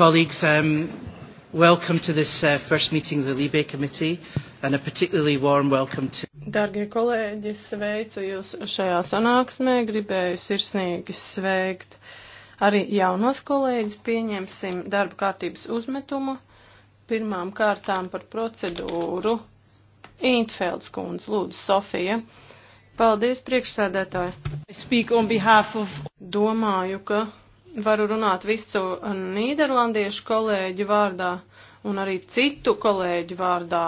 colleagues, um, welcome to this uh, first meeting of the Libe Committee and a particularly warm welcome to. Dargie kolēģi, sveicu jūs šajā sanāksmē, gribēju sirsnīgi sveikt arī jaunos kolēģis, pieņemsim darba kārtības uzmetumu, pirmām kārtām par procedūru. Intfelds kundze, lūdzu, Sofija. Paldies, priekšsēdētāji. Of... Domāju, ka varu runāt visu nīderlandiešu kolēģu vārdā un arī citu kolēģu vārdā.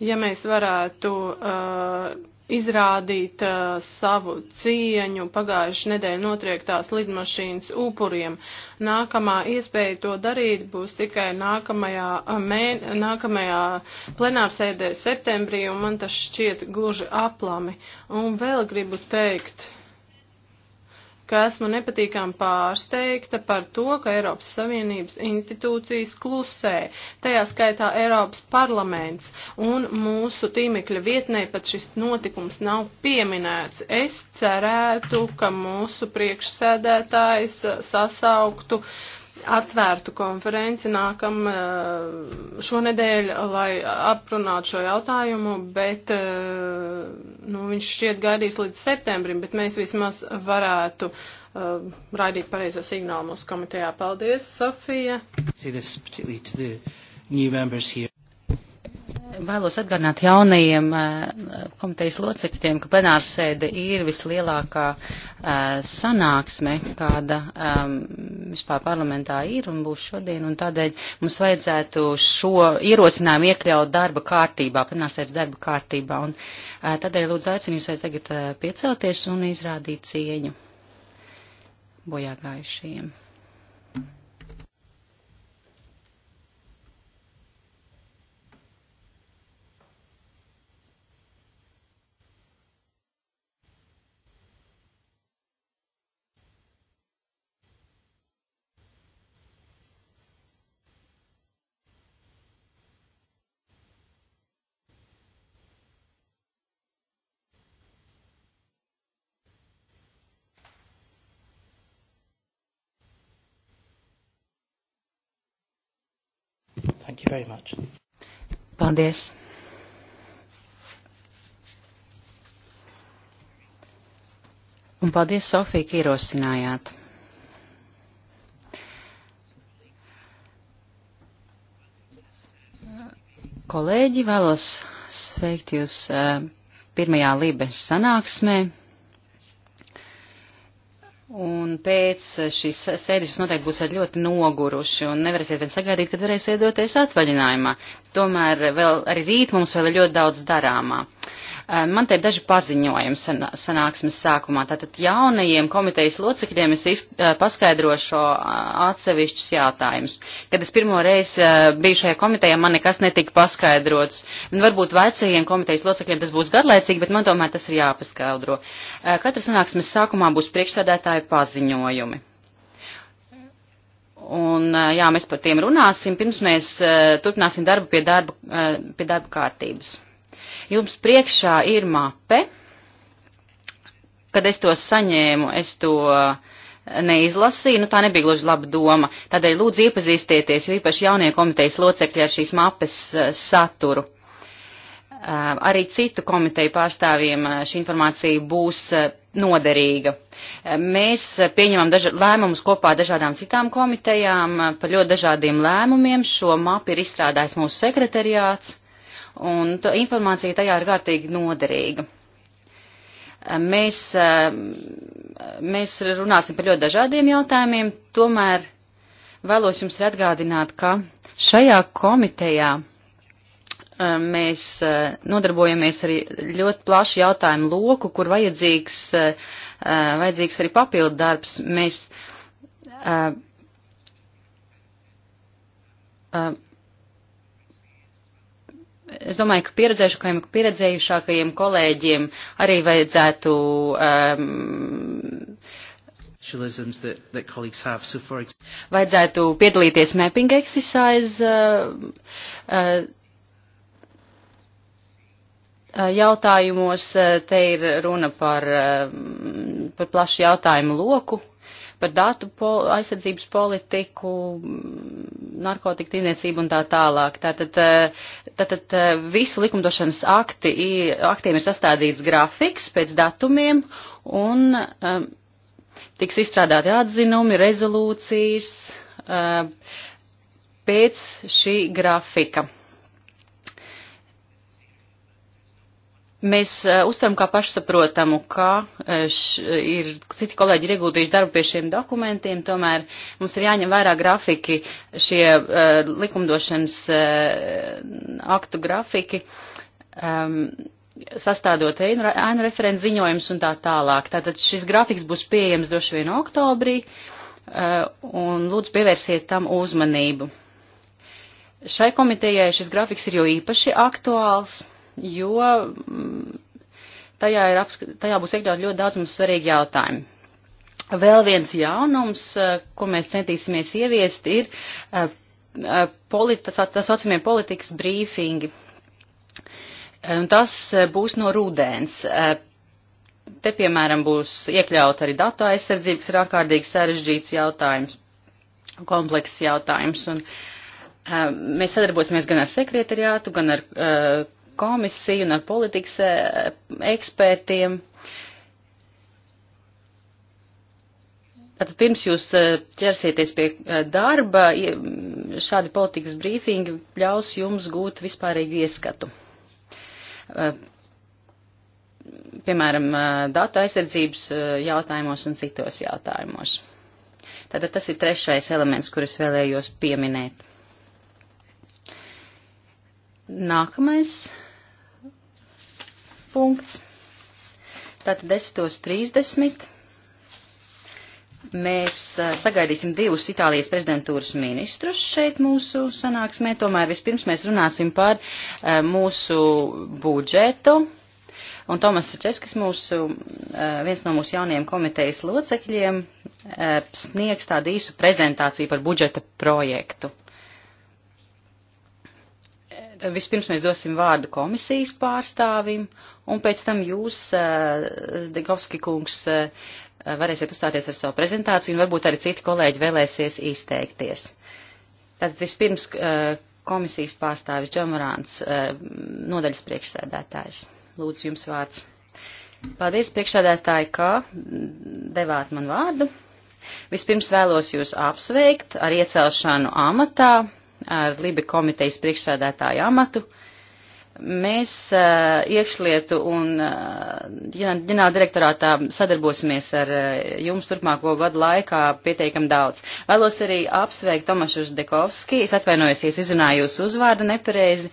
Ja mēs varētu uh, izrādīt uh, savu cieņu pagājuši nedēļu notriektās lidmašīnas upuriem, nākamā iespēja to darīt būs tikai nākamajā, uh, mēn, nākamajā plenārsēdē septembrī, un man tas šķiet gluži aplami. Un vēl gribu teikt, ka esmu nepatīkām pārsteigta par to, ka Eiropas Savienības institūcijas klusē, tajā skaitā Eiropas parlaments, un mūsu tīmekļa vietnē pat šis notikums nav pieminēts. Es cerētu, ka mūsu priekšsēdētājs sasauktu uh, atvērtu konferenci nākam eh, šonedēļ, lai aprunātu šo jautājumu, bet eh, nu, viņš šķiet gaidīs līdz septembrim, bet mēs vismaz varētu uh, raidīt pareizo signālu mūsu komitejā. Paldies, Sofija! Vēlos atgādināt jaunajiem eh, komitejas locekļiem, ka plenārsēde ir vislielākā eh, sanāksme, kāda ehm, vispār parlamentā ir un būs šodien, un tādēļ mums vajadzētu šo ierosinājumu iekļaut darba kārtībā, plenārsēdes darba kārtībā, un eh, tādēļ lūdzu aicinu jūs tagad piecelties un izrādīt cieņu bojāgājušajiem. Thank you very much. Paldies. Un paldies, Sofija, ka ierosinājāt. Kolēģi, vēlos sveikt jūs eh, pirmajā Lībes sanāksmē. Un pēc šīs sēdes jūs noteikti būsiet ļoti noguruši un nevarēsiet vien sagaidīt, kad varēsiet doties atvaļinājumā. Tomēr vēl arī rīt mums vēl ir ļoti daudz darāmā. Eh, man te ir daži paziņojumi san sanāksmes sākumā. Tātad jaunajiem komitejas locekļiem es iz, eh, paskaidrošu eh, atsevišķus jautājumus. Kad es pirmo reizi biju šajā komitejā, man nekas netika paskaidrots. Un varbūt vecajiem komitejas locekļiem tas būs gadlaicīgi, bet man tomēr tas ir jāpaskaidro. Katra sanāksmes sākumā būs priekšsēdētāja paziņojumi. Un, jā, mēs par tiem runāsim, pirms mēs uh, turpināsim darbu pie darba, uh, pie darba kārtības. Jums priekšā ir mape. Kad es to saņēmu, es to eh, neizlasīju, nu tā nebija gluži laba doma. Tādēļ lūdzu iepazīstieties, jo īpaši jaunie komitejas locekļi ar šīs mapes eh, saturu. Eh, arī citu komiteju pārstāvjiem šī informācija būs noderīga. Mēs pieņemam daža, lēmumus kopā ar dažādām citām komitejām par ļoti dažādiem lēmumiem. Šo mapu ir izstrādājis mūsu sekretariāts un to informācija tajā ir kārtīgi noderīga. Mēs, eh, mēs runāsim par ļoti dažādiem jautājumiem, tomēr vēlos jums atgādināt, ka šajā komitejā eh, mēs eh, nodarbojamies arī ļoti plašu jautājumu loku, kur vajadzīgs, vajadzīgs arī papildu darbs. Mēs es domāju, ka pieredzējušākajiem, pieredzējušākajiem kolēģiem arī vajadzētu. Um, That, that have. So for... Vajadzētu piedalīties mapping exercise uh, uh, uh jautājumos. Uh, te ir runa par, uh, par plašu jautājumu loku. Uh, par datu pol aizsardzības politiku, mm, narkotiku tīniecību un tā tālāk. Tātad, eh, tātad eh, visi likumdošanas akti, aktiem ir sastādīts grafiks pēc datumiem un um, tiks izstrādāti atzinumi, rezolūcijas. Um, pēc šī grafika. Mēs eh, uztveram kā pašsaprotamu, ka eh, š, ir citi kolēģi ir ieguldījuši darbu pie šiem dokumentiem, tomēr mums ir jāņem vērā grafiki, šie uh, likumdošanas uh, aktu grafiki, um, sastādot ēnu referents ziņojums un tā tālāk. Tātad šis grafiks būs pieejams droši vien oktobrī, uh, un lūdzu pievērsiet tam uzmanību. Šai komitejai šis grafiks ir jau īpaši aktuāls jo mm, tajā, ir apsk tajā būs iekļaut ļoti daudz mums svarīgi jautājumi. Vēl viens jaunums, eh, ko mēs centīsimies ieviest, ir eh, eh, polit, tas, tā saucamie politikas brīfingi. Tas būs no rūdens. Te, piemēram, būs iekļaut arī datu aizsardzība, kas ir ārkārtīgi sarežģīts jautājums, komplekss jautājums. Un, mēs sadarbosimies gan ar sekretariātu, gan ar komisiju un ar politikas e, ekspertiem. Tātad pirms jūs e, ķersieties pie e, darba, šādi politikas brīfingi ļaus jums gūt vispārīgu ieskatu. Piemēram, datu aizsardzības jautājumos un citos jautājumos. Tātad tas ir trešais elements, kurus vēlējos pieminēt. Nākamais punkts. Tātad 10.30. Mēs sagaidīsim divus Itālijas prezidentūras ministrus šeit mūsu sanāksmē. Tomēr vispirms mēs runāsim par mūsu budžetu. Un Tomas Čečevskis, mūsu, viens no mūsu jaunajiem komitejas locekļiem, sniegs tādu īsu prezentāciju par budžeta projektu. Vispirms mēs dosim vārdu komisijas pārstāvim, un pēc tam jūs, eh, Zdegovski kungs, eh, varēsiet uzstāties ar savu prezentāciju, un varbūt arī citi kolēģi vēlēsies izteikties. Tātad vispirms eh, komisijas pārstāvis Džamorāns, nodaļas priekšsēdētājs. Lūdzu, jums vārds. Paldies, priekšsēdētāji, ka devāt man vārdu. Vispirms vēlos jūs apsveikt ar iecelšanu amatā ar Libi komitejas priekšsēdētāju amatu. Mēs uh, iekšlietu un ģenerāla uh, direktorātā sadarbosimies ar uh, jums turpmāko gadu laikā pietiekam daudz. Vēlos arī apsveikt Tomašu Ždekovski, es atvainojos, ja izrunāju jūsu uzvārdu nepareizi,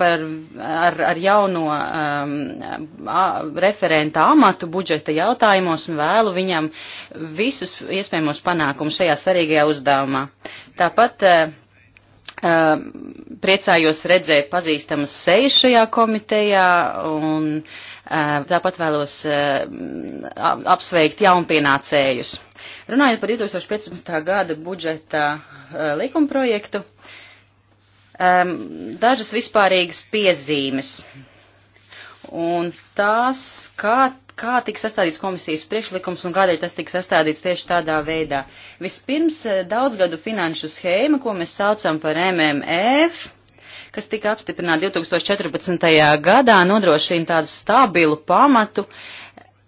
par, ar, ar jauno um, a, referenta amatu budžeta jautājumos un vēlu viņam visus iespējamos panākumus šajā svarīgajā uzdevumā. Tāpat uh, Ehm, priecājos redzēt pazīstamas sejas šajā komitejā un ehm, tāpat vēlos ehm, apsveikt jaunpienācējus. Runājot par 2015. gada budžeta e, likumprojektu, dažas vispārīgas piezīmes un tās, kā, kā tiks sastādīts komisijas priekšlikums un kādēļ tas tiks sastādīts tieši tādā veidā. Vispirms eh, daudzgadu finanšu schēma, ko mēs saucam par MMF, kas tika apstiprināta 2014. gadā, nodrošina tādu stabilu pamatu,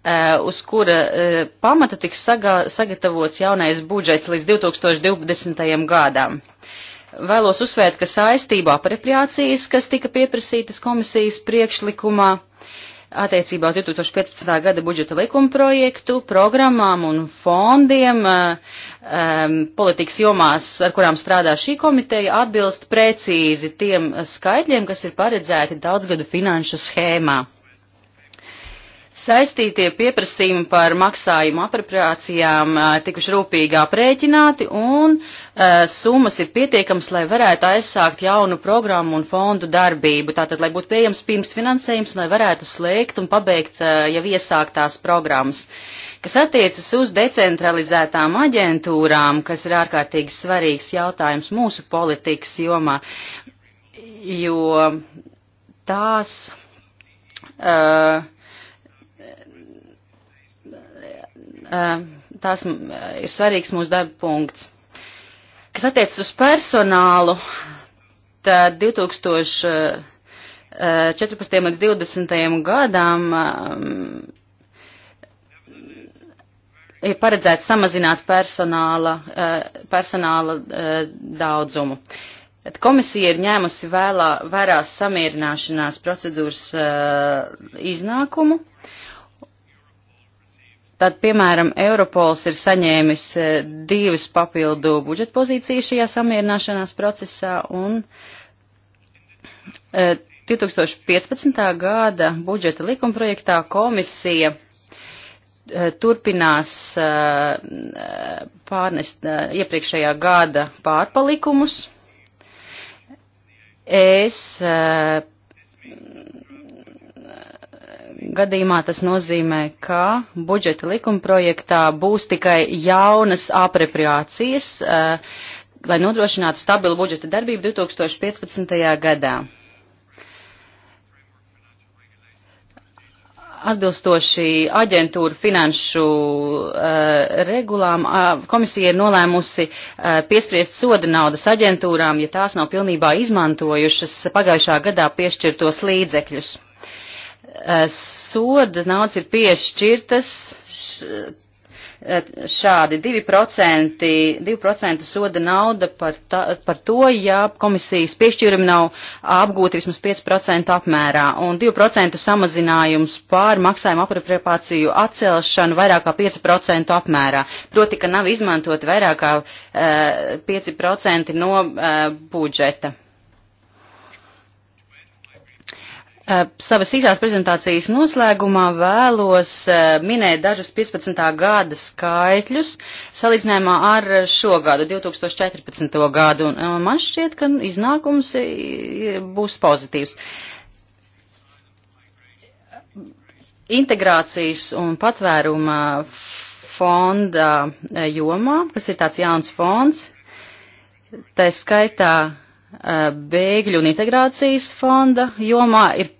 eh, uz kura eh, pamata tiks saga sagatavots jaunais budžets līdz 2020. gadam vēlos uzsvērt, ka saistība aprepriācijas, kas tika pieprasītas komisijas priekšlikumā attiecībā uz 2015. gada budžeta likuma projektu, programmām un fondiem um, politikas jomās, ar kurām strādā šī komiteja, atbilst precīzi tiem skaitļiem, kas ir paredzēti daudzgadu finanšu schēmā. Saistītie pieprasījumi par maksājumu apropriācijām tikuši rūpīgi aprēķināti un uh, summas ir pietiekams, lai varētu aizsākt jaunu programmu un fondu darbību. Tātad, lai būtu pieejams pirms finansējums un lai varētu slēgt un pabeigt uh, jau iesāktās programmas. Kas attiecas uz decentralizētām aģentūrām, kas ir ārkārtīgi svarīgs jautājums mūsu politikas jomā, jo tās. Uh, Eh, tās eh, ir svarīgs mūsu darba punkts. Kas attiecas uz personālu, tad 2014. līdz 2020. gadam eh, ir paredzēts samazināt personāla, personāla daudzumu. Komisija ir ņēmusi vēlā, vērā samierināšanās procedūras iznākumu. Uh, Tad, piemēram, Europols ir saņēmis eh, divas papildu budžeta pozīcijas šajā samierināšanās procesā un 2015. Eh, gada budžeta likumprojektā komisija eh, turpinās pārnest iepriekšējā gada pārpalikumus. Es gadījumā tas nozīmē, ka budžeta likumprojektā būs tikai jaunas aprepriācijas, eh, lai nodrošinātu stabilu budžeta darbību 2015. gadā. Atbilstoši aģentūra finanšu uh, regulām, uh, komisija ir nolēmusi uh, piespriest soda naudas aģentūrām, ja tās nav pilnībā izmantojušas pagājušā gadā piešķirtos līdzekļus. Uh, Eh, soda naudas ir piešķirtas eh, šādi 2%, 2% soda nauda par, ta, par to, ja komisijas piešķīrumi nav apgūti vismaz 5% apmērā un 2% samazinājums pār maksājumu apropriāciju atcelšanu vairāk kā 5% apmērā. Proti, ka nav izmantoti vairāk kā uh, eh, 5% no uh, budžeta. Eh, savas īsās prezentācijas noslēgumā vēlos eh, minēt dažus 15. gada skaitļus salīdzinājumā ar šo gadu, 2014. gadu, un man šķiet, ka iznākums būs pozitīvs. Integrācijas un patvēruma fonda eh, jomā, kas ir tāds jauns fonds, tā skaitā bēgļu un integrācijas fonda jomā ir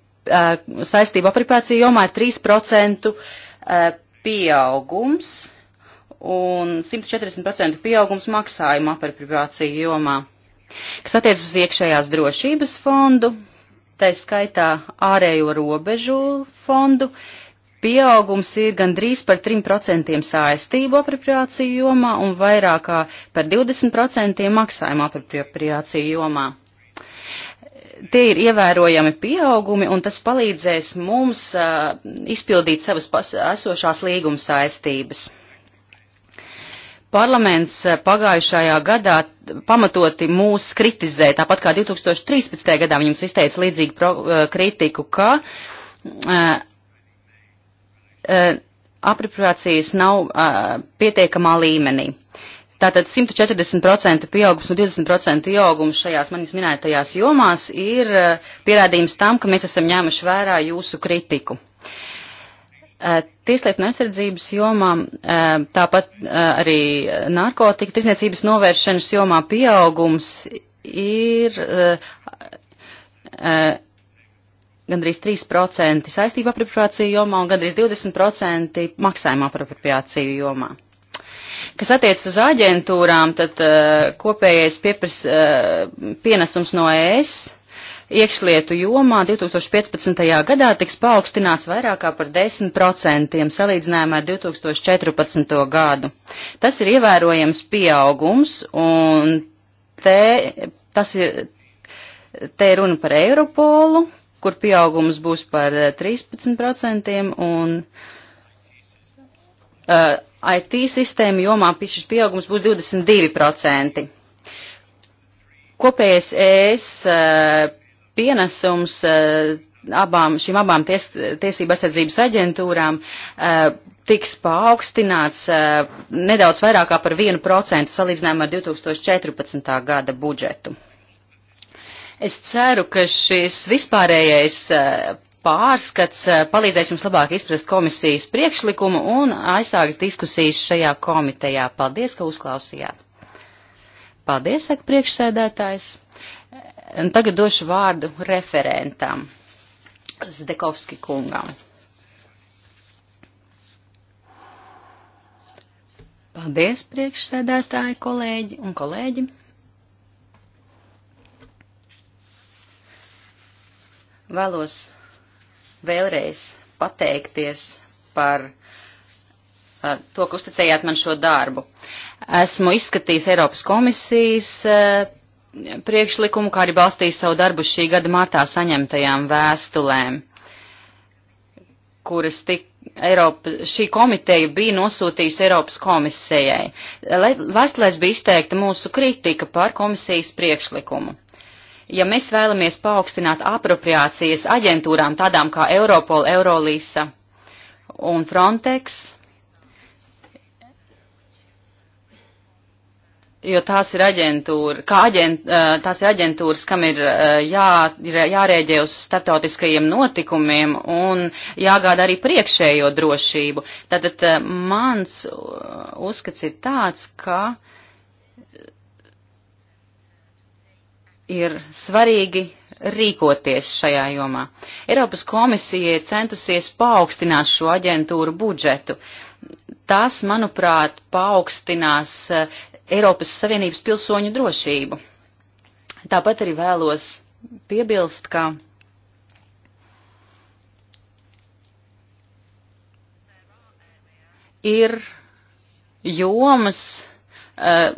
saistību apripācija jomā ir 3% pieaugums un 140% pieaugums maksājuma apripācija jomā. Kas attiecas uz iekšējās drošības fondu, tā skaitā ārējo robežu fondu, uh, Pieaugums ir gandrīz par 3% saistību apropriāciju jomā un vairākā par 20% maksājumu apropriāciju jomā. Tie ir ievērojami pieaugumi, un tas palīdzēs mums uh, izpildīt savas pas, esošās līguma saistības. Parlaments pagājušajā gadā pamatoti mūs kritizē, tāpat kā 2013. gadā viņums izteica līdzīgu pro, kritiku, ka uh, E, apropriācijas nav e, pietiekamā līmenī. Tātad 140% pieaugums un 20% pieaugums šajās manis minētajās jomās ir e, pierādījums tam, ka mēs esam ņēmuši vērā jūsu kritiku. Tieslietu un aizsardzības jomā, tāpat arī narkotika tirzniecības novēršanas jomā pieaugums ir gandrīz 3% saistību apropriāciju jomā un gandrīz 20% maksājuma apropriāciju jomā. Kas attiecas uz aģentūrām, tad uh, kopējais piepras, uh, pienesums no ES iekšlietu jomā 2015. gadā tiks paaugstināts vairākā par 10% salīdzinājumā ar 2014. gadu. Tas ir ievērojams pieaugums un te, tas ir, te runa par Eiropolu, kur pieaugums būs par 13% eh, un uh, eh, IT sistēmu jomā šis pieaugums būs 22%. Kopējais ES uh, eh, pienesums uh, abām, šīm abām ties, tiesību aizsardzības aģentūrām uh, tiks paaugstināts uh, nedaudz vairāk par 1% salīdzinājumā ar 2014. gada budžetu. Es ceru, ka šis vispārējais eh, pārskats eh, palīdzēs jums labāk izprast komisijas priekšlikumu un aizsāks diskusijas šajā komitejā. Paldies, ka uzklausījāt. Paldies, saka priekšsēdētājs. Un tagad došu vārdu referentam Zdekovski kungam. Paldies, priekšsēdētāji, kolēģi un kolēģi. Vēlos vēlreiz pateikties par uh, to, ka uzticējāt man šo darbu. Esmu izskatījis Eiropas komisijas uh, priekšlikumu, kā arī balstījis savu darbu šī gada martā saņemtajām vēstulēm, kuras tik Eiropa, šī komiteja bija nosūtījusi Eiropas komisijai. Vēstulēs bija izteikta mūsu kritika par komisijas priekšlikumu ja mēs vēlamies paaugstināt apropriācijas aģentūrām tādām kā Europol, Eurolisa un Frontex, jo tās ir aģentūra, kā aģent, tās ir aģentūras, kam ir jā, jārēģē uz starptautiskajiem notikumiem un jāgāda arī priekšējo drošību. Tātad mans uzskats ir tāds, ka ir svarīgi rīkoties šajā jomā. Eiropas komisija ir centusies paaugstināt šo aģentūru budžetu. Tas, manuprāt, paaugstinās eh, Eiropas Savienības pilsoņu drošību. Tāpat arī vēlos piebilst, ka ir jomas, Eh,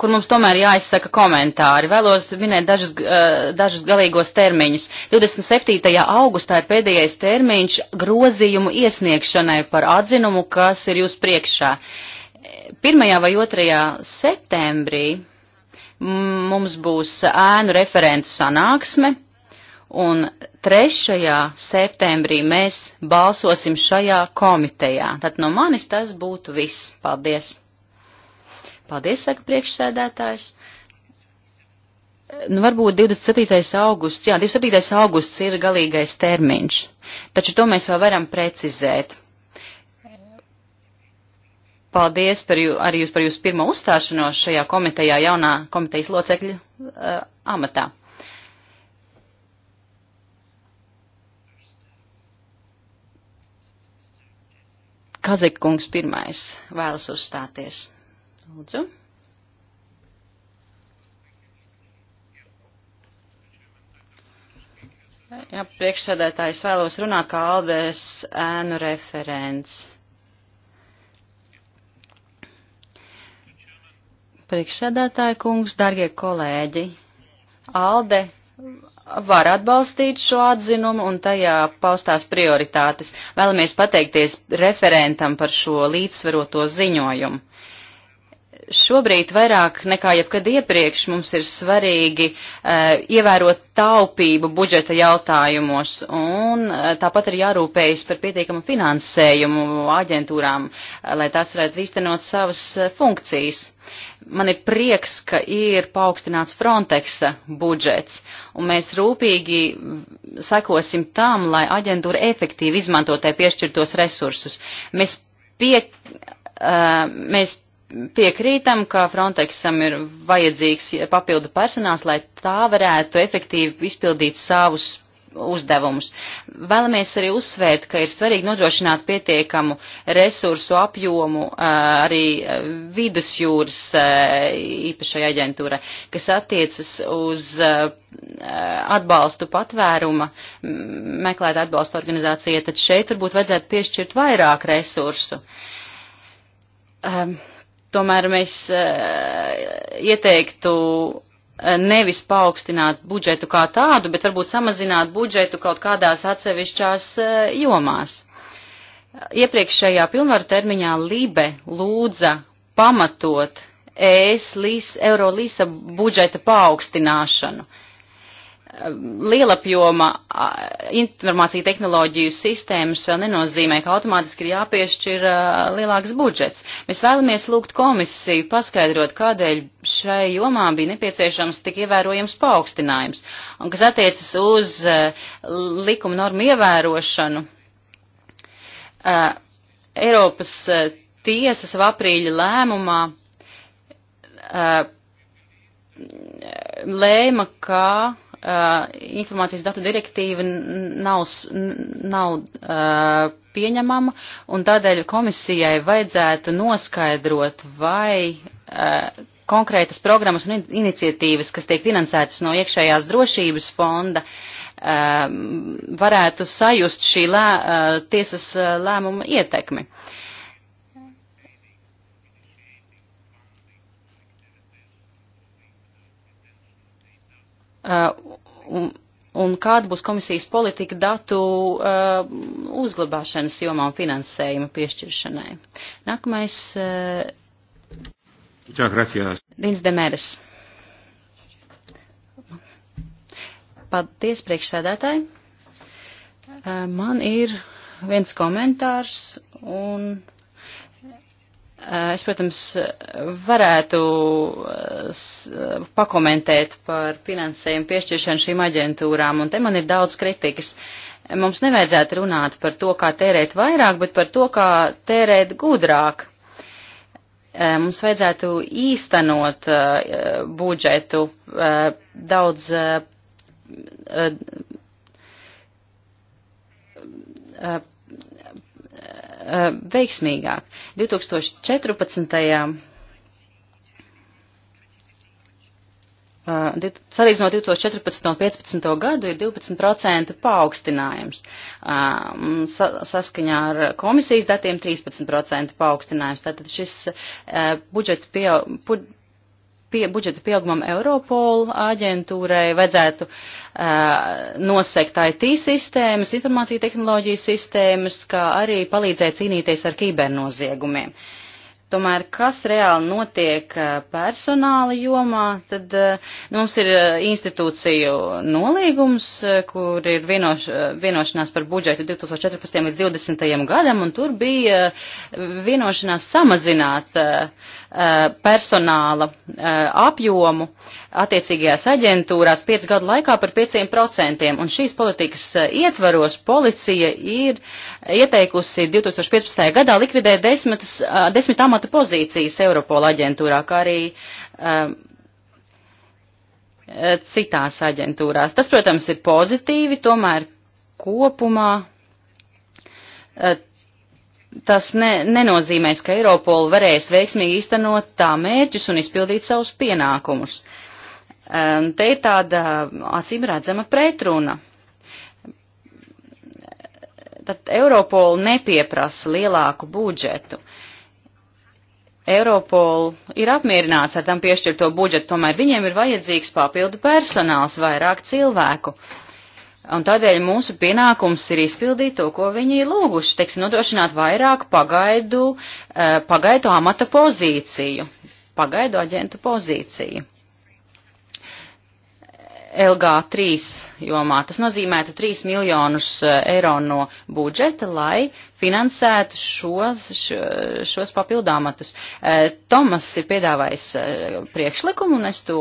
kur mums tomēr jāizsaka komentāri. Vēlos minēt dažus, eh, dažus galīgos termiņus. 27. augustā ir pēdējais termiņš grozījumu iesniegšanai par atzinumu, kas ir jūs priekšā. 1. vai 2. septembrī mums būs ēnu referentu sanāksme, un 3. septembrī mēs balsosim šajā komitejā. Tad no manis tas būtu viss. Paldies! Paldies, saka priekšsēdētājs. Nu, varbūt 27. augusts, jā, 27. augusts ir galīgais termiņš, taču to mēs vēl varam precizēt. Paldies par jū, arī jūs par jūsu pirmo uzstāšanos šajā komitejā jaunā komitejas locekļu uh, amatā. Kazekungs pirmais vēlas uzstāties lūdzu. Jā, priekšsēdētājs vēlos runāt kā Aldēs ēnu referents. Priekšsēdētāja kungs, dargie kolēģi, Alde var atbalstīt šo atzinumu un tajā paustās prioritātes. Vēlamies pateikties referentam par šo līdzsvaroto ziņojumu. Šobrīd vairāk nekā jebkad iepriekš mums ir svarīgi uh, ievērot taupību budžeta jautājumos un uh, tāpat ir jārūpējas par pietiekamu finansējumu aģentūrām, uh, lai tās varētu īstenot savas uh, funkcijas. Man ir prieks, ka ir paaugstināts Frontexa budžets, un mēs rūpīgi sekosim tam, lai aģentūra efektīvi izmantotai piešķirtos resursus. Mēs pie, uh, mēs piekrītam, ka Frontexam ir vajadzīgs papildu personāls, lai tā varētu efektīvi izpildīt savus uzdevumus. Vēlamies arī uzsvērt, ka ir svarīgi nodrošināt pietiekamu resursu apjomu arī vidusjūras īpašai aģentūrai, kas attiecas uz atbalstu patvēruma, meklēt atbalstu organizācijai, tad šeit varbūt vajadzētu piešķirt vairāk resursu. Um, Tomēr mēs eh, ieteiktu eh, nevis paaugstināt budžetu kā tādu, bet varbūt samazināt budžetu kaut kādās atsevišķās eh, jomās. Iepriekšējā pilnvaru termiņā Libe lūdza pamatot ES Eirolīsa budžeta paaugstināšanu. Uh, lielapjoma informācija tehnoloģiju sistēmas vēl nenozīmē, ka automātiski ir jāpiešķir lielāks budžets. Mēs vēlamies lūgt komisiju paskaidrot, kādēļ šai jomā bija nepieciešams tik ievērojams paaugstinājums. Un kas attiecas uz likuma normu ievērošanu, Eiropas tiesa savā aprīļa lēmumā lēma, ka Uh, informācijas datu direktīva nav, nav uh, pieņemama, un tādēļ komisijai vajadzētu noskaidrot, vai uh, konkrētas programmas un iniciatīvas, kas tiek finansētas no iekšējās drošības fonda, uh, varētu sajust šī lē, uh, tiesas uh, lēmuma ietekmi. Uh, Uh, un, un kāda būs komisijas politika datu uh, uzglabāšanas jomā un finansējuma piešķiršanai. Nākamais. Uh, Dins Demēres. Paldies, priekšsēdētāji. Uh, man ir viens komentārs un Eh, es, protams, varētu eh, eh, pakomentēt par finansējumu piešķiršanu šīm aģentūrām, un te man ir daudz kritikas. Mums nevajadzētu runāt par to, kā tērēt vairāk, bet par to, kā tērēt gudrāk. Mums vajadzētu īstenot budžetu daudz Uh, veiksmīgāk. 2014. Uh, salīdzinot 2014. un 2015. gadu ir 12% paaugstinājums. Uh, saskaņā ar komisijas datiem 13% paaugstinājums. Tātad šis budžeta pieaug, pie, budžeta pieaugumam Europol aģentūrai vajadzētu uh, nosekt IT sistēmas, informācija tehnoloģijas sistēmas, kā arī palīdzēt cīnīties ar kibernoziegumiem. Tomēr, kas reāli notiek personāla jomā, tad nu, mums ir institūciju nolīgums, kur ir vienoš, vienošanās par budžetu 2014. līdz 2020. gadam, un tur bija vienošanās samazināt uh, Eh, personāla eh, apjomu attiecīgajās aģentūrās 5 gadu laikā par 5%, un šīs politikas eh, ietvaros policija ir ieteikusi 2015. gadā likvidēt desmitas, desmit amata pozīcijas Europola aģentūrā, kā arī um, citās aģentūrās. Tas, protams, ir pozitīvi, tomēr kopumā Tas ne, nenozīmēs, ka Eiropola varēs veiksmīgi īstenot tā mērķus un izpildīt savus pienākumus. Ehm, te ir tāda acīm redzama pretruna. Tad Eiropola nepieprasa lielāku budžetu. Eiropola ir apmierināts ar tam piešķirto budžetu, tomēr viņiem ir vajadzīgs papildu personāls, vairāk cilvēku. Uh, Un tādēļ mūsu pienākums ir izpildīt to, ko viņi ir lūguši, teiksim, nodrošināt vairāk pagaidu, eh, pagaidu amata pozīciju, pagaidu aģentu pozīciju. LG3 jomā. Tas nozīmētu 3 miljonus e, eiro no budžeta, lai finansētu šos, šos papildāmatus. E, Tomas ir piedāvājis e, priekšlikumu, un es to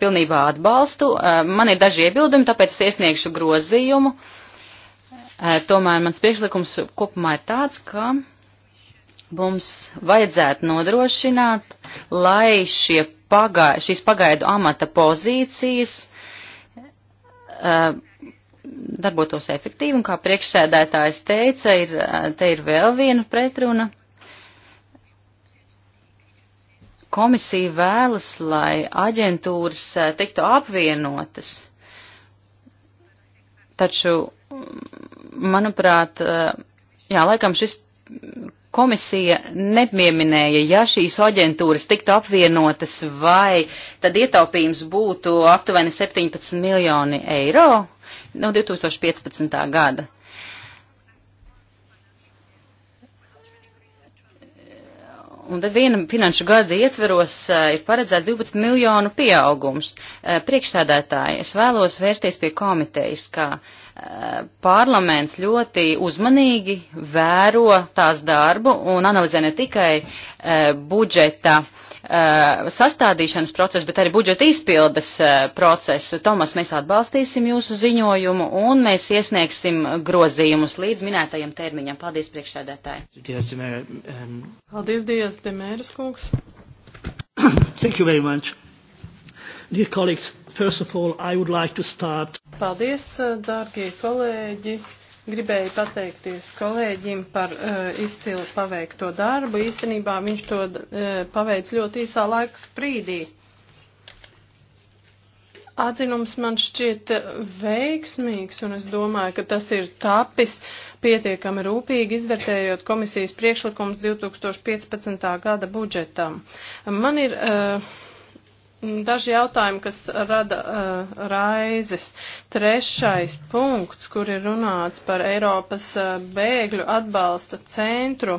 pilnībā atbalstu. Man ir daži iebildumi, tāpēc es iesniegšu grozījumu. Tomēr mans priekšlikums kopumā ir tāds, ka mums vajadzētu nodrošināt, lai šie pagai, šīs pagaidu amata pozīcijas uh, darbotos efektīvi, un kā priekšsēdētājs teica, ir, eh, te ir vēl viena pretruna. Komisija vēlas, lai aģentūras eh, tiktu apvienotas, taču, mm, manuprāt, jā, laikam šis Komisija nepieminēja, ja šīs aģentūras tiktu apvienotas, vai tad ietaupījums būtu aptuveni 17 miljoni eiro no 2015. gada. Un tad viena finanšu gada ietveros eh, ir paredzēts 12 miljonu pieaugums. Eh, priekšsēdētāji, es vēlos vērsties pie komitejas, kā uh, parlaments ļoti uzmanīgi vēro tās darbu un analizē ne tikai e, budžeta e, sastādīšanas procesu, bet arī budžeta izpildes e, procesu. Tomas, mēs atbalstīsim jūsu ziņojumu un mēs iesniegsim grozījumus līdz minētajam termiņam. Paldies priekšsēdētāji. Um, Paldies, Dievs, Demēras kungs. Thank you very much. Dear colleagues, First of all, I would like to start. Paldies, uh, dārgie kolēģi. Gribēju pateikties kolēģim par uh, izcilu paveikto darbu. Īstenībā viņš to uh, paveic ļoti īsā laika sprīdī. Atzinums man šķiet veiksmīgs, un es domāju, ka tas ir tapis pietiekami rūpīgi izvērtējot komisijas priekšlikums 2015. gada budžetam. Man ir. Uh, Daži jautājumi, kas rada uh, raizes. Trešais punkts, kur ir runāts par Eiropas uh, bēgļu atbalsta centru.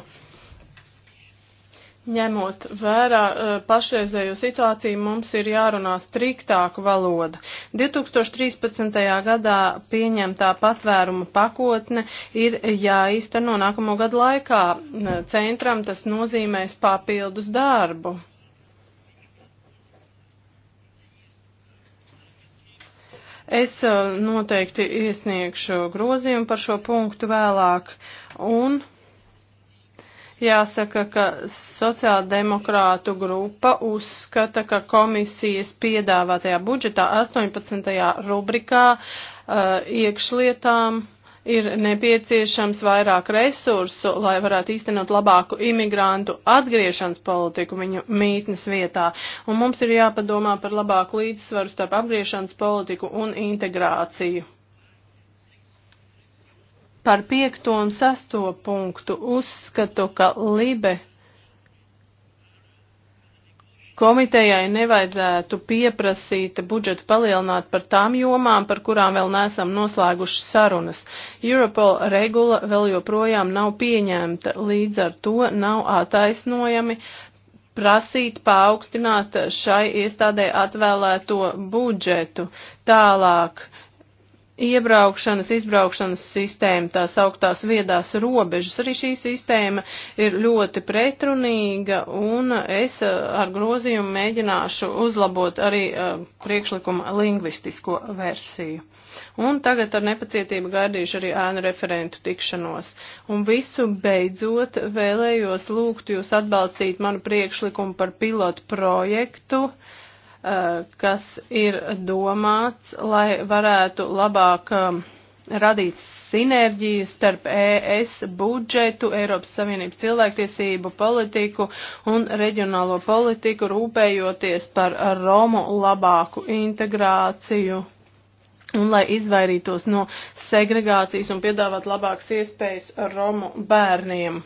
Ņemot vērā uh, pašreizējo situāciju, mums ir jārunā striktāku valodu. 2013. gadā pieņemtā patvēruma pakotne ir jāīsteno nākamo gadu laikā. Uh, centram tas nozīmēs papildus darbu. Es noteikti iesniegšu grozījumu par šo punktu vēlāk. Un jāsaka, ka sociāldemokrātu grupa uzskata, ka komisijas piedāvātajā budžetā 18. rubrikā uh, iekšlietām ir nepieciešams vairāk resursu, lai varētu īstenot labāku imigrantu atgriešanas politiku viņu mītnes vietā. Un mums ir jāpadomā par labāku līdzsvaru starp apgriešanas politiku un integrāciju. Par piekto un sesto punktu uzskatu, ka Libe Komitejai nevajadzētu pieprasīt budžetu palielināt par tām jomām, par kurām vēl neesam noslēguši sarunas. Europol regula vēl joprojām nav pieņemta, līdz ar to nav attaisnojami prasīt paaugstināt šai iestādē atvēlēto budžetu. Tālāk. Uh, iebraukšanas, izbraukšanas sistēma, tās augtās viedās robežas. Arī šī sistēma ir ļoti pretrunīga, un es eh, ar grozījumu mēģināšu uzlabot arī eh, priekšlikuma lingvistisko versiju. Un tagad ar nepacietību gaidīšu arī ēnu referentu tikšanos. Un visu beidzot vēlējos lūgt jūs atbalstīt manu priekšlikumu par pilotu projektu. Uh, Uh, kas ir domāts, lai varētu labāk um, radīt sinerģiju starp ES budžetu, Eiropas Savienības cilvēktiesību politiku un reģionālo politiku, rūpējoties par Romu labāku integrāciju un lai izvairītos no segregācijas un piedāvāt labākas iespējas Romu bērniem.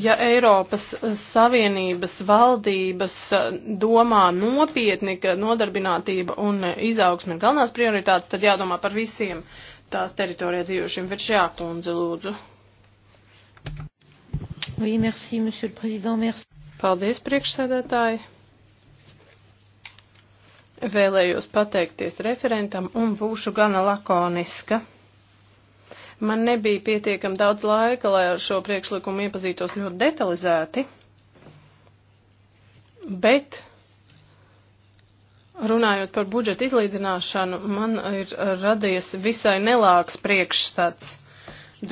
Ja Eiropas eh, Savienības valdības eh, domā nopietni, ka nodarbinātība un eh, izaugsme ir galvenās prioritātes, tad jādomā par visiem tās teritorijā dzīvošiem. Viršjā kundze, lūdzu. Oui, merci, monsieur le président, merci. Paldies, priekšsēdētāji. Vēlējos pateikties referentam un būšu gana lakoniska. Man nebija pietiekam daudz laika, lai ar šo priekšlikumu iepazītos ļoti detalizēti, bet runājot par budžeta izlīdzināšanu, man ir radies visai nelāks priekšstats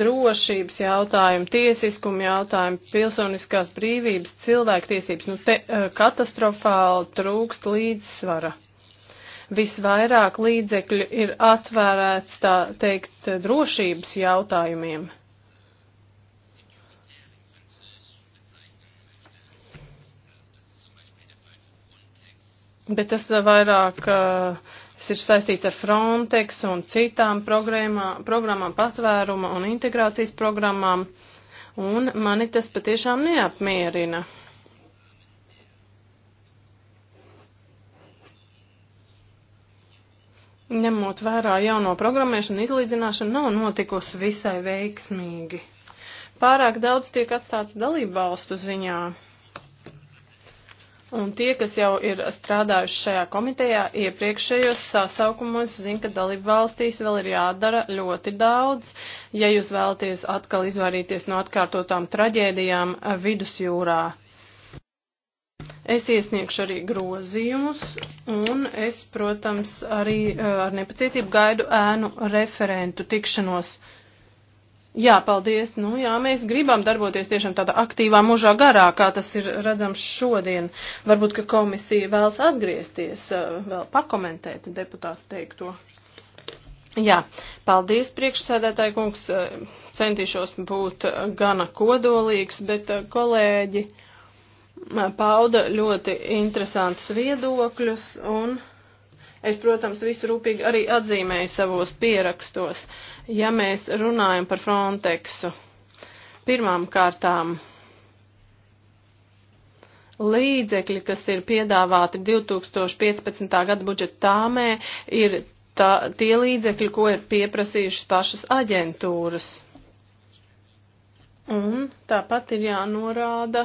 drošības jautājumi, tiesiskuma jautājumi, pilsoniskās brīvības, cilvēktiesības, nu te eh, katastrofāli trūkst līdzsvara visvairāk līdzekļu ir atvērēts, tā teikt, drošības jautājumiem. Bet tas vairāk uh, tas ir saistīts ar Frontex un citām programmā, programmām, patvēruma un integrācijas programmām, un mani tas patiešām neapmierina. ņemot vērā jauno programmēšanu, izlīdzināšana nav notikusi visai veiksmīgi. Pārāk daudz tiek atstāts dalību valstu ziņā. Un tie, kas jau ir strādājuši šajā komitejā iepriekšējos sasaukumos, zina, ka dalību valstīs vēl ir jādara ļoti daudz, ja jūs vēlaties atkal izvairīties no atkārtotām traģēdijām eh, vidusjūrā. Es iesniegšu arī grozījumus, un es, protams, arī eh, ar nepacietību gaidu ēnu referentu tikšanos. Jā, paldies. Nu, jā, mēs gribam darboties tiešām tādā aktīvā mužā garā, kā tas ir redzams šodien. Varbūt, ka komisija vēlas atgriezties, eh, vēl pakomentēt deputātu teikto. Jā, paldies priekšsēdētāji kungs, eh, centīšos būt gana kodolīgs, bet kolēģi pauda ļoti interesantus viedokļus, un es, protams, visu rūpīgi arī atzīmēju savos pierakstos, ja mēs runājam par Frontexu. Pirmām kārtām līdzekļi, kas ir piedāvāti 2015. gada budžeta tāmē, ir tā, tie līdzekļi, ko ir pieprasījušas pašas aģentūras. Un tāpat ir jānorāda,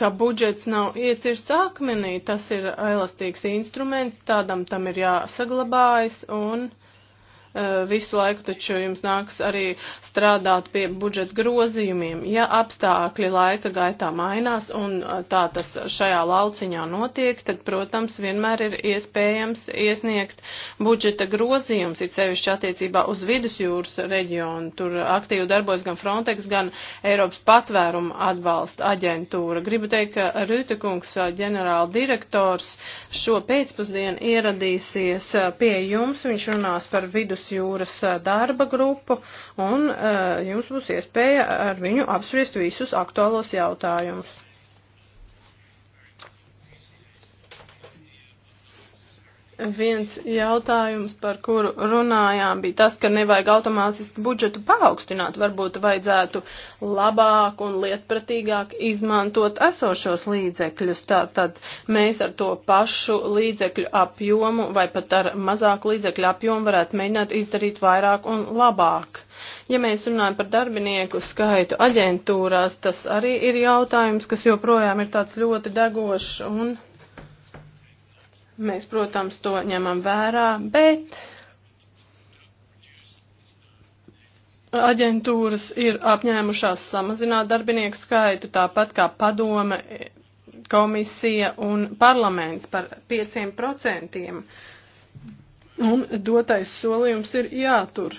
ka budžets nav iecirsts akmenī, tas ir elastīgs instruments, tādam tam ir jāsaglabājas un Eh, visu laiku taču jums nāks arī strādāt pie budžeta grozījumiem. Ja apstākļi laika gaitā mainās un eh, tā tas šajā lauciņā notiek, tad, protams, vienmēr ir iespējams iesniegt budžeta grozījums, it sevišķi attiecībā uz vidusjūras reģionu. Tur aktīvi darbojas gan Frontex, gan Eiropas patvēruma atbalsta aģentūra. Gribu teikt, ka Rītekungs, eh, ģenerāla direktors, šo pēcpusdienu ieradīsies pie jums. Viņš runās par vidus vidusjūras darba grupu, un jums būs iespēja ar viņu apspriest visus aktuālos jautājumus. Viens jautājums, par kuru runājām, bija tas, ka nevajag automātiski budžetu paaugstināt. Varbūt vajadzētu labāk un lietpratīgāk izmantot esošos līdzekļus. Tātad mēs ar to pašu līdzekļu apjomu vai pat ar mazāku līdzekļu apjomu varētu mēģināt izdarīt vairāk un labāk. Ja mēs runājam par darbinieku skaitu aģentūrās, tas arī ir jautājums, kas joprojām ir tāds ļoti degošs un Mēs, protams, to ņemam vērā, bet aģentūras ir apņēmušās samazināt darbinieku skaitu, tāpat kā padome, komisija un parlaments par 5%. Un dotais solījums ir jātur.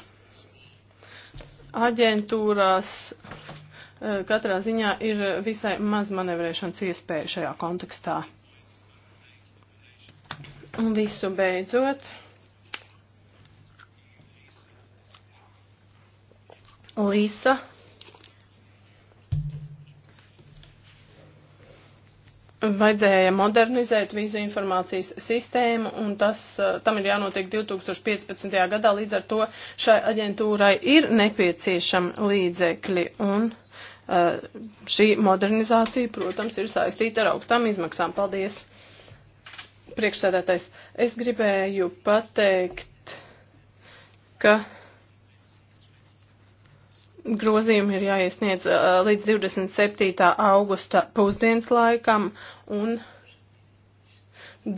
Aģentūrās eh, katrā ziņā ir visai maz manevrēšanas iespēja šajā kontekstā. Un visu beidzot, Līsa. Vajadzēja modernizēt vīzu informācijas sistēmu, un tas, eh, tam ir jānotiek 2015. gadā, līdz ar to šai aģentūrai ir nepieciešama līdzekļi, un eh, šī modernizācija, protams, ir saistīta ar augstām izmaksām. Paldies! Priekšsēdētais, es gribēju pateikt, ka grozījumi ir jāiesniedz uh, līdz 27. augusta pusdienas laikam, un,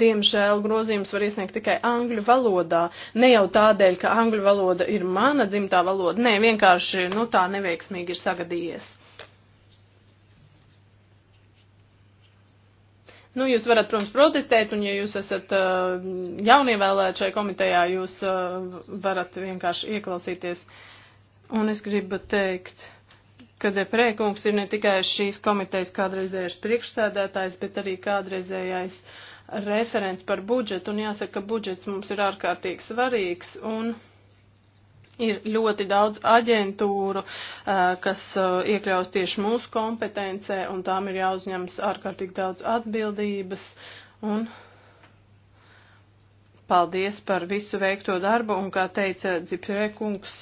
diemžēl, grozījums var iesniegt tikai angļu valodā. Ne jau tādēļ, ka angļu valoda ir mana dzimtā valoda, nē, vienkārši, nu, tā neveiksmīgi ir sagadījies. Nu, jūs varat, protams, protestēt, un ja jūs esat uh, jaunievēlēt šai komitejā, jūs uh, varat vienkārši ieklausīties. Un es gribu teikt, ka Deprēkungs ir ne tikai šīs komitejas kādreizējais priekšsēdētājs, bet arī kādreizējais referents par budžetu, un jāsaka, ka budžets mums ir ārkārtīgi svarīgs, un Ir ļoti daudz aģentūru, kas iekļaus tieši mūsu kompetencē, un tām ir jāuzņemas ārkārtīgi daudz atbildības. Un paldies par visu veikto darbu, un kā teica Dzipre kungs,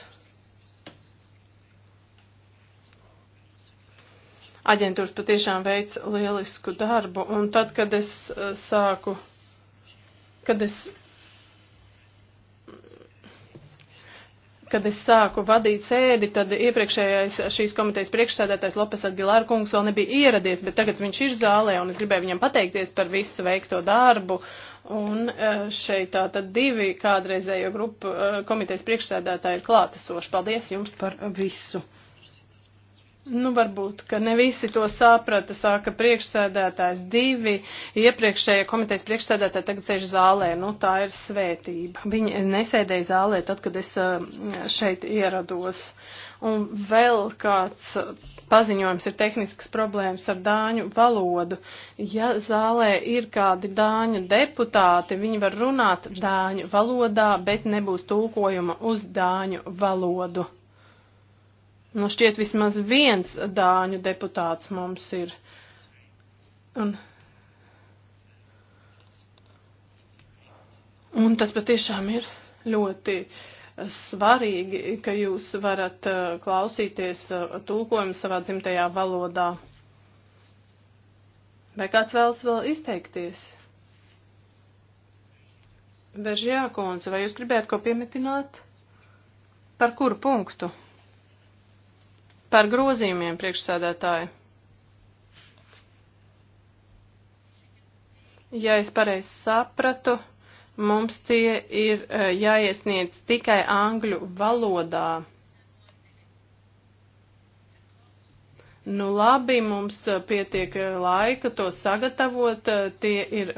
aģentūras patiešām veic lielisku darbu, un tad, kad es sāku, kad es Kad es sāku vadīt sēdi, tad iepriekšējais šīs komitejas priekšsēdētājs Lopes Agilāra kungs vēl nebija ieradies, bet tagad viņš ir zālē un es gribēju viņam pateikties par visu veikto darbu. Un e, šeit tā tad divi kādreizējo grupu e, komitejas priekšsēdētāji ir klātesoši. Paldies jums par visu! Nu, varbūt, ka ne visi to saprata, sāka priekšsēdētājs divi, iepriekšējie komitejas priekšsēdētāji tagad sēž zālē, nu tā ir svētība. Viņi nesēdēja zālē tad, kad es eh, šeit ierados. Un vēl kāds eh, paziņojums ir tehnisks problēmas ar dāņu valodu. Ja zālē ir kādi dāņu deputāti, viņi var runāt dāņu valodā, bet nebūs tulkojuma uz dāņu valodu. Nu, šķiet, vismaz viens dāņu deputāts mums ir. Un, un tas patiešām ir ļoti svarīgi, ka jūs varat uh, klausīties uh, tulkojumu savā dzimtajā valodā. Vai kāds vēlas vēl izteikties? Veržjākons, vai jūs gribētu ko piemetināt? Par kuru punktu? Par grozījumiem priekšsēdētāji. Ja es pareizi sapratu, mums tie ir eh, jāiesniedz tikai angļu valodā. Nu labi, mums eh, pietiek eh, laika to sagatavot, tie ir,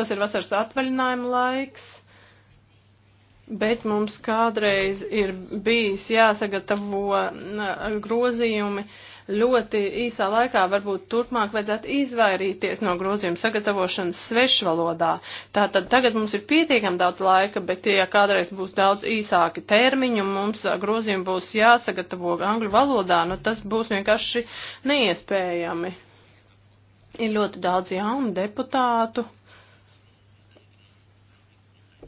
tas ir vasaras atvaļinājuma laiks. Bet mums kādreiz ir bijis jāsagatavo grozījumi ļoti īsā laikā, varbūt turpmāk vajadzētu izvairīties no grozījuma sagatavošanas svešvalodā. Tātad tagad mums ir pietiekam daudz laika, bet ja kādreiz būs daudz īsāki termiņi un mums uh, grozījumi būs jāsagatavo angļu valodā, nu tas būs vienkārši neiespējami. Ir ļoti daudz jaunu deputātu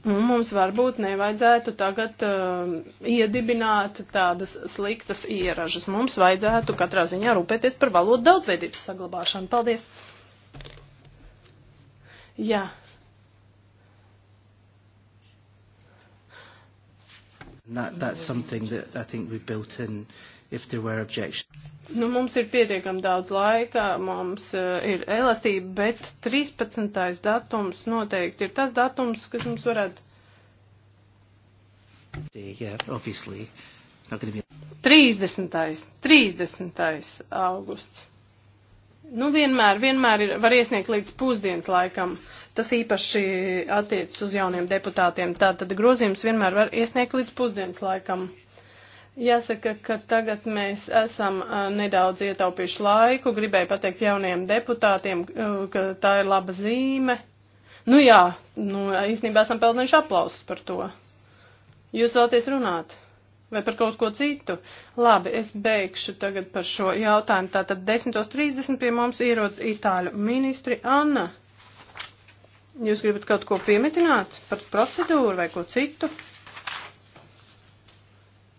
Un mums varbūt nevajadzētu tagad uh, iedibināt tādas sliktas ieražas. Mums vajadzētu katrā ziņā rūpēties par valodu daudzveidības saglabāšanu. Paldies! Jā. That, that's something that I think we built in uh, if there were objections. Nu, mums ir pietiekami daudz laika, mums uh, ir elastība, bet 13. datums noteikti ir tas datums, kas mums varētu. Yeah, obviously. Not gonna be... 30. 30. augusts. Nu, vienmēr, vienmēr ir, var iesniegt līdz pusdienas laikam. Tas īpaši attiecas uz jauniem deputātiem. Tātad grozījums vienmēr var iesniegt līdz pusdienas laikam. Jāsaka, ka tagad mēs esam nedaudz ietaupījuši laiku. Gribēju pateikt jauniem deputātiem, ka tā ir laba zīme. Nu jā, nu, īstenībā esam pelnījuši aplausus par to. Jūs vēlaties runāt? Vai par kaut ko citu? Labi, es beigšu tagad par šo jautājumu. Tātad 10.30 pie mums ierodas Itāļu ministri Anna. Jūs gribat kaut ko piemetināt par procedūru vai ko citu?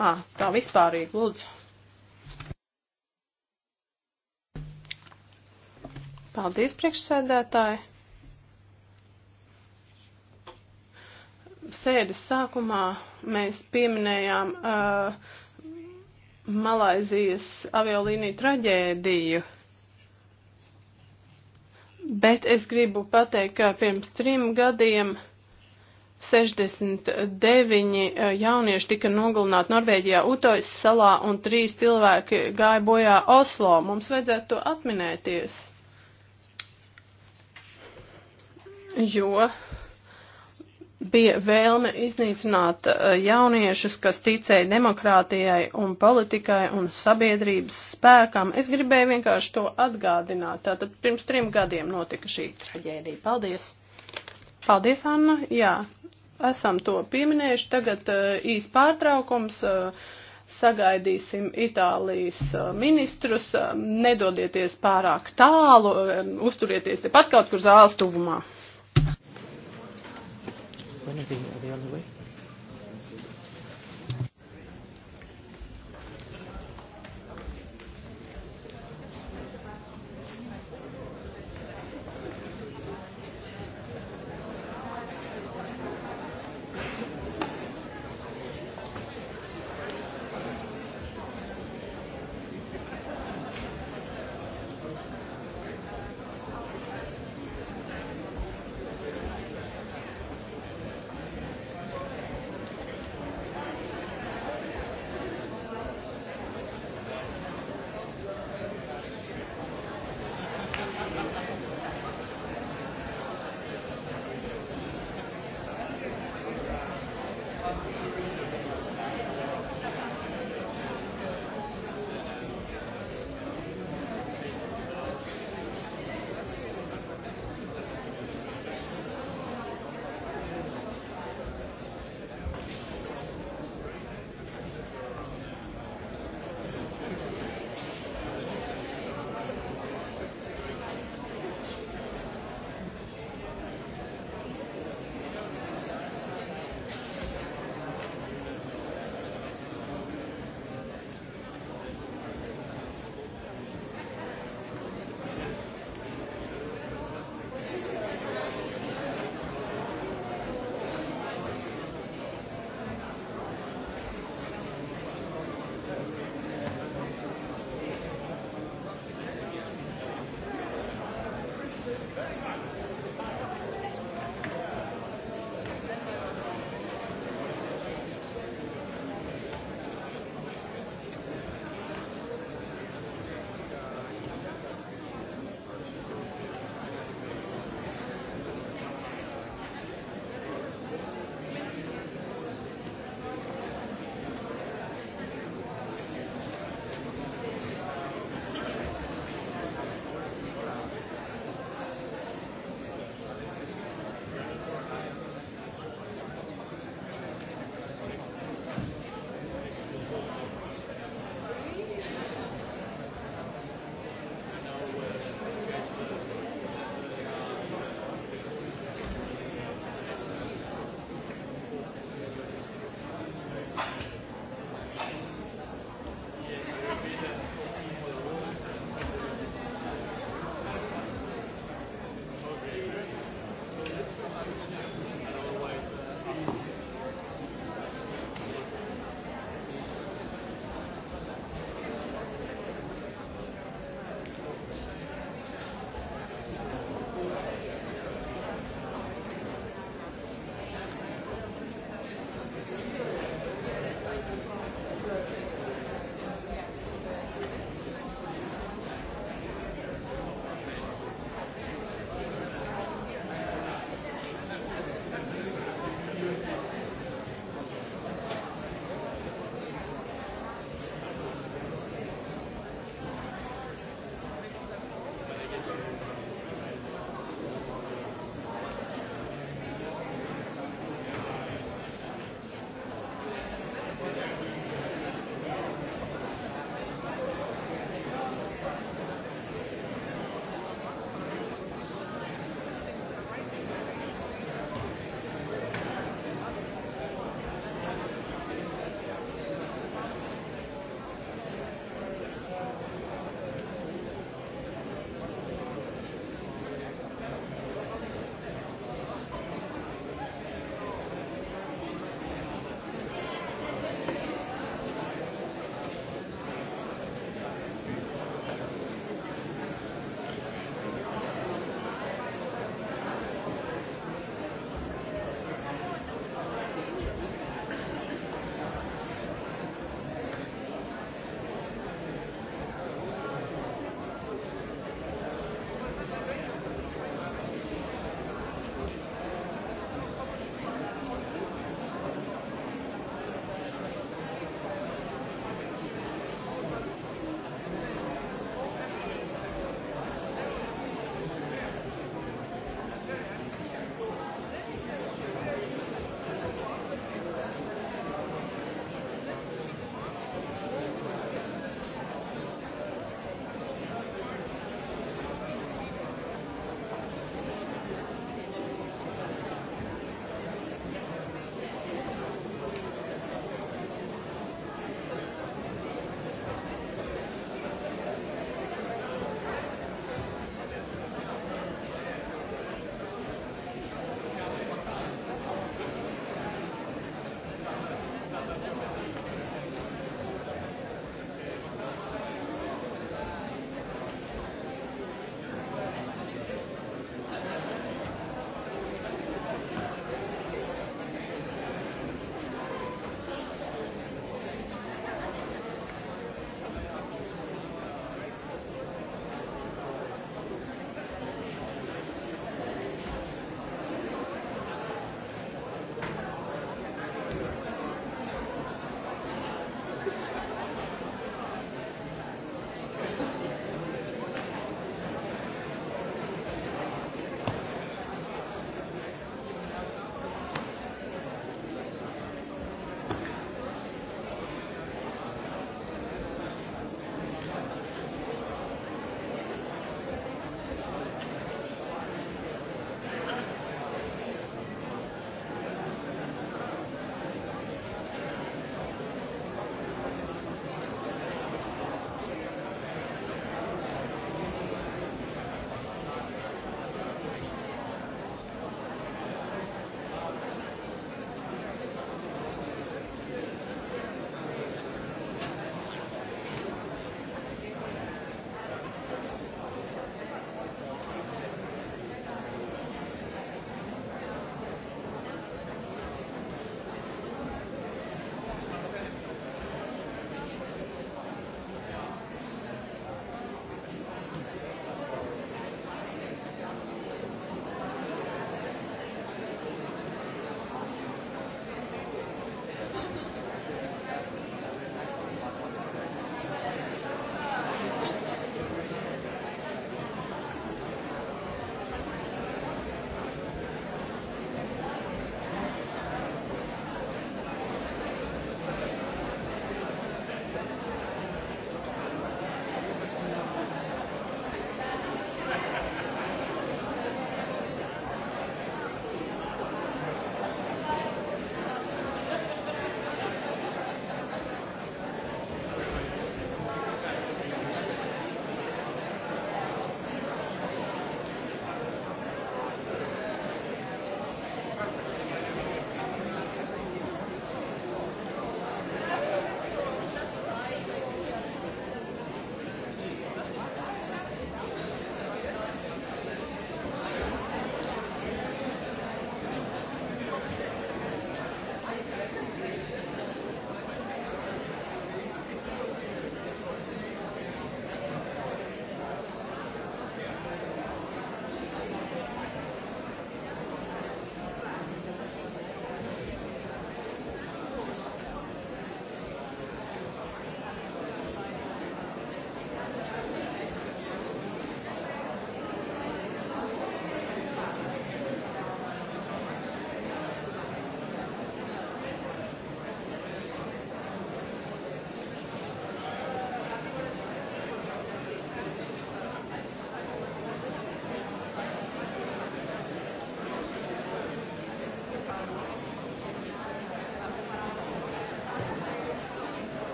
Ā, tā vispārīgi, lūdzu. Paldies, priekšsēdētāji. Sēdes sākumā mēs pieminējām uh, Malaizijas aviolīniju traģēdiju. Bet es gribu pateikt, ka pirms trim gadiem uh, 69 e, jaunieši tika nogalināti Norvēģijā Utojas salā un trīs cilvēki gāja bojā Oslo. Mums vajadzētu to apminēties. Jo bija vēlme iznīcināt e, jauniešus, kas ticēja demokrātijai un politikai un sabiedrības spēkam. Es gribēju vienkārši to atgādināt. Tātad pirms trim gadiem notika šī traģēdija. Paldies! Paldies, Anna! Jā. Esam to pieminējuši. Tagad eh, īs pārtraukums. Eh, sagaidīsim Itālijas eh, ministrus. Nedodieties pārāk tālu. Uzturieties tepat kaut kur zāles tuvumā. When are they, are they on the way?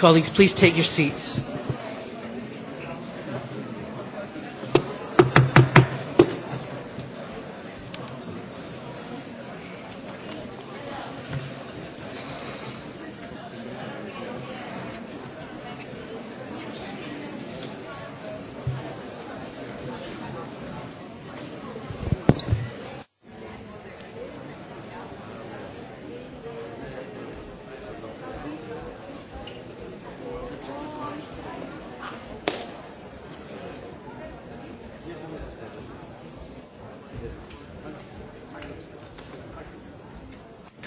Colleagues, please take your seats.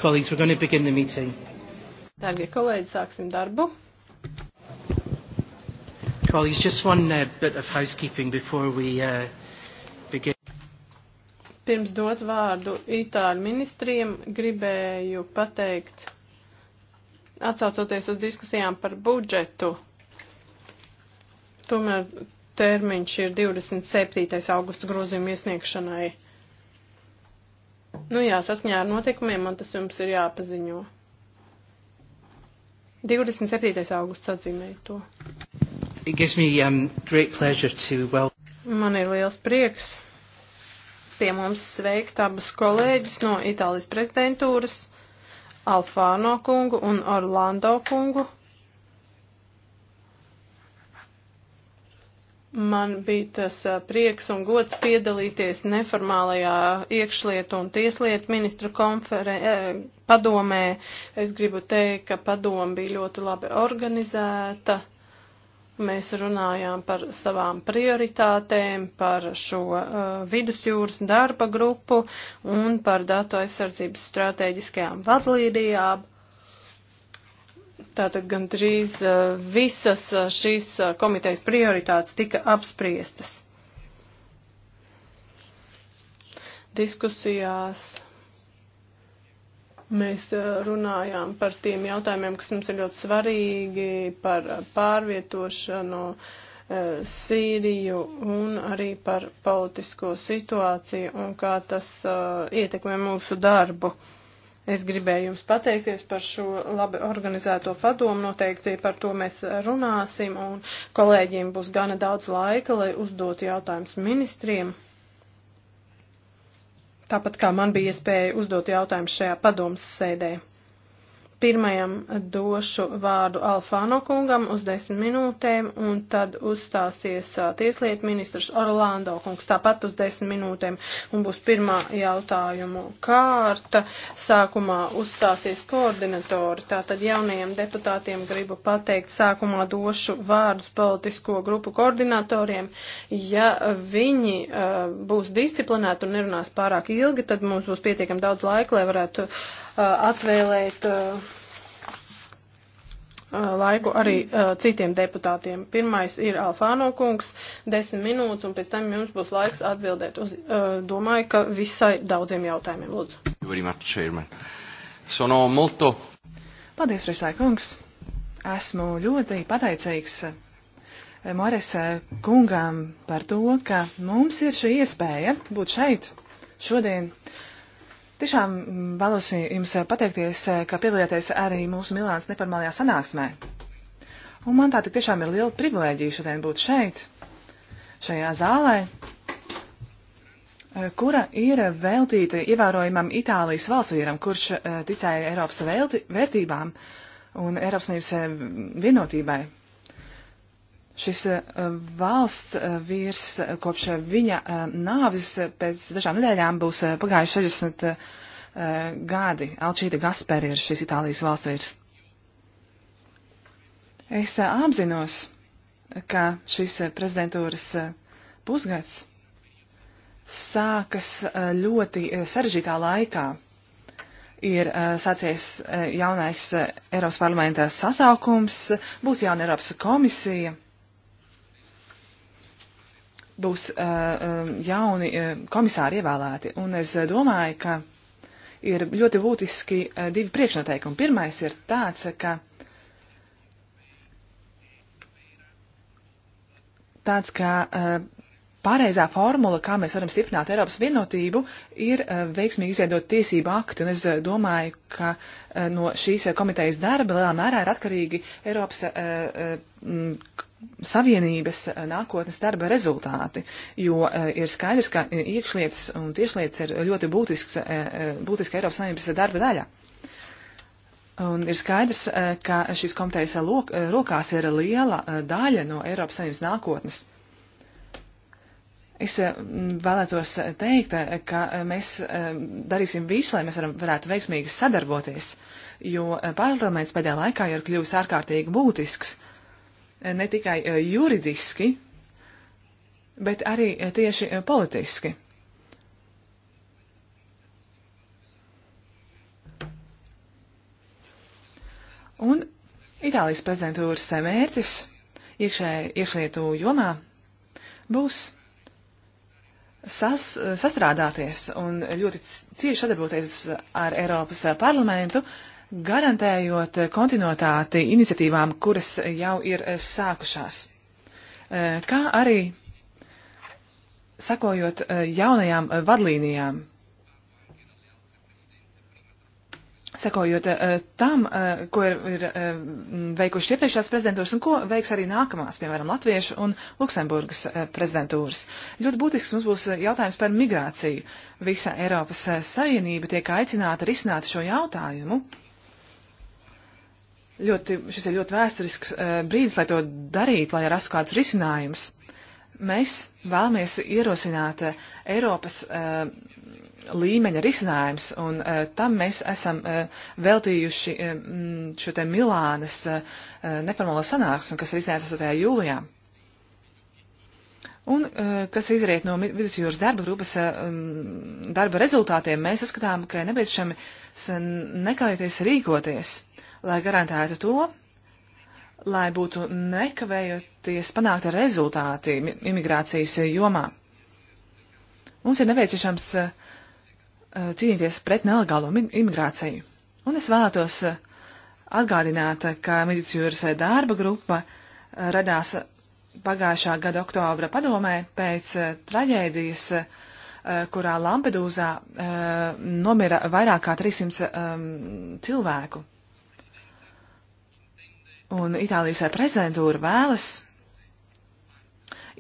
colleagues, we're going to begin the meeting. Darbie kolēģi, sāksim darbu. Colleagues, just one uh, bit of housekeeping before we uh, begin. Pirms dot vārdu Itāļu ministriem, gribēju pateikt, atsaucoties uz diskusijām par budžetu, tomēr termiņš ir 27. augusts grozījuma iesniegšanai. Jā, saskaņā ar notikumiem man tas jums ir jāpaziņo. 27. augusts atzīmēja to. Me, um, to well... Man ir liels prieks pie mums sveikt abus kolēģus no Itālijas prezidentūras, Alfāno kungu un Orlando kungu. Man bija tas prieks un gods piedalīties neformālajā iekšlietu un tieslietu ministru konferē, padomē. Es gribu teikt, ka padoma bija ļoti labi organizēta. Mēs runājām par savām prioritātēm, par šo uh, vidusjūras darba grupu un par datu aizsardzības stratēģiskajām vadlīnijām. Tātad gandrīz uh, visas uh, šīs uh, komitejas prioritātes tika apspriestas. Diskusijās mēs runājām par tiem jautājumiem, kas mums ir ļoti svarīgi, par pārvietošanu, Sīriju un arī par politisko situāciju un kā tas ietekmē mūsu darbu. Es gribēju jums pateikties par šo labi organizēto padomu, noteikti par to mēs runāsim, un kolēģiem būs gana daudz laika, lai uzdotu jautājumus ministriem. Tāpat kā man bija iespēja uzdot jautājumus šajā padomas sēdē. Pirmajam došu vārdu Alfāno kungam uz desmit minūtēm, un tad uzstāsies tieslietu ministrs Orlando kungs tāpat uz desmit minūtēm, un būs pirmā jautājumu kārta. Sākumā uzstāsies koordinatori, tātad jaunajiem deputātiem gribu pateikt, sākumā došu vārdus politisko grupu koordinatoriem. Ja viņi uh, būs disciplinēti un nerunās pārāk ilgi, tad mums būs pietiekami daudz laika, lai varētu uh, Uh, atvēlēt uh, uh, laiku arī citiem deputātiem. Pirmais ir Alfāno kungs, desmit minūtes, un pēc tam jums būs laiks atbildēt uz, domāju, ka visai daudziem jautājumiem. Lūdzu. Sono molto. Paldies, Frisai kungs. Esmu ļoti pateicīgs Morese kungām par to, ka mums ir šī iespēja būt šeit šodien Tiešām mm, vēlos jums eh, pateikties, eh, ka piedalījāties arī mūsu Milānas neformālajā sanāksmē. Un man tā tik tiešām ir liela privilēģija šodien būt šeit, šajā zālē, eh, kura ir veltīta ievērojamam Itālijas valstsvīram, kurš ticēja Eiropas vēlti, vērtībām un Eiropas nevis vienotībai šis eh, valsts eh, vīrs eh, kopš viņa nāvis pēc dažām nedēļām būs pagājuši 60 gadi. Alčīta Gasperi ir šis Itālijas valsts vīrs. Es apzinos, ka šis prezidentūras pusgads sākas ļoti sarežģītā laikā. Ir sācies jaunais Eiropas parlamenta sasaukums, būs jauna Eiropas komisija, būs eh, eh, jauni eh, komisāri ievēlēti. Un es domāju, ka ir ļoti būtiski divi priekšnoteikumi. Pirmais ir tāds, ka tāds, ka pareizā formula, kā mēs varam stiprināt Eiropas vienotību, ir eh, veiksmīgi izveidot tiesību aktu, un es eh, domāju, ka eh, no šīs komitejas darba lielā mērā ir atkarīgi Eiropas Savienības nākotnes darba rezultāti, jo ir skaidrs, ka iekšlietas un tiešlietas ir ļoti būtisks, būtiska Eiropas Savienības darba daļa. Un ir skaidrs, ka šīs komitejas rokās ir liela daļa no Eiropas Savienības nākotnes. Es eh, vēlētos teikt, eh, ka eh, mēs darīsim visu, lai mēs varam, varētu veiksmīgi sadarboties, jo parlaments pēdējā laikā ir kļuvis ārkārtīgi būtisks, ne tikai juridiski, bet arī tieši politiski. Un Itālijas prezidentūras mērķis iekšē, iekšlietu jomā būs sas, sastrādāties un ļoti cieši sadarboties ar Eiropas parlamentu, garantējot kontinuitāti iniciatīvām, kuras jau ir sākušās. Eh, kā arī sakojot eh, jaunajām vadlīnijām Sekojot eh, tam, eh, ko ir, ir eh, veikuši iepriekšējās prezidentūras un ko veiks arī nākamās, piemēram, Latviešu un Luksemburgas prezidentūras. Ļoti būtisks mums būs jautājums par migrāciju. Visa Eiropas Savienība tiek aicināta risināt šo jautājumu. Ļoti, šis ir ļoti vēsturisks brīdis, lai to darītu, lai rastu kāds risinājums. Mēs vēlamies ierosināt Eiropas līmeņa risinājums, un uh, tam mēs esam uh, veltījuši um, šo te Milānas uh, neformālo sanāksmu, kas ir iznāca 8. jūlijā. Un uh, kas izriet no vidusjūras darba grupas uh, darba rezultātiem, mēs uzskatām, ka nepieciešami nekavēties rīkoties, lai garantētu to, lai būtu nekavējoties panākta rezultāti imigrācijas jomā. Mums ir nepieciešams uh, Uh, cīnīties pret nelegālo imigrāciju. Un es vēlētos uh, atgādināt, uh, ka medicīnas darba grupa radās pagājušā gada oktobra padomē pēc traģēdijas, kurā Lampedūzā nomira vairāk kā 300 um, cilvēku. Un Itālijas prezidentūra vēlas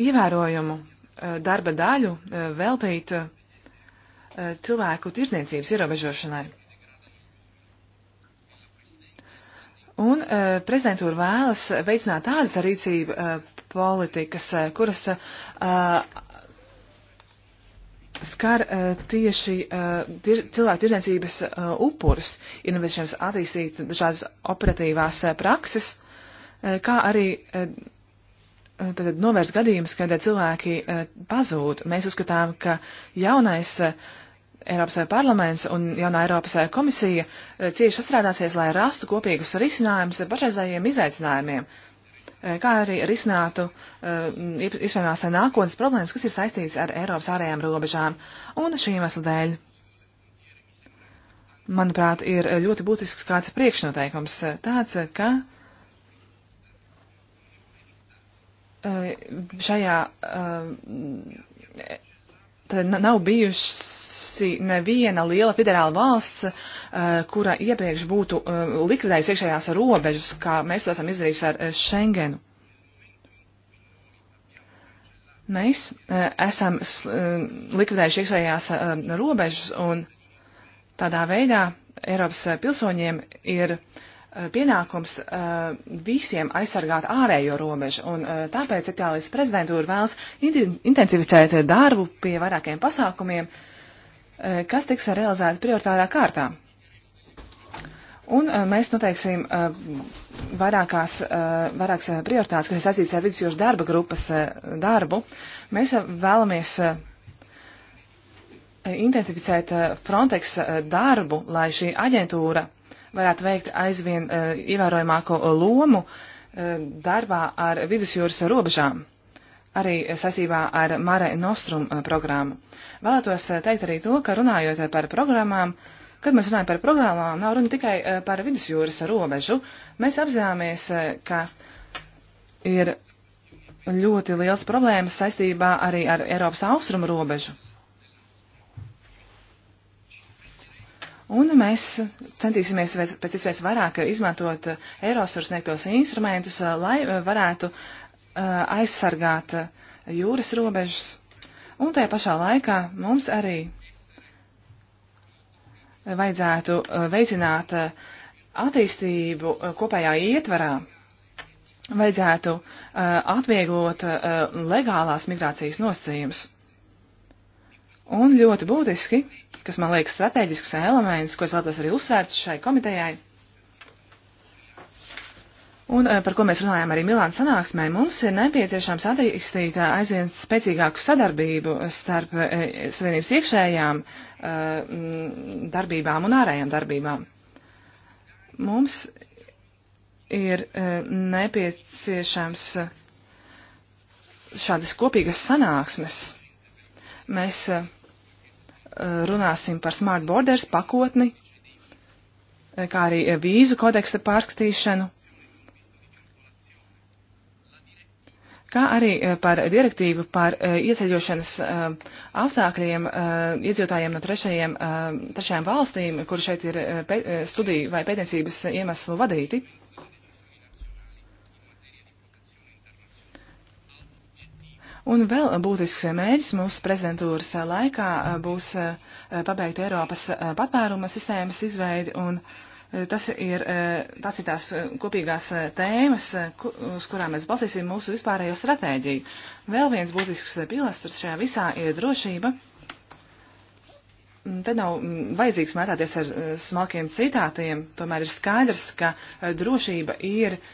ievērojumu darba daļu veltīt Eh, cilvēku tirdzniecības ierobežošanai. Un uh, prezidentūra vēlas veicināt tādas rīcība uh, politikas, uh, kuras skar tieši tir, cilvēku tirdzniecības upurus. Ir nepieciešams attīstīt dažādas operatīvās prakses, kā arī tad novērst gadījumus, kad cilvēki pazūd. Mēs uzskatām, ka jaunais uh, Eiropas parlaments un jaunā Eiropas komisija eh, cieši sastrādāsies, lai rastu kopīgus risinājumus pašreizējiem izaicinājumiem, eh, kā arī risinātu eh, iespējamās nākotnes problēmas, kas ir saistītas ar Eiropas ārējām robežām. Un šī iemesla dēļ, manuprāt, ir ļoti būtisks kāds priekšnoteikums tāds, ka šajā nav bijusi neviena liela federāla valsts, eh, kura iepriekš būtu eh, likvidējusi iekšējās robežas, kā mēs to esam izdarījuši ar eh, Schengenu. Mēs esam likvidējuši iekšējās robežas un tādā veidā Eiropas pilsoņiem ir uh, Eh, pienākums eh, visiem aizsargāt ārējo robežu, un eh, tāpēc Itālijas prezidentūra vēlas intensificēt darbu pie vairākiem pasākumiem, kas tiks realizēti prioritārā kārtā. Un mēs noteiksim vairākās, vairākas prioritātes, kas ir saistītas ar vidusjūras darba grupas darbu. Mēs vēlamies intensificēt Frontex darbu, lai šī aģentūra varētu veikt aizvien uh, ievērojamāko eh, lomu uh, darbā ar vidusjūras robežām, arī saistībā ar Mare Nostrum programmu. Vēlētos teikt arī to, ka runājot par programmām, kad mēs runājam par programmām, nav runa tikai par vidusjūras robežu. Mēs apzināmies, ka ir ļoti liels problēmas saistībā arī ar Eiropas austrumu robežu Un mēs centīsimies pēc iespējas vairāk izmantot uh, Eirosur sniegtos instrumentus, uh, lai uh, varētu aizsargāt jūras robežas. Un tajā pašā laikā mums arī vajadzētu veicināt attīstību kopējā ietvarā. Vajadzētu atvieglot legālās migrācijas nosacījumus. Un ļoti būtiski, kas man liekas strateģisks elements, ko es vēlos arī uzsvērt šai komitejai, un eh, par ko mēs runājām arī Milāna sanāksmē, mums ir nepieciešams attīstīt eh, aizvien spēcīgāku sadarbību starp eh, savienības iekšējām darbībām un ārējām darbībām. Mums ir nepieciešams šādas kopīgas sanāksmes Mēs eh, runāsim par Smart Borders pakotni, eh, kā arī eh, vīzu kodeksta pārskatīšanu, kā arī par direktīvu par ieceļošanas apstākļiem iedzīvotājiem no trešajiem, trešajām valstīm, kur šeit ir studiju vai pētniecības iemeslu vadīti. Un vēl būtisks mērķis mūsu prezidentūras laikā eh, būs eh, pabeigt Eiropas eh, patvēruma sistēmas izveidi, un tas ir tāds ir tās kopīgās tēmas, uz kurām mēs balsīsim mūsu vispārējo stratēģiju. Vēl viens būtisks pilastrs šajā visā ir drošība. Mm, te nav mm, vajadzīgs mētāties ar smalkiem citātiem, tomēr ir skaidrs, ka drošība ir uh,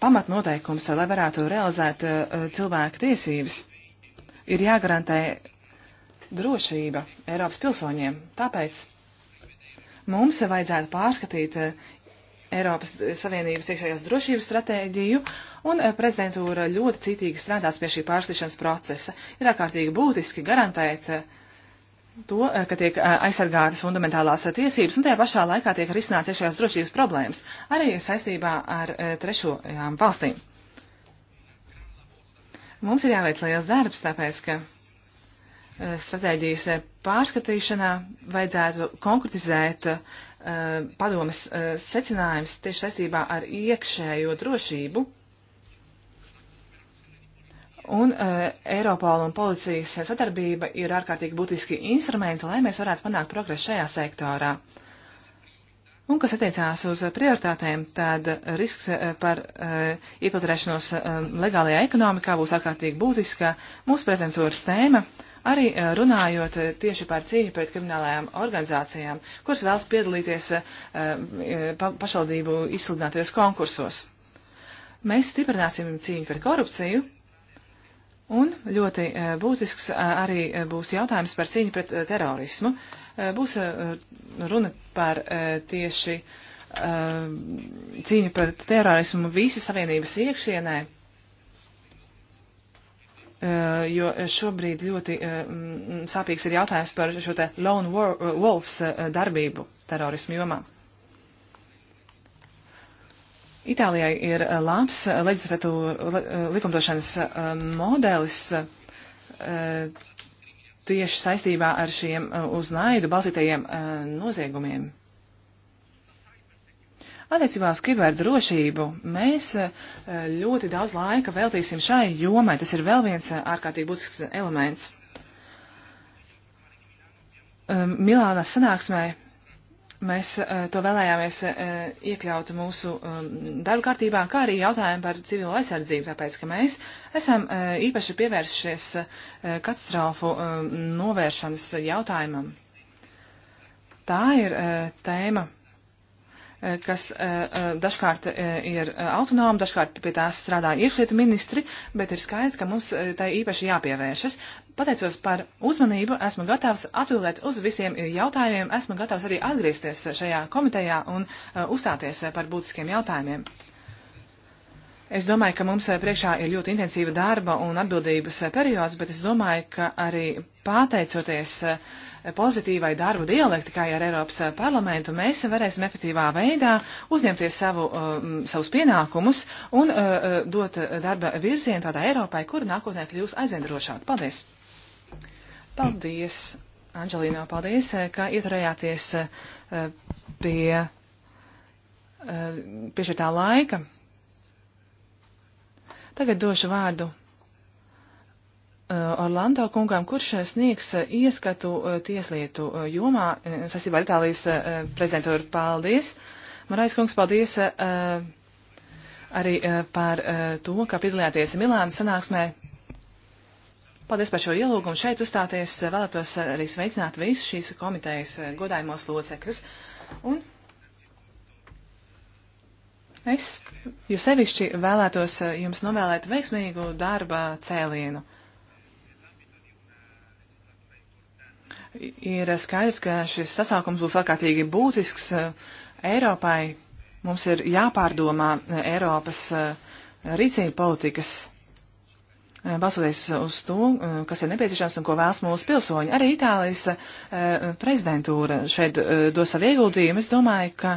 pamatnoteikums, lai varētu realizēt eh, cilvēku tiesības. Ir jāgarantē drošība Eiropas pilsoņiem. Tāpēc mums vajadzētu pārskatīt eh, Eiropas Savienības iekšējās drošības stratēģiju, un eh, prezidentūra ļoti citīgi strādās pie šī pārskatīšanas procesa. Ir ārkārtīgi būtiski garantēt uh, to, eh, ka tiek eh, aizsargātas fundamentālās eh, tiesības un tajā pašā laikā tiek risināts iekšējās drošības problēmas, arī saistībā ar trešajām valstīm. Mums ir jāveic liels darbs, tāpēc, ka stratēģijas pārskatīšanā vajadzētu konkretizēt uh, padomas uh, secinājums tieši saistībā ar iekšējo drošību Un uh, e, Eiropola un policijas sadarbība ir ārkārtīgi būtiski instrumenti, lai mēs varētu panākt progresu šajā sektorā. Un, kas attiecās uz prioritātēm, tad risks e, par uh, e, iepiltrēšanos uh, legālajā ekonomikā būs ārkārtīgi būtiska mūsu prezentūras tēma, arī uh, runājot uh, tieši par cīņu pret kriminālajām organizācijām, kuras vēlas piedalīties uh, pa pašvaldību izsludinātajos konkursos. Mēs stiprināsim cīņu pret korupciju Un ļoti eh, būtisks eh, arī eh, būs jautājums par cīņu pret terorismu. Būs runa par tieši cīņu pret terorismu visas savienības iekšienē, jo šobrīd ļoti sāpīgs ir jautājums par šo te lone wolves darbību terorismu jomā. Itālijai ir eh, labs eh, leģislatu eh, likumdošanas modelis tieši saistībā ar šiem uz naidu balstītajiem noziegumiem. Attiecībā uz kiberdrošību mēs ļoti daudz laika veltīsim šai jomai. Tas ir vēl viens ārkārtīgi būtisks elements. Milānas sanāksmē Mēs eh, to vēlējāmies eh, iekļaut mūsu um, darba kārtībā, kā arī jautājumu par civilo aizsardzību, tāpēc, ka mēs esam eh, īpaši pievērsušies katastrofu um, novēršanas jautājumam. Tā ir tēma Eh, kas eh, eh, dažkārt ir autonoma, dažkārt pie tās strādā iekšlietu ministri, bet ir skaidrs, ka mums tai īpaši jāpievēršas. Pateicos par uzmanību, esmu gatavs atbildēt uz visiem jautājumiem, esmu gatavs arī atgriezties šajā komitejā un uzstāties par būtiskiem jautājumiem. Es domāju, ka mums priekšā ir ļoti intensīva darba un atbildības periods, bet es domāju, ka arī pateicoties uh, pozitīvai darbu dialektikai ar Eiropas eh, parlamentu, mēs varēsim efektīvā veidā uzņemties savu, um, savus pienākumus un eh, eh, dot darba virzienu tādai Eiropai, kura nākotnē kļūs aizvien Paldies! Paldies, Anģelīno, paldies, ka ieturējāties pie, pie šitā laika. Tagad došu vārdu Uh, Orlando kungam, kurš uh, sniegs uh, ieskatu tieslietu jomā, sasībā Itālijas prezidentūra, paldies. Marais kungs, paldies arī par to, ka piedalījāties Milānas sanāksmē. Paldies par šo ielūgumu šeit uzstāties. Vēlētos arī sveicināt visus šīs komitejas godājumos locekļus. Un es jo sevišķi vēlētos jums novēlēt veiksmīgu darba cēlienu. Ir skaidrs, ka šis sasaukums būs ārkārtīgi būtisks eh, Eiropai. Mums ir jāpārdomā eh, Eiropas eh, rīcība politikas, balsoties uz to, kas ir nepieciešams un ko vēlas mūsu pilsoņi. Arī Itālijas prezidentūra šeit dos savu ieguldījumu. Es domāju, ka.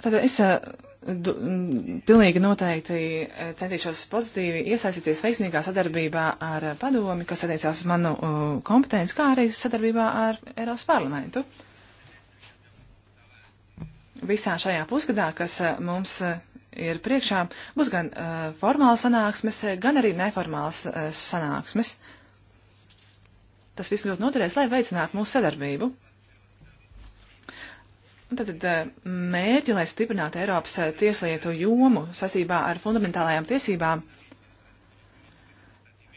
Tātad es Du, pilnīgi noteikti e, centīšos pozitīvi iesaistīties veiksmīgā sadarbībā ar e, padomi, kas attiecās uz manu uh, kompetenci, kā arī sadarbībā ar Eiropas parlamentu. Visā šajā pusgadā, kas uh, mums uh, ir priekšā, būs gan formāls sanāksmes, gan arī neformāls sanāksmes. Tas viss ļoti noturēs, lai veicinātu mūsu sadarbību. Tātad nu, eh, mērķi, lai stiprinātu Eiropas eh, tieslietu jomu sasībā ar fundamentālajām tiesībām,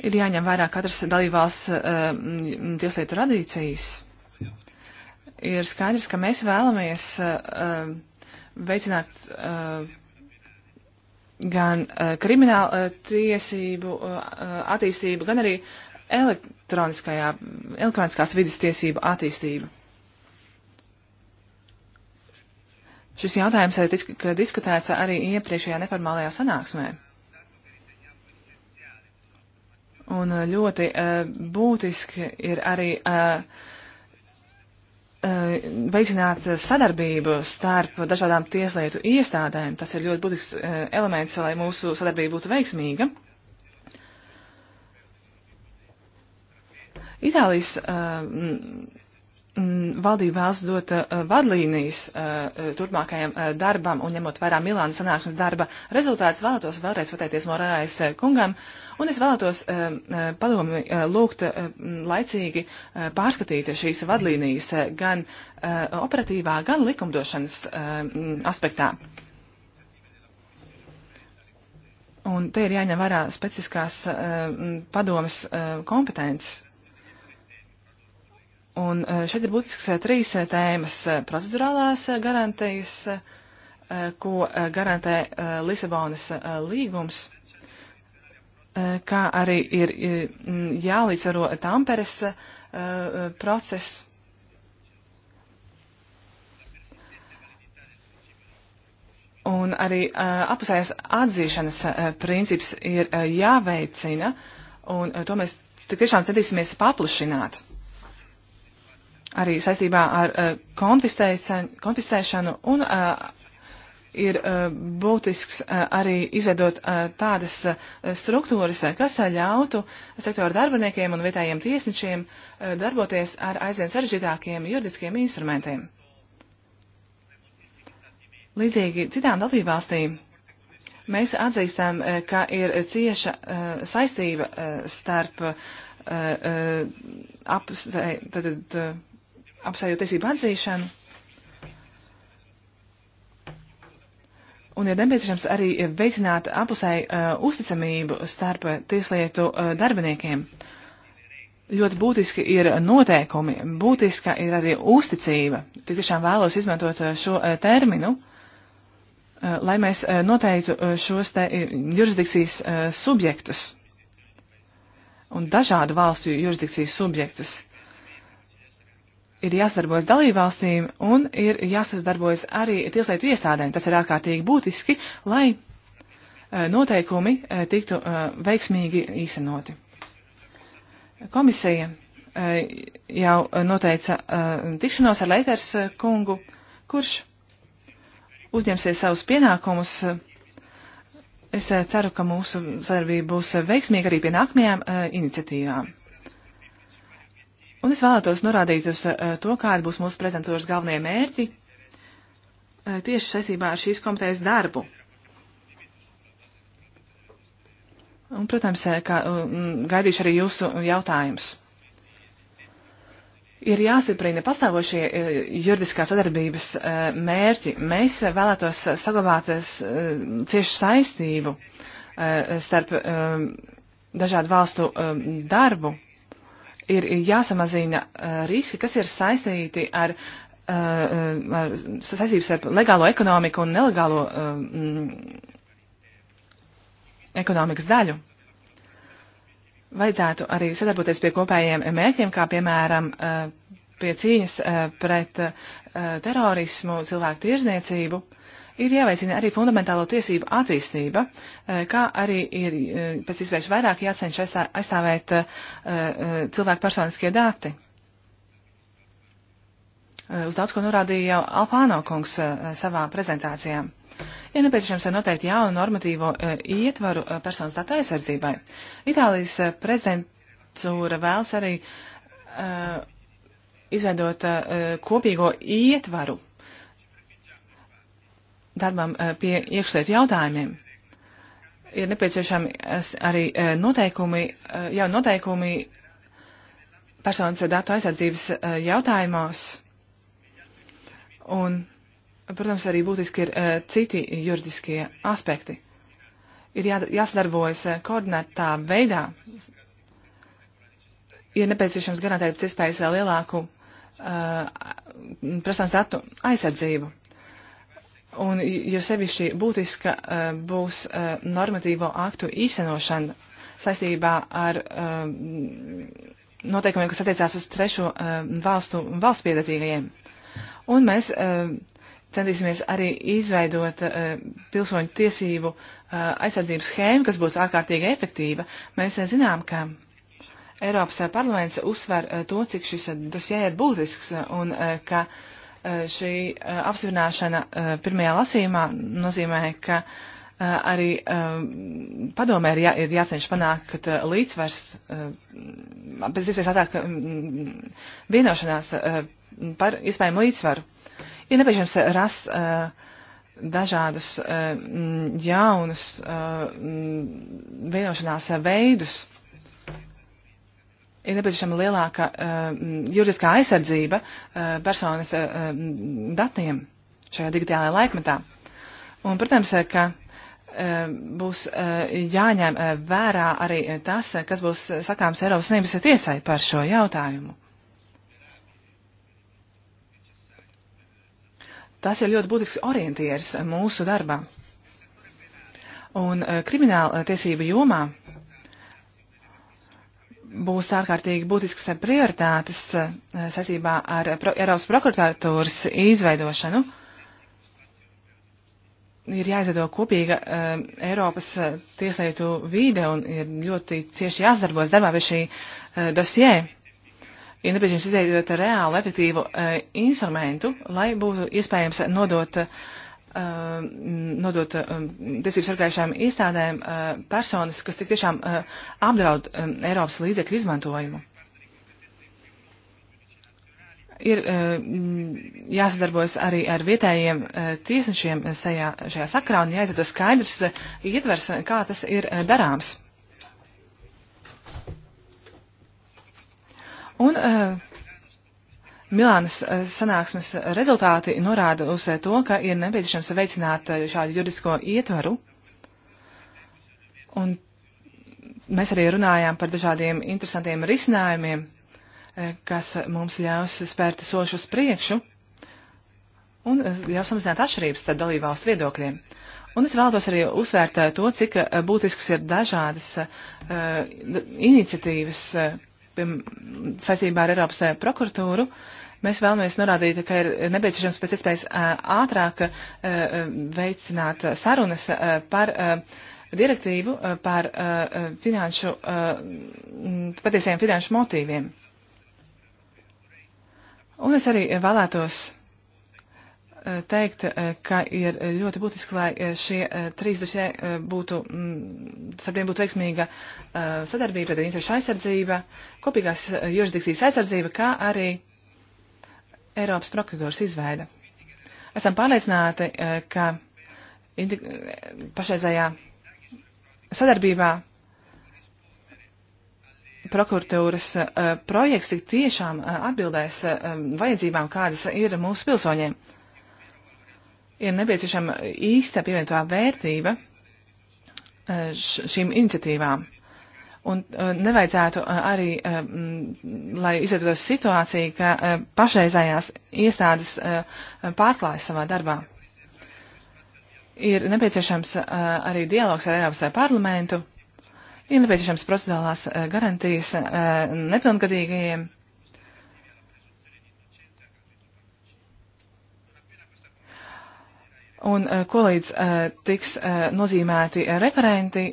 ir jāņem vērā katras dalībvalsts uh, tieslietu tradīcijas. Ir skaidrs, ka mēs vēlamies uh, veicināt uh, gan kriminālu tiesību attīstību, gan arī elektroniskās vidas tiesību attīstību. Šis jautājums tika diskutēts arī iepriekšējā neformālajā sanāksmē. Un uh, ļoti uh, būtiski ir arī uh, uh, veicināt sadarbību starp dažādām tieslietu iestādēm. Tas ir ļoti būtisks uh, elements, lai mūsu sadarbība būtu veiksmīga. Itālijas uh, Mm, valdība vēlas dot uh, vadlīnijas uh, uh, turpmākajam darbam un ņemot vērā Milānas sanāksmes darba rezultātus, vēlētos vēlreiz pateikties Morājas kungam un es vēlētos padomi lūgt mm, laicīgi pārskatīt šīs vadlīnijas gan operatīvā, gan likumdošanas mm, aspektā. Un te ir jāņem vērā specifiskās padomas kompetences Un e, šeit ir būtisks e, trīs e, tēmas - procedurālās garantijas, ko garantē Lisabonas līgums, kā arī ir jālīdzvaro Tamperes process. Un arī apusējās atzīšanas princips ir jāveicina, un to mēs tik tiešām centīsimies paplašināt arī saistībā ar eh, konfiscēšanu un eh, ir eh, būtisks arī izveidot tādas struktūras, kas ļautu sektora darbiniekiem un vietējiem tiesnešiem darboties ar aizvien sarežģītākiem juridiskiem instrumentiem. Līdzīgi citām dalībvalstīm mēs atzīstam, ka ir cieša saistība starp ap, tad, apsvērju tiesību atzīšanu. un ir nepieciešams arī veicināt apusēju uh, uzticamību starp tieslietu uh, darbiniekiem. Ļoti būtiski ir noteikumi, būtiska ir arī uzticība. Tik tiešām vēlos izmantot uh, šo uh, terminu, uh, lai mēs uh, noteiktu uh, šos te uh, jurisdikcijas uh, subjektus un dažādu valstu jurisdikcijas subjektus ir jāsadarbojas dalībvalstīm un ir jāsadarbojas arī tieslietu iestādēm. Tas ir ārkārtīgi būtiski, lai eh, noteikumi eh, tiktu eh, veiksmīgi īstenoti. Komisija jau noteica tikšanos ar Leiters kungu, kurš uzņemsies savus pienākumus. Es ceru, ka mūsu sadarbība būs veiksmīga arī pie nākamajām iniciatīvām. Un es vēlētos norādīt uz eh, to, kādi būs mūsu prezentūras galvenie mērķi eh, tieši saistībā ar šīs komitejas darbu. Un, protams, eh, kā, gaidīšu arī jūsu jautājumus. Ir jāstiprina pastāvošie juridiskā sadarbības mērķi. Mēs vēlētos saglabāt ciešu saistību starp dažādu valstu darbu ir jāsamazina uh, riski, kas ir saistīti ar, uh, ar saistības ar legālo ekonomiku un nelegālo um, ekonomikas daļu. Vajadzētu arī sadarboties pie kopējiem mērķiem, kā piemēram uh, pie cīņas pret terorismu, cilvēku tirzniecību Ir jāveicina arī fundamentālo tiesību attīstība, e, kā arī ir e, pēc iespējas vairāk jāceņš aizstāvēt e, cilvēku personiskie dati. Uz daudz ko norādīja jau Alfāno kungs savā prezentācijā. Ir ja nepieciešams noteikt jaunu normatīvo ietvaru personas datu aizsardzībai. Itālijas prezidentūra vēlas arī izveidot kopīgo ietvaru darbam eh, pie iekšlietu jautājumiem. Ir nepieciešami eh, arī eh, noteikumi, jau noteikumi personas datu aizsardzības jautājumos. Un, protams, arī būtiski ir citi juridiskie aspekti. Ir jā, jāsadarbojas koordinētā veidā. Ir nepieciešams garantēt pēc iespējas lielāku uh, personas datu aizsardzību. Un jo sevišķi būtiska e, būs e, normatīvo aktu īstenošana saistībā ar e, noteikumiem, kas attiecās uz trešo valstu valsts piedatīgajiem. Un mēs centīsimies arī izveidot pilsoņu tiesību aizsardzības schēmu, kas būtu ārkārtīgi efektīva. Mēs zinām, ka Eiropas parlaments uzsver to, cik šis dosjē ir būtisks un ka. Uh, Eh, šī eh, apsvināšana eh, pirmajā lasījumā nozīmē, ka arī padomē ir, jā, ir jāceņš panākt līdzsvars, pēc iespējas ātrāk vienošanās par iespējamu līdzsvaru. Ir nepieciešams rast dažādus jaunus vienošanās veidus ir nepieciešama lielāka uh, juridiskā aizsardzība uh, personas uh, datiem šajā digitālajā laikmetā. Un, protams, ka būs jāņem vērā arī tas, kas būs sakāms Eiropas Savienības tiesai par šo jautājumu. Tas ir ļoti būtisks orientieris mūsu darbā. Un krimināla tiesība jomā būs ārkārtīgi būtisks prioritātes eh, saistībā ar Pro Eiropas prokuratūras izveidošanu. Ir jāizveido kopīga uh, Eiropas eh, tieslietu vīde un ir ļoti cieši jāsadarbojas darbā pie šī uh, dosjē. Ir nepieciešams izveidot reālu, efektīvu uh, instrumentu, lai būtu iespējams nodot uh, Uh, nodot uh, tiesību sargājušām iestādēm uh, personas, kas tik tiešām apdraud um, Eiropas līdzekļu izmantojumu. Ir jāsadarbojas arī ar vietējiem tiesnešiem šajā, šajā sakrā un jāizveido skaidrs ietvers, kā tas ir darāms. Un uh, Milānas eh, sanāksmes rezultāti norāda uz eh, to, ka ir nepieciešams veicināt eh, šādu juridisko ietvaru. Un mēs arī runājām par dažādiem interesantiem risinājumiem, kas mums ļaus spērt sošu uz priekšu un ļaus samazināt atšķirības starp dalībvalstu viedokļiem. Un es vēlos arī uzsvērt to, cik būtisks ir dažādas uh, iniciatīvas uh, saistībā ar Eiropas prokuratūru, uh, Mēs vēlamies norādīt, ka ir nepieciešams pēc iespējas ātrāk veicināt sarunas par direktīvu par finanšu, patiesiem finanšu motīviem. Un es arī vēlētos teikt, ka ir ļoti būtiski, lai šie trīs dosie būtu, starp tiem būtu veiksmīga sadarbība, tad interesu aizsardzība, kopīgās jurisdikcijas aizsardzība, kā arī Eiropas prokuratūras izveida. Esam pārliecināti, e, ka e, pašreizējā sadarbībā prokuratūras e, projekts tik tiešām atbildēs vajadzībām, kādas ir mūsu pilsoņiem. Ir nepieciešama īsta pievienotā vērtība šīm iniciatīvām. Un uh, nevajadzētu uh, arī, uh, mm, lai izveidotos situācija, ka pašreizējās iestādes pārklājas savā darbā. Ir nepieciešams arī dialogs ar Eiropas parlamentu, ir nepieciešams procedūrālās garantijas nepilngadīgajiem Un eh, ko līdz eh, tiks eh, nozīmēti referenti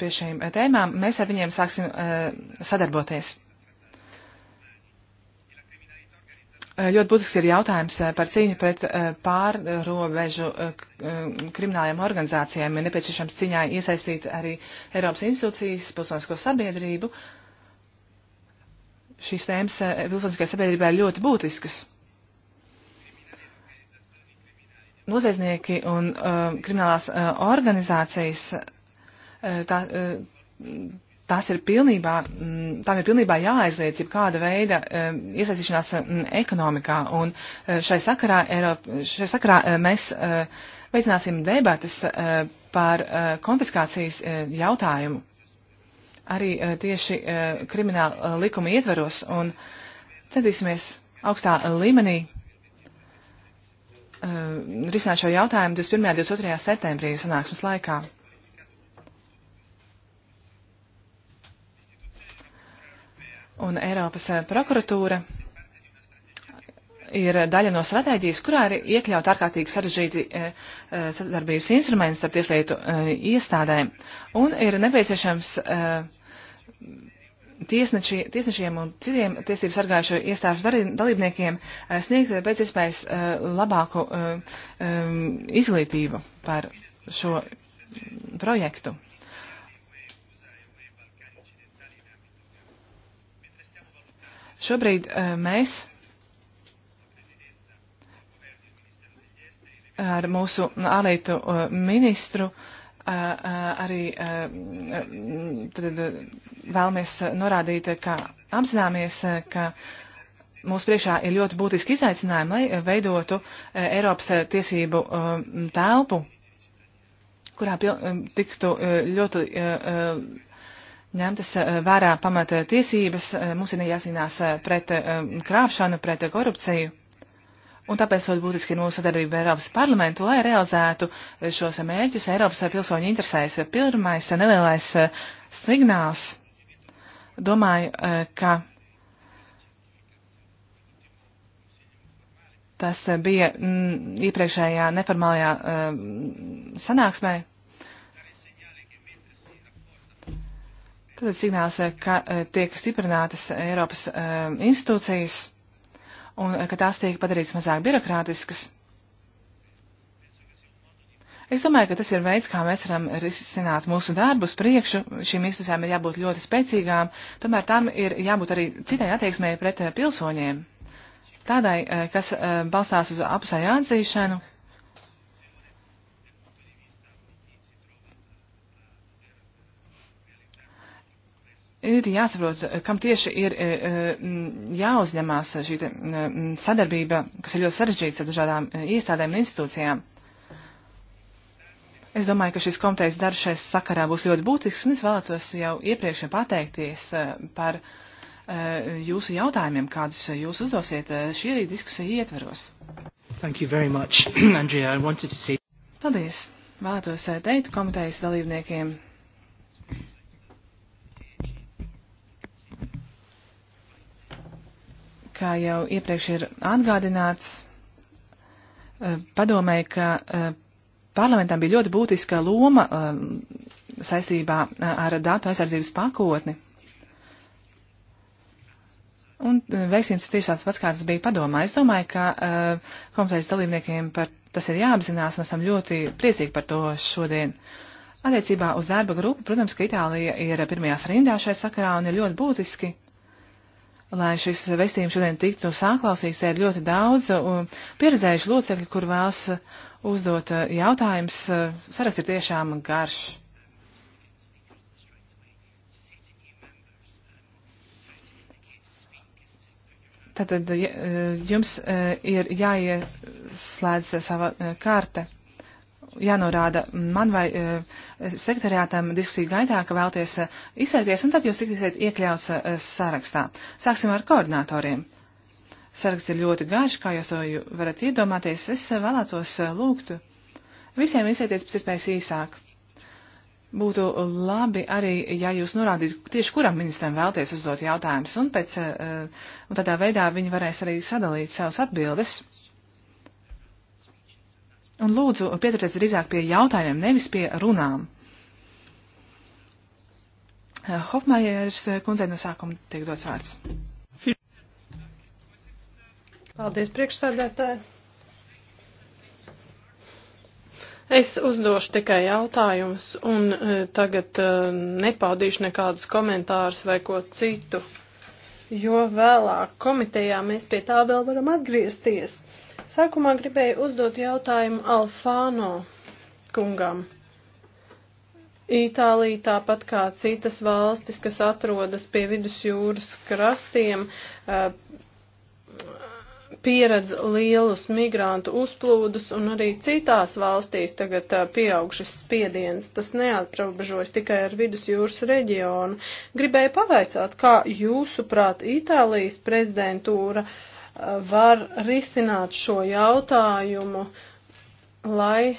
pie šīm tēmām, mēs ar viņiem sāksim sadarboties. Ļoti būtisks ir jautājums par cīņu pret pārrobežu kriminālajām organizācijām. Ir nepieciešams cīņā iesaistīt arī Eiropas institūcijas, pilsonisko sabiedrību. Šīs tēmas pilsoniskajai sabiedrībai ir ļoti būtiskas. noziedznieki un uh, kriminālās uh, organizācijas, uh, tā, uh, tās ir pilnībā, mm, tām ir pilnībā jāaizliedz jau kāda veida uh, iesaistīšanās mm, ekonomikā. Un uh, šai sakarā, Eiropa, šai sakarā uh, mēs uh, veicināsim debatas uh, par uh, konfiskācijas uh, jautājumu. Arī uh, tieši uh, krimināla uh, likuma ietveros un centīsimies augstā līmenī Eh, risināt šo jautājumu 21. un 22. septembrī sanāksmes laikā. Un Eiropas eh, prokuratūra ir daļa no stratēģijas, kurā ir iekļaut ārkārtīgi sarežģīti eh, sadarbības instrumenti starp tieslietu iestādēm. Un ir nepieciešams tiesneši, tiesnešiem un citiem tiesību sargājušo iestāžu dalībniekiem eh, sniegt pēc iespējas eh, labāku eh, izglītību par šo projektu. Šobrīd mēs ar mūsu ārlietu ministru uh, arī tad, vēlamies norādīt, ka apzināmies, ka mūsu priekšā ir ļoti būtiski izaicinājumi, lai veidotu Eiropas tiesību telpu, kurā tiktu ļoti ņemtas vērā pamata tiesības. Mums ir jācīnās pret krāpšanu, pret korupciju. Un tāpēc ļoti būtiski ir mūsu sadarbība ar Eiropas parlamentu, lai realizētu šos mērķus Eiropas pilsoņu interesēs. Pirmais nelielais eh, signāls, domāju, eh, ka tas eh, bija mm, iepriekšējā neformālajā sanāksmē. Tad signāls, ka tiek stiprinātas Eiropas institūcijas un eh, ka tās tiek padarītas mazāk birokrātiskas. Es domāju, ka tas ir veids, kā mēs varam risināt mūsu darbus priekšu. Šīm institūcijām ir jābūt ļoti spēcīgām, tomēr tam ir jābūt arī citai attieksmēji pret eh, pilsoņiem. Tādai, eh, kas balstās uz apusēju atzīšanu ir jāsaprot, kam tieši ir e, e, jāuzņemās šī sadarbība, kas ir ļoti sarežģīta ar dažādām e, iestādēm un institūcijām. Es domāju, ka šis komitejas darbs šai sakarā būs ļoti būtisks, un es vēlētos jau iepriekš pateikties par jūsu jautājumiem, kādus jūs uzdosiet šī arī diskusija ietveros. Thank you very much, Andrea. I wanted to say. Paldies. Vēlētos teikt komitejas dalībniekiem Kā jau iepriekš ir atgādināts, eh, padomēja, ka eh, parlamentam bija ļoti būtiska loma eh, saistībā ar datu aizsardzības pakotni. Un veiksmības ir tieši tāds pats, kāds bija padomā. Es domāju, ka komitejas dalībniekiem par tas ir jāapzinās, un esam ļoti priecīgi par to šodien. Attiecībā uz darba grupu, protams, ka Itālija ir pirmajās rindā šai sakarā un ir ļoti būtiski lai šis vestījums šodien tiktu sāklausīts, ir ļoti daudz pieredzējuši locekļi, kur vēlas uzdot uh, jautājumus. Uh, saraksts ir tiešām garš. Tātad uh, jums ir jāieslēdz sava karte jānorāda man vai eh, sekretariātam diskusiju gaitā, ka vēlties eh, izsēties, un tad jūs tiksiet iekļauts eh, sarakstā. Sāksim ar koordinatoriem. Saraksts ir ļoti garš, kā jūs to varat iedomāties. Es vēlētos lūgt visiem izsēties pēc iespējas īsāk. Būtu labi arī, ja jūs norādītu tieši kuram ministram vēlties uzdot jautājumus, un, pēc, un tādā veidā viņi varēs arī sadalīt savas atbildes. Un lūdzu, pieturieties drīzāk pie jautājumiem, nevis pie runām. Eh, Hofmajers eh, kundzei no sākuma tiek dots vārds. Paldies, priekšsēdētāji. Es uzdošu tikai jautājumus un eh, tagad nepaudīšu nekādus komentārus vai ko citu, jo vēlāk komitejā mēs pie tā vēl varam atgriezties. Uh, Sākumā gribēju uzdot jautājumu Alfāno kungam. Itālija, tāpat kā citas valstis, kas atrodas pie vidusjūras krastiem, eh, pieredz lielus migrantu uzplūdus, un arī citās valstīs tagad eh, pieaugšas spiediens. Tas neatrobežojas tikai ar vidusjūras reģionu. Gribēju pavaicāt, kā jūsuprāt Itālijas prezidentūra uh, var risināt šo jautājumu, lai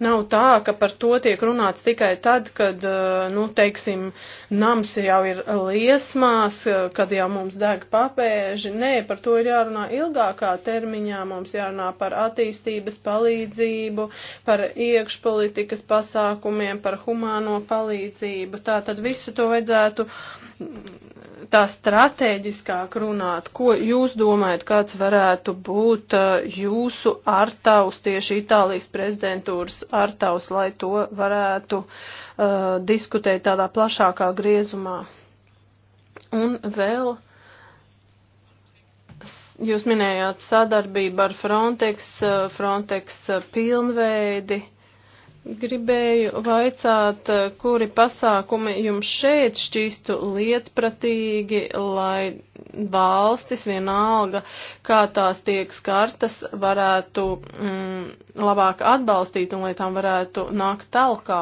Nav tā, ka par to tiek runāts tikai tad, kad, uh, nu, teiksim, nams jau ir liesmās, uh, kad jau mums deg papēži. Nē, par to ir jārunā ilgākā termiņā. Mums jārunā par attīstības palīdzību, par iekšpolitikas pasākumiem, par humāno palīdzību. Tā tad visu to vajadzētu mm, tā strateģiskāk runāt, ko jūs domājat, kāds varētu būt uh, jūsu ārtaus tieši Itālijas prezidentūras ārtaus, lai to varētu uh, diskutēt tādā plašākā griezumā. Un vēl jūs minējāt sadarbību ar Frontex, uh, Frontex uh, pilnveidi. Uh, Gribēju vaicāt, eh, kuri pasākumi jums šeit šķistu lietpratīgi, lai valstis vienalga, kā tās tiek skartas, varētu mm, labāk atbalstīt un lai tām varētu nākt talkā,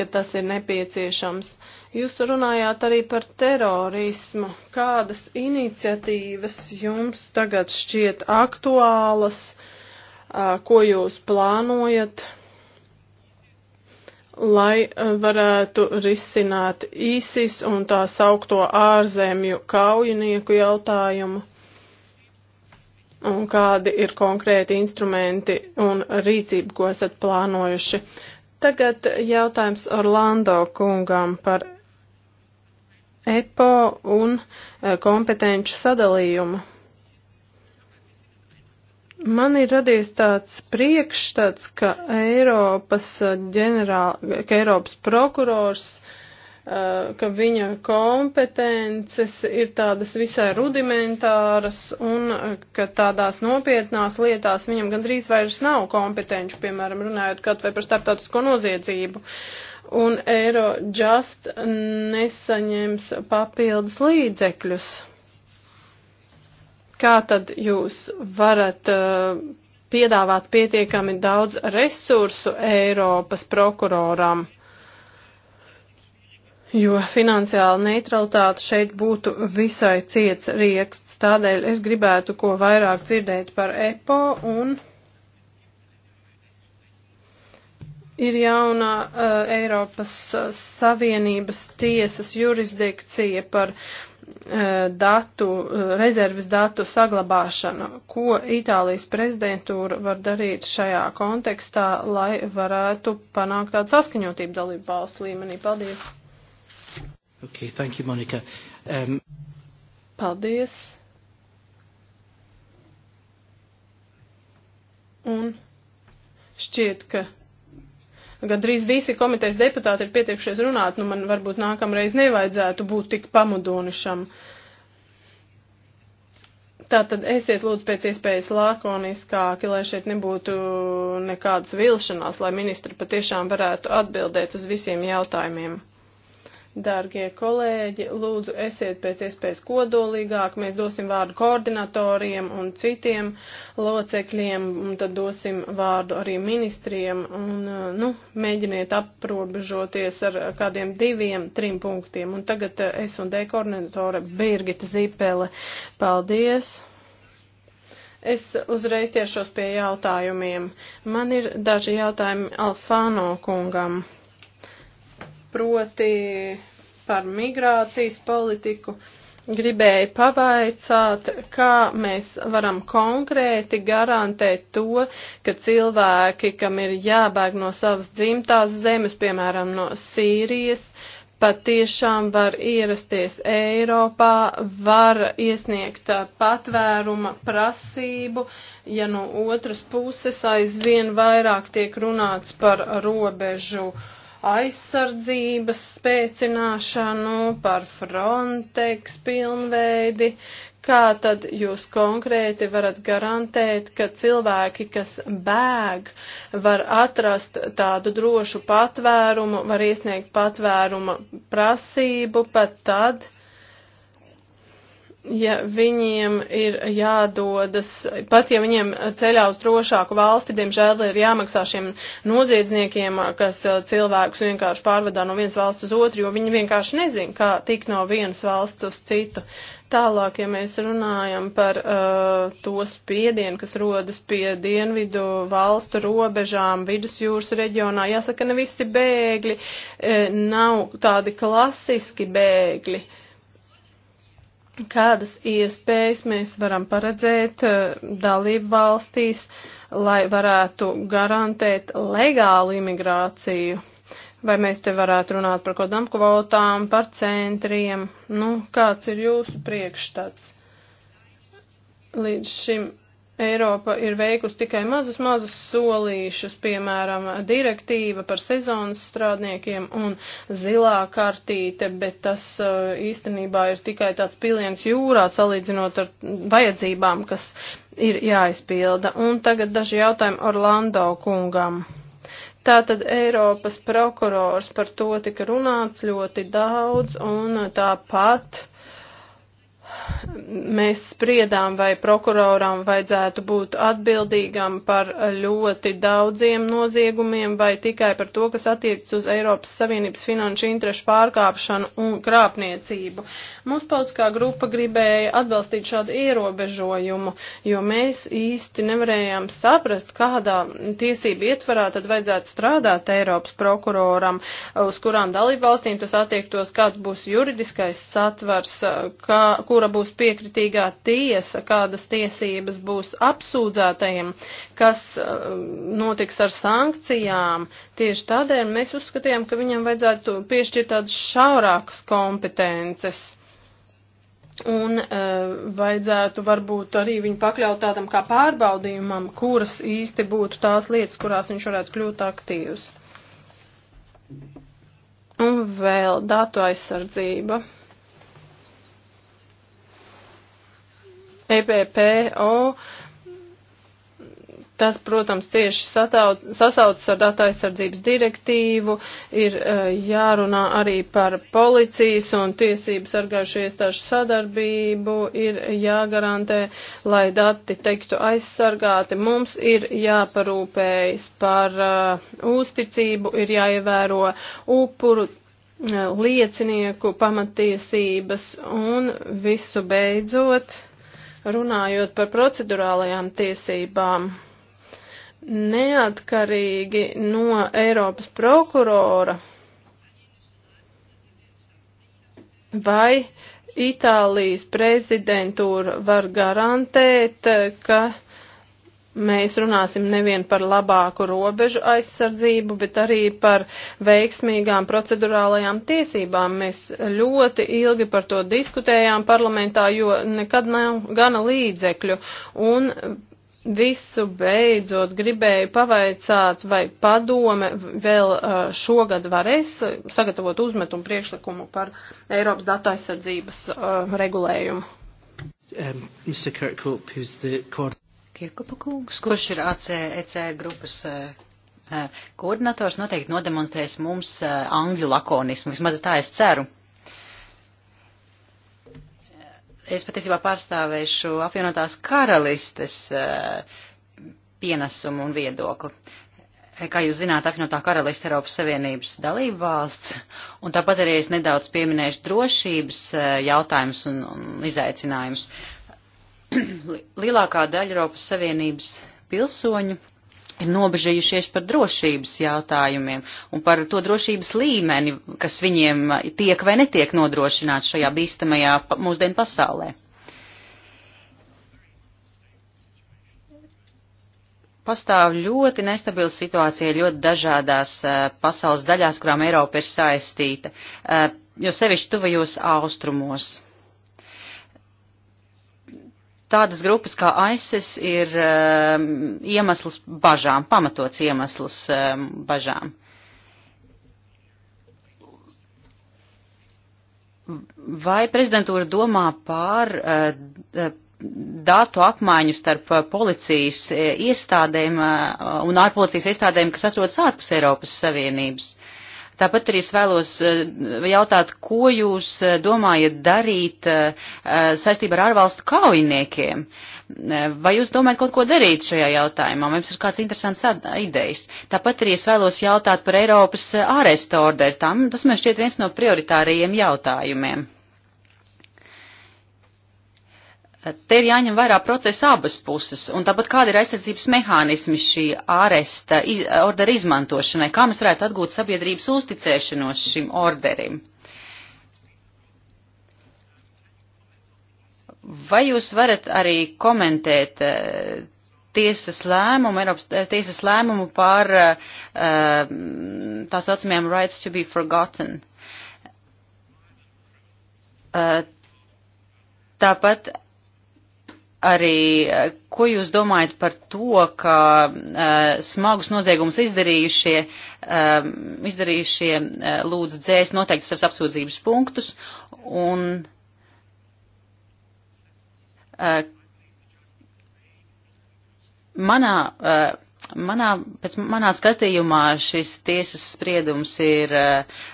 ka tas ir nepieciešams. Jūs runājāt arī par terorismu. Kādas iniciatīvas jums tagad šķiet aktuālas, ko jūs plānojat? lai eh, varētu risināt īsis un tā saukto ārzemju kaujinieku jautājumu un kādi ir konkrēti instrumenti un rīcība, ko esat plānojuši. Tagad jautājums Orlando kungam par EPO un eh, kompetenču sadalījumu. Man ir radies tāds priekšstats, ka Eiropas uh, ģenerāla, ka Eiropas prokurors, uh, ka viņa kompetences ir tādas visai rudimentāras un uh, ka tādās nopietnās lietās viņam gandrīz vairs nav kompetenci, piemēram, runājot kaut vai par starptautisko noziedzību. Un Eiro just nesaņems papildus līdzekļus. Kā tad jūs varat uh, piedāvāt pietiekami daudz resursu Eiropas prokuroram? Jo finansiāla neutralitāte šeit būtu visai ciets rieksts. Tādēļ es gribētu ko vairāk dzirdēt par EPO un. ir jauna uh, Eiropas uh, Savienības tiesas jurisdikcija par Eh, datu, eh, rezerves datu saglabāšana. Ko Itālijas prezidentūra var darīt šajā kontekstā, lai varētu panākt tādu saskaņotību dalību valstu līmenī? Paldies! Okay, thank you, Monika. Um... Paldies! Un šķiet, ka Gandrīz visi komitejas deputāti ir pietiekušies runāt, nu man varbūt nākamreiz nevajadzētu būt tik pamudonišam. Tātad esiet lūdzu pēc iespējas lakoniskāki, lai šeit nebūtu nekādas vilšanās, lai ministri patiešām varētu atbildēt uz visiem jautājumiem. Dārgie kolēģi, lūdzu, esiet pēc iespējas kodolīgāk. Mēs dosim vārdu koordinatoriem un citiem locekļiem, un tad dosim vārdu arī ministriem. Un, uh, nu, mēģiniet aprobežoties ar kādiem diviem, trim punktiem. Un tagad uh, es un D koordinatore Birgita Zipele. Paldies! Es uzreiz tiešos pie jautājumiem. Man ir daži jautājumi Alfāno kungam proti par migrācijas politiku. Gribēju pavaicāt, kā mēs varam konkrēti garantēt to, ka cilvēki, kam ir jābēg no savas dzimtās zemes, piemēram, no Sīrijas, patiešām var ierasties Eiropā, var iesniegt patvēruma prasību, ja no otras puses aizvien vairāk tiek runāts par robežu uh, aizsardzības spēcināšanu, par Frontex pilnveidi. Kā tad jūs konkrēti varat garantēt, ka cilvēki, kas bēg, var atrast tādu drošu patvērumu, var iesniegt patvēruma prasību pat tad, uh, ja viņiem ir jādodas, pat ja viņiem ceļā uz drošāku valsti, diemžēl ir jāmaksā šiem noziedzniekiem, kas uh, cilvēkus vienkārši pārvadā no vienas valsts uz otru, jo viņi vienkārši nezin, kā tikt no vienas valsts uz citu. Tālāk, ja mēs runājam par uh, to spiedienu, kas rodas pie dienvidu valstu robežām, vidusjūras reģionā, jāsaka, ne visi bēgļi e, nav tādi klasiski bēgļi. Uh, Kādas iespējas mēs varam paredzēt eh, dalību valstīs, lai varētu garantēt legālu imigrāciju? Vai mēs te varētu runāt par kaut kādām kvotām, par centriem? Nu, kāds ir jūsu priekšstats? Līdz šim Eiropa ir veikusi tikai mazus, mazus solīšus, piemēram, direktīva par sezonas strādniekiem un zilā kartīte, bet tas eh, īstenībā ir tikai tāds piliens jūrā salīdzinot ar vajadzībām, kas ir jāizpilda. Un tagad daži jautājumi Orlando kungam. Tātad Eiropas prokurors par to tika runāts ļoti daudz un tāpat mēs spriedām, vai prokuroram vajadzētu būt atbildīgam par ļoti daudziem noziegumiem vai tikai par to, kas attiecas uz Eiropas Savienības finanšu interešu pārkāpšanu un krāpniecību. Mums paudskā grupa gribēja atbalstīt šādu ierobežojumu, jo mēs īsti nevarējām saprast, kādā tiesību ietvarā tad vajadzētu strādāt Eiropas prokuroram, uz kurām dalībvalstīm tas attiektos, kāds būs juridiskais satvars, kā, kura būs piekritīgā tiesa, kādas tiesības būs apsūdzētajiem, kas uh, notiks ar sankcijām. Tieši tādēļ mēs uzskatījām, ka viņam vajadzētu piešķirt tādas šaurākas kompetences. Un e, vajadzētu varbūt arī viņu pakļaut tādam kā pārbaudījumam, kuras īsti būtu tās lietas, kurās viņš varētu kļūt aktīvs. Un vēl datu aizsardzība. EPPO. Tas, protams, cieši sasaucas ar datu aizsardzības direktīvu, ir e, jārunā arī par policijas un tiesības sargājušu iestāžu sadarbību, ir jāgarantē, lai dati tiktu aizsargāti. Mums ir jāparūpējas par uh, uzticību, ir jāievēro upuru e, liecinieku pamatiesības un visu beidzot Runājot par procedurālajām tiesībām, neatkarīgi no Eiropas prokurora vai Itālijas prezidentūra var garantēt, ka Mēs runāsim nevien par labāku robežu aizsardzību, bet arī par veiksmīgām procedurālajām tiesībām. Mēs ļoti ilgi par to diskutējām parlamentā, jo nekad nav gana līdzekļu. Un visu beidzot gribēju pavaicāt, vai padome vēl šogad varēs sagatavot uzmetumu priekšlikumu par Eiropas datu aizsardzības regulējumu. Um, Mr. Kirkhope, who's the Kiekupa kungs, kurš ir ACEC e grupas e, e, koordinators, noteikti nodemonstrēs mums angļu lakonismu, vismaz tā es ceru. Es patiesībā pārstāvēšu apvienotās karalistes pienesumu un viedokli. Kā jūs zināt, apvienotā karalista Eiropas Savienības dalība valsts, un tāpat arī es nedaudz pieminēšu drošības jautājumus un, un izaicinājumus. Uh, lielākā daļa Eiropas Savienības pilsoņu ir nobežījušies par drošības jautājumiem un par to drošības līmeni, kas viņiem tiek vai netiek nodrošināts šajā bīstamajā mūsdienu pasaulē. Pastāv ļoti nestabila situācija ļoti dažādās pasaules daļās, kurām Eiropa ir saistīta, jo sevišķi tuvajos austrumos. Tādas grupas kā ISIS ir um, iemesls bažām, pamatots iemesls um, bažām. Vai prezidentūra domā par uh, datu apmaiņu starp uh, policijas uh, iestādēm uh, un ārpolicijas iestādēm, kas atrodas ārpus Eiropas Savienības? Uh, Tāpat arī es vēlos eh, jautāt, ko jūs eh, domājat darīt eh, saistībā ar ārvalstu kaujiniekiem? Vai jūs domājat kaut ko darīt šajā jautājumā? Mums ir kāds interesants idejas. Tāpat arī es vēlos jautāt par Eiropas ārēstu orderi. Tam tas man šķiet viens no prioritārajiem jautājumiem. Te ir jāņem vērā procesa abas puses, un tāpat kāda ir aizsardzības mehānismi šī āresta iz, ordera izmantošanai, kā mēs varētu atgūt sabiedrības uzticēšanos šim orderim. Vai jūs varat arī komentēt eh, tiesas lēmumu, Eiropas eh, tiesas lēmumu par eh, tā saucamajām rights to be forgotten? Tāpat arī, ko jūs domājat par to, ka uh, smagus noziegumus izdarījušie, uh, izdarījušie uh, eh, lūdz dzēst noteikti savus apsūdzības punktus un uh, manā uh, Manā, pēc manā skatījumā šis tiesas spriedums ir uh,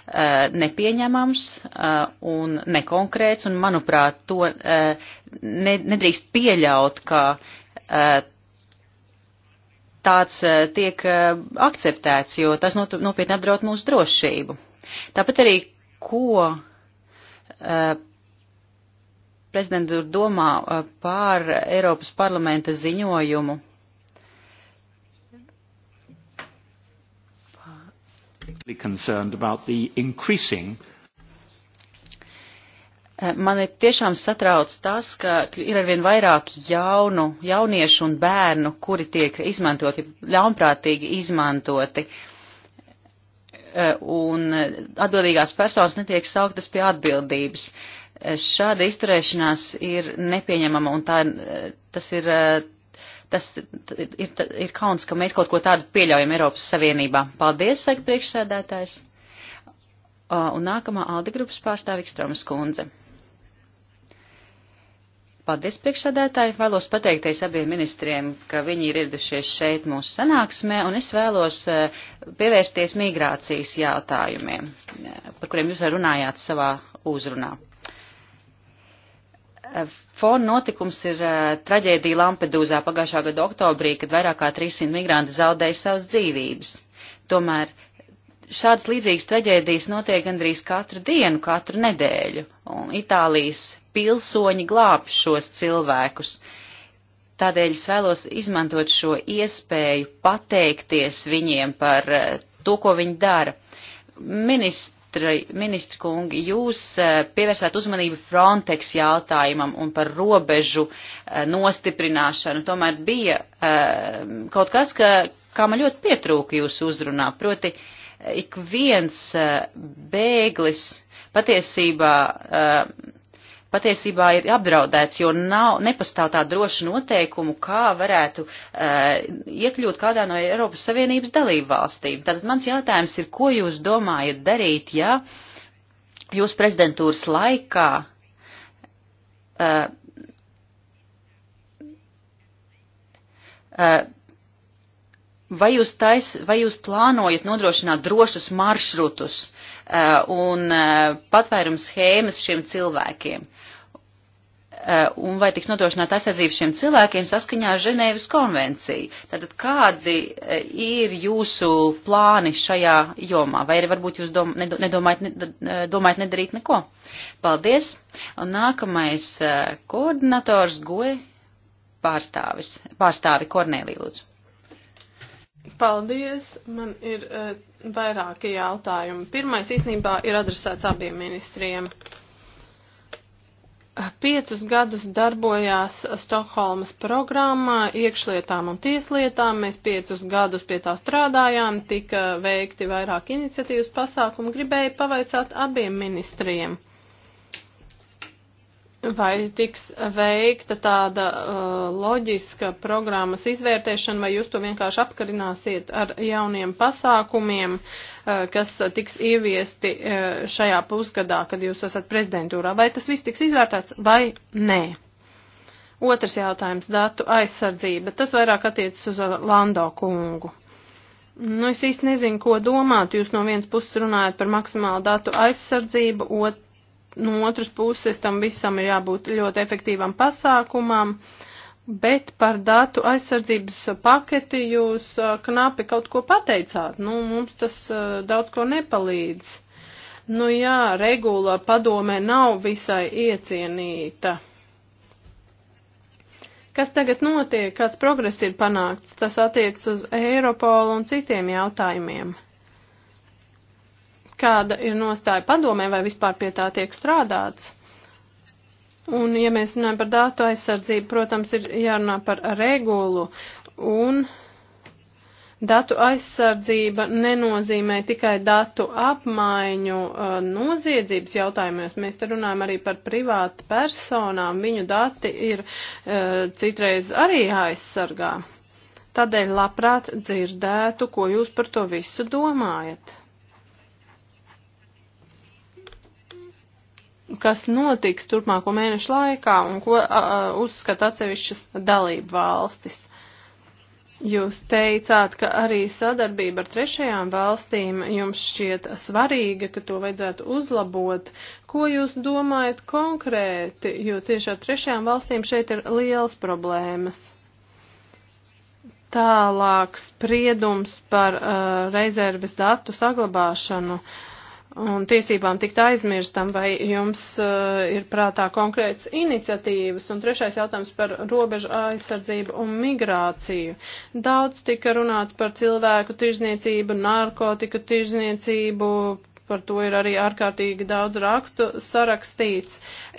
nepieņemams uh, un nekonkrēts, un manuprāt, to uh, ne, nedrīkst pieļaut, ka uh, tāds uh, tiek uh, akceptēts, jo tas nopietni apdraud mūsu drošību. Tāpat arī, ko uh, prezidents domā par Eiropas parlamenta ziņojumu Eh, mani tiešām satrauc tas, ka ir arvien vairāk jaunu, jauniešu un bērnu, kuri tiek izmantoti, ļaunprātīgi izmantoti. Eh, un atbildīgās personas netiek sauktas pie atbildības. Eh, šāda izturēšanās ir nepieņemama un tā, tas ir Tas ir, ir, ir kauns, ka mēs kaut ko tādu pieļaujam Eiropas Savienībā. Paldies, saka priekšsēdētājs. Uh, un nākamā Alde grupas pārstāvīgs Tromas kundze. Paldies, priekšsēdētāji. Vēlos pateikties abiem ministriem, ka viņi ir ieradušies šeit mūsu sanāksmē, un es vēlos uh, pievērsties migrācijas jautājumiem, uh, par kuriem jūs runājāt savā uzrunā Fona notikums ir eh, traģēdija Lampedūzā pagājušā gada oktobrī, kad vairāk kā 300 migranti zaudēja savas dzīvības. Tomēr šādas līdzīgas traģēdijas notiek gandrīz katru dienu, katru nedēļu, un Itālijas pilsoņi glāb šos cilvēkus. Tādēļ es vēlos izmantot šo iespēju pateikties viņiem par eh, to, ko viņi dara. Ministrs ministri, ministri kungi, jūs eh, pievērsāt uzmanību Frontex jautājumam un par robežu eh, nostiprināšanu. Tomēr bija eh, kaut kas, ka, kā man ļoti pietrūka jūsu uzrunā, proti ik viens bēglis patiesībā patiesībā ir apdraudēts, jo nav, nepastāv tā droša noteikumu, kā varētu uh, iekļūt kādā no Eiropas Savienības dalību valstīm. Tātad mans jautājums ir, ko jūs domājat darīt, ja jūs prezidentūras laikā uh, uh, Vai jūs, tais, vai jūs plānojat nodrošināt drošus maršrutus uh, un uh, eh, patvērumu schēmas šiem cilvēkiem? Uh, un vai tiks nodrošināta aizsardzība šiem cilvēkiem saskaņā ar Ženēvas konvenciju? Tātad kādi uh, ir jūsu plāni šajā jomā? Vai arī varbūt jūs dom, nedomājat, ne, domājat nedarīt neko? Paldies! Un nākamais uh, koordinators Goe pārstāvis, pārstāvi Kornēlī Lūdzu. Paldies, man ir uh, vairāki jautājumi. Pirmais īstenībā ir adresēts abiem ministriem. Piecus gadus darbojās Stokholmas programmā iekšlietām un tieslietām. Mēs piecus gadus pie tā strādājām, tika veikti vairāk iniciatīvas pasākumu. Gribēju pavaicāt abiem ministriem. Vai tiks veikta tāda uh, loģiska programmas izvērtēšana, vai jūs to vienkārši apkarināsiet ar jauniem pasākumiem, uh, kas tiks ieviesti uh, šajā pusgadā, kad jūs esat prezidentūrā? Vai tas viss tiks izvērtēts vai nē? Otrs jautājums - datu aizsardzība. Tas vairāk attiecas uz uh, Lando kungu. Nu, es īsti nezinu, ko domāt. Jūs no vienas puses runājat par maksimālu datu aizsardzību, otrs no otras puses tam visam ir jābūt ļoti efektīvam pasākumam, bet par datu aizsardzības paketi jūs knapi kaut ko pateicāt. Nu, mums tas daudz ko nepalīdz. Nu jā, regula padomē nav visai iecienīta kas tagad notiek, kāds progress ir panākts, tas attiecas uz Eiropolu un citiem jautājumiem kāda ir nostāja padomē vai vispār pie tā tiek strādāts. Un, ja mēs runājam par datu aizsardzību, protams, ir jārunā par regulu un Datu aizsardzība nenozīmē tikai datu apmaiņu uh, noziedzības jautājumos. Mēs te runājam arī par privātu personām. Viņu dati ir uh, citreiz arī jāaizsargā. Tādēļ labprāt dzirdētu, ko jūs par to visu domājat. kas notiks turpmāko mēnešu laikā un ko uh, uzskata atsevišķas dalību valstis. Jūs teicāt, ka arī sadarbība ar trešajām valstīm jums šķiet svarīga, ka to vajadzētu uzlabot. Ko jūs domājat konkrēti, jo tieši ar trešajām valstīm šeit ir liels problēmas? Tālāk spriedums par uh, rezerves datu saglabāšanu. Uh, un tiesībām tikt aizmirstam, vai jums uh, ir prātā konkrēts iniciatīvas? Un trešais jautājums par robežu aizsardzību un migrāciju. Daudz tika runāts par cilvēku tirzniecību, narkotiku tirzniecību, par to ir arī ārkārtīgi daudz rakstu sarakstīts.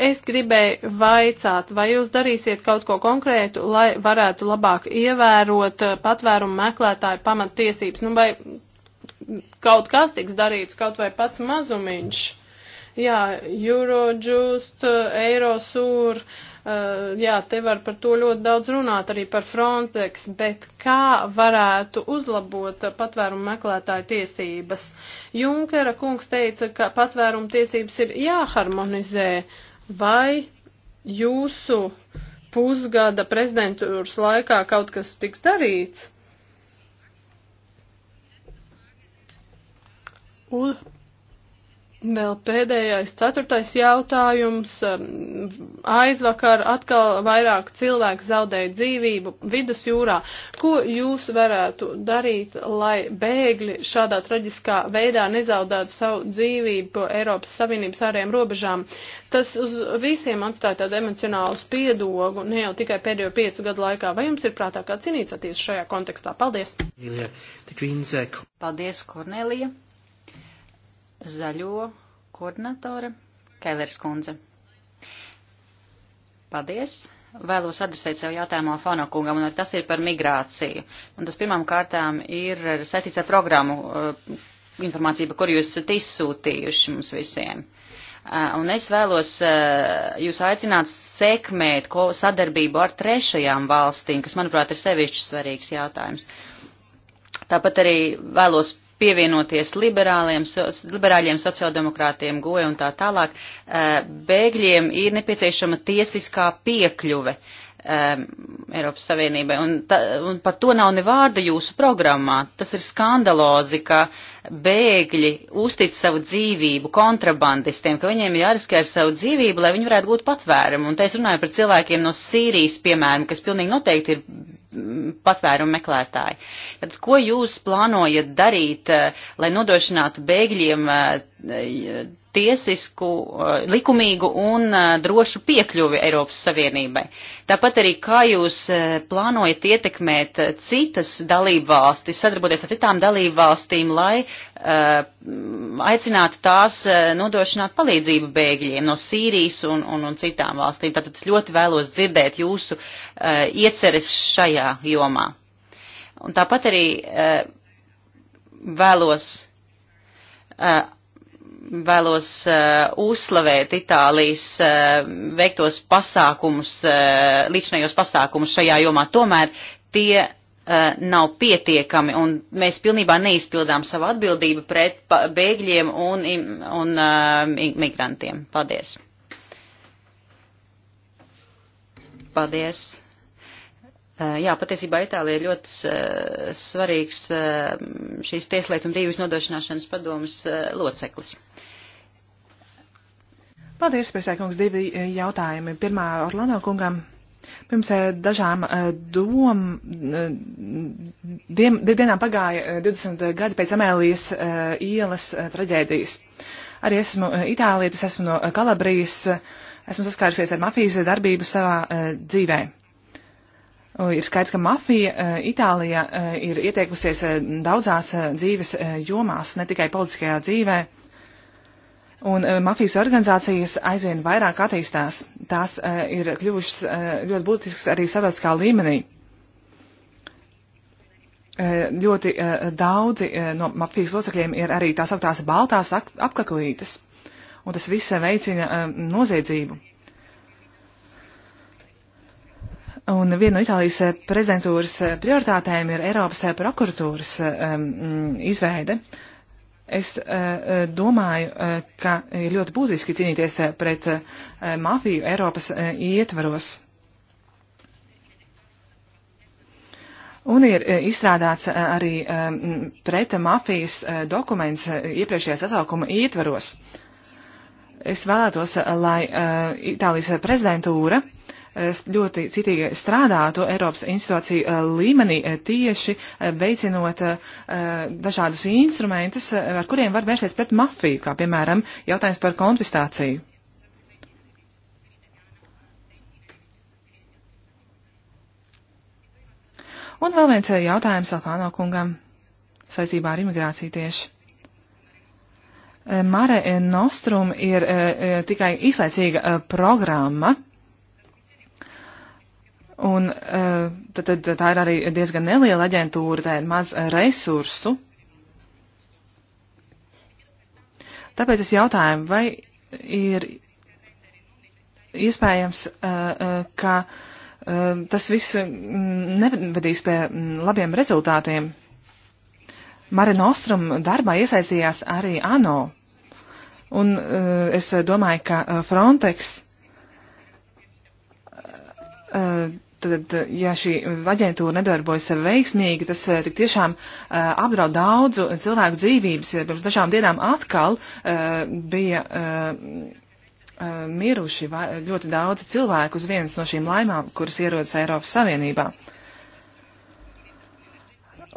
Es gribēju vaicāt, vai jūs darīsiet kaut ko konkrētu, lai varētu labāk ievērot eh, patvērumu meklētāju pamatiesības, nu vai kaut kas tiks darīts, kaut vai pats mazumiņš. Jā, Eurojust, Eirosur, eh, jā, te var par to ļoti daudz runāt, arī par Frontex, bet kā varētu uzlabot patvērumu meklētāju tiesības? Junkera kungs teica, ka patvērumu tiesības ir jāharmonizē, vai jūsu pusgada prezidentūras laikā kaut kas tiks darīts? Un vēl pēdējais, ceturtais jautājums. Aizvakar atkal vairāk cilvēku zaudēja dzīvību vidusjūrā. Ko jūs varētu darīt, lai bēgļi šādā traģiskā veidā nezaudētu savu dzīvību Eiropas Savienības ārējām robežām? Tas uz visiem atstāja tādu emocionālu spiedogu, ne jau tikai pēdējo piecu gadu laikā. Vai jums ir prātā kāds iniciatīvs šajā kontekstā? Paldies! Eh, Paldies, Kornelija! zaļo koordinatore Kēlers Kundze. Paldies! Vēlos adresēt sev jautājumu Alfano kungam, un tas ir par migrāciju. Un tas pirmām kārtām ir saistīts ar programmu uh, informāciju, kur jūs esat izsūtījuši mums visiem. Uh, un es vēlos uh, jūs aicināt sekmēt sadarbību ar trešajām valstīm, kas, manuprāt, ir sevišķi svarīgs jautājums. Tāpat arī vēlos pievienoties liberāliem, liberāļiem, sociāldemokrātiem, goja un tā tālāk, eh, bēgļiem ir nepieciešama tiesiskā piekļuve. Um, Eiropas Savienībai. Un, ta, un par to nav ne vārda jūsu programmā. Tas ir skandalozi, ka bēgļi uztic savu dzīvību kontrabandistiem, ka viņiem ir jāriskē ar savu dzīvību, lai viņi varētu būt patvērumi. Un te es runāju par cilvēkiem no Sīrijas, piemēram, kas pilnīgi noteikti ir Mm, patvērumu meklētāji. Tad, ko jūs plānojat darīt, eh, lai nodrošinātu bēgļiem eh, tiesisku, eh, likumīgu un eh, drošu piekļuvi Eiropas Savienībai. Tāpat arī, kā jūs eh, plānojat ietekmēt citas dalību valstis, sadarboties ar citām dalību valstīm, lai aicinātu tās nodrošināt palīdzību bēgļiem no Sīrijas un, un, un citām valstīm. Tātad es ļoti vēlos dzirdēt jūsu ieceres šajā jomā. Un tāpat arī vēlos vēlos uh, uzslavēt Itālijas uh, veiktos pasākumus, uh, līdzinējos pasākumus šajā jomā. Tomēr tie uh, nav pietiekami un mēs pilnībā neizpildām savu atbildību pret bēgļiem un, un uh, migrantiem. Paldies. Paldies. Jā, patiesībā Itālija ir ļoti svarīgs šīs tieslietu un brīvības nodrošināšanas padomas loceklis. Paldies, priekšsēkungs, divi eh, jautājumi. Pirmā Orlando kungam. Pirms eh, dažām eh, dom, diem, dienām pagāja 20 gadi pēc Amēlijas ielas traģēdijas. Arī esmu itālietis, esmu no Kalabrijas, esmu saskārusies ar mafijas darbību savā dzīvē. Ir skaidrs, ka mafija Itālijā ir ieteikusies daudzās dzīves jomās, ne tikai politiskajā dzīvē Un eh, mafijas organizācijas aizvien vairāk attīstās. Tās eh, ir kļuvušas eh, ļoti būtisks arī sabiedriskā līmenī ļoti daudzi no mafijas locekļiem ir arī tā sauktās baltās apkaklītes, un tas viss veicina noziedzību. Un viena no Itālijas prezidentūras prioritātēm ir Eiropas prokuratūras um, izveide. Uh, Es uh, domāju, uh, ka ir ļoti būtiski cīnīties uh, pret uh, mafiju Eiropas uh, ietvaros. Un ir uh, izstrādāts uh, arī um, preta mafijas uh, dokuments uh, iepriekšējā sasaukuma ietvaros. Es vēlētos, uh, lai uh, Itālijas prezidentūra uh, ļoti citīgi strādātu Eiropas institūciju eh, līmenī, eh, tieši eh, veicinot dažādus instrumentus, ar kuriem var vērsties pret mafiju, kā piemēram jautājums par konfistāciju. Un vēl viens jautājums Alfāno kungam saistībā ar imigrāciju tieši. Mare Nostrum ir tikai izlaicīga programma Un eh, tad, tad tā ir arī diezgan neliela aģentūra, tā ir maz resursu. Tāpēc es jautāju, vai ir iespējams, eh, eh, ka tas viss mm, nevedīs pie mm, labiem rezultātiem. Marina Ostrum darbā iesaistījās arī ANO. Un es domāju, ka Frontex Tad, ja šī aģentūra nedarbojas veiksmīgi, tas eh, tik tiešām uh, apdraud daudzu cilvēku dzīvības. Pirms dažām dienām atkal uh, bija uh, miruši vai, ļoti daudzi cilvēku uz vienas no šīm laimām, kuras ierodas Eiropas Savienībā. Uh,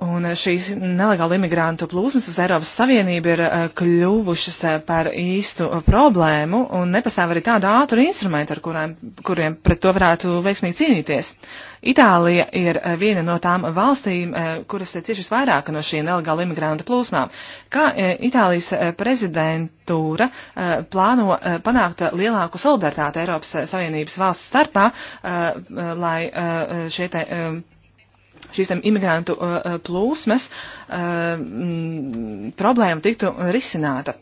Un eh, šīs nelegāla imigrantu plūsmas uz Eiropas Savienību ir eh, kļuvušas eh, par īstu problēmu un nepastāv arī tādu ātru instrumentu, ar kuriem, kuriem pret to varētu veiksmīgi cīnīties. Itālija ir viena no tām valstīm, kuras ciešas vairāk no šī nelegāla imigrantu plūsmām. Kā Itālijas prezidentūra plāno panākt lielāku solidaritāti Eiropas Savienības valstu starpā, lai šie te šīs imigrantu uh, uh, plūsmas uh, mm, problēma tiktu risināta.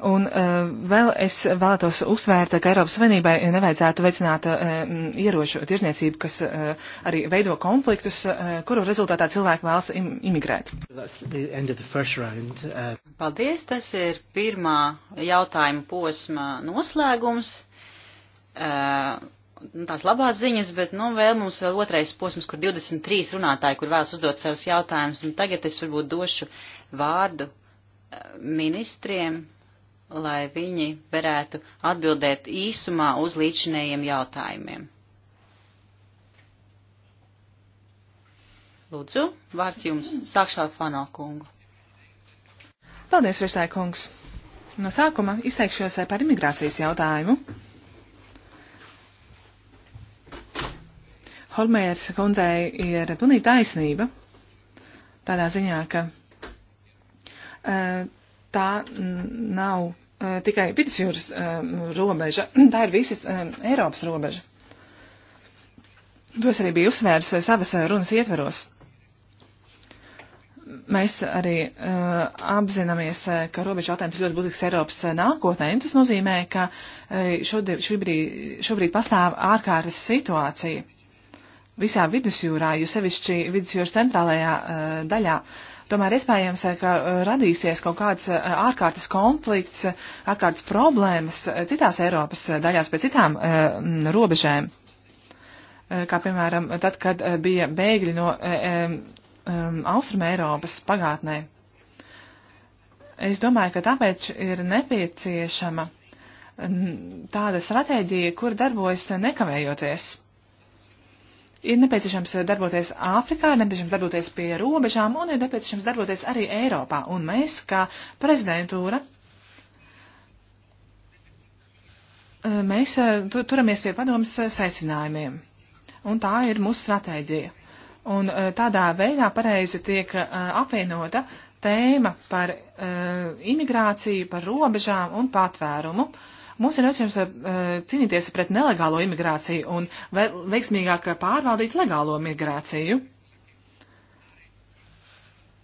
Un uh, vēl es vēlētos uzsvērt, ka Eiropas Savienībai nevajadzētu veicināt uh, mm, ieroču tirzniecību, kas uh, arī veido konfliktus, uh, kuru rezultātā cilvēki vēlas im imigrēt. Round, uh... Paldies, tas ir pirmā jautājuma posma noslēgums. Uh, Nu, tās labās ziņas, bet, nu, vēl mums vēl otrais posms, kur 23 runātāji, kur vēlas uzdot savus jautājumus, un tagad es varbūt došu vārdu eh, ministriem, lai viņi varētu atbildēt īsumā uz līdzinējiem jautājumiem. Lūdzu, vārds jums sākšā fanā kungu. Paldies, priekšstāja kungs. No sākuma izteikšos par imigrācijas jautājumu. Holmēras kundzei ir pilnīgi taisnība tādā ziņā, ka e, tā nav e, tikai vidusjūras e, robeža, tā ir visas Eiropas robeža. To es arī biju uzsvērs savas runas ietveros. Mēs arī uh, apzināmies, ka robežu jautājums ļoti būtisks Eiropas nākotnē, un tas nozīmē, ka uh, šobrīd, šobrīd pastāv ārkārtas situācija. Uh, visā vidusjūrā, jo sevišķi vidusjūras centrālajā eh, daļā. Tomēr iespējams, eh, ka eh, radīsies kaut kāds ārkārtas konflikts, ārkārtas problēmas citās Eiropas daļās pie citām robežēm. Kā piemēram, tad, kad bija bēgļi no Austrum Eiropas pagātnē. Es domāju, ka tāpēc ir nepieciešama tāda stratēģija, kur darbojas nekavējoties ir nepieciešams darboties Āfrikā, ir nepieciešams darboties pie robežām un ir nepieciešams darboties arī Eiropā. Un mēs, kā prezidentūra, eh, mēs eh, tu, turamies pie padomas secinājumiem. Un tā ir mūsu stratēģija. Un eh, tādā veidā pareizi tiek apvienota tēma par imigrāciju, par robežām un patvērumu. Uh, Mums ir nepieciešams eh, cīnīties pret nelegālo imigrāciju un veiksmīgāk pārvaldīt legālo migrāciju.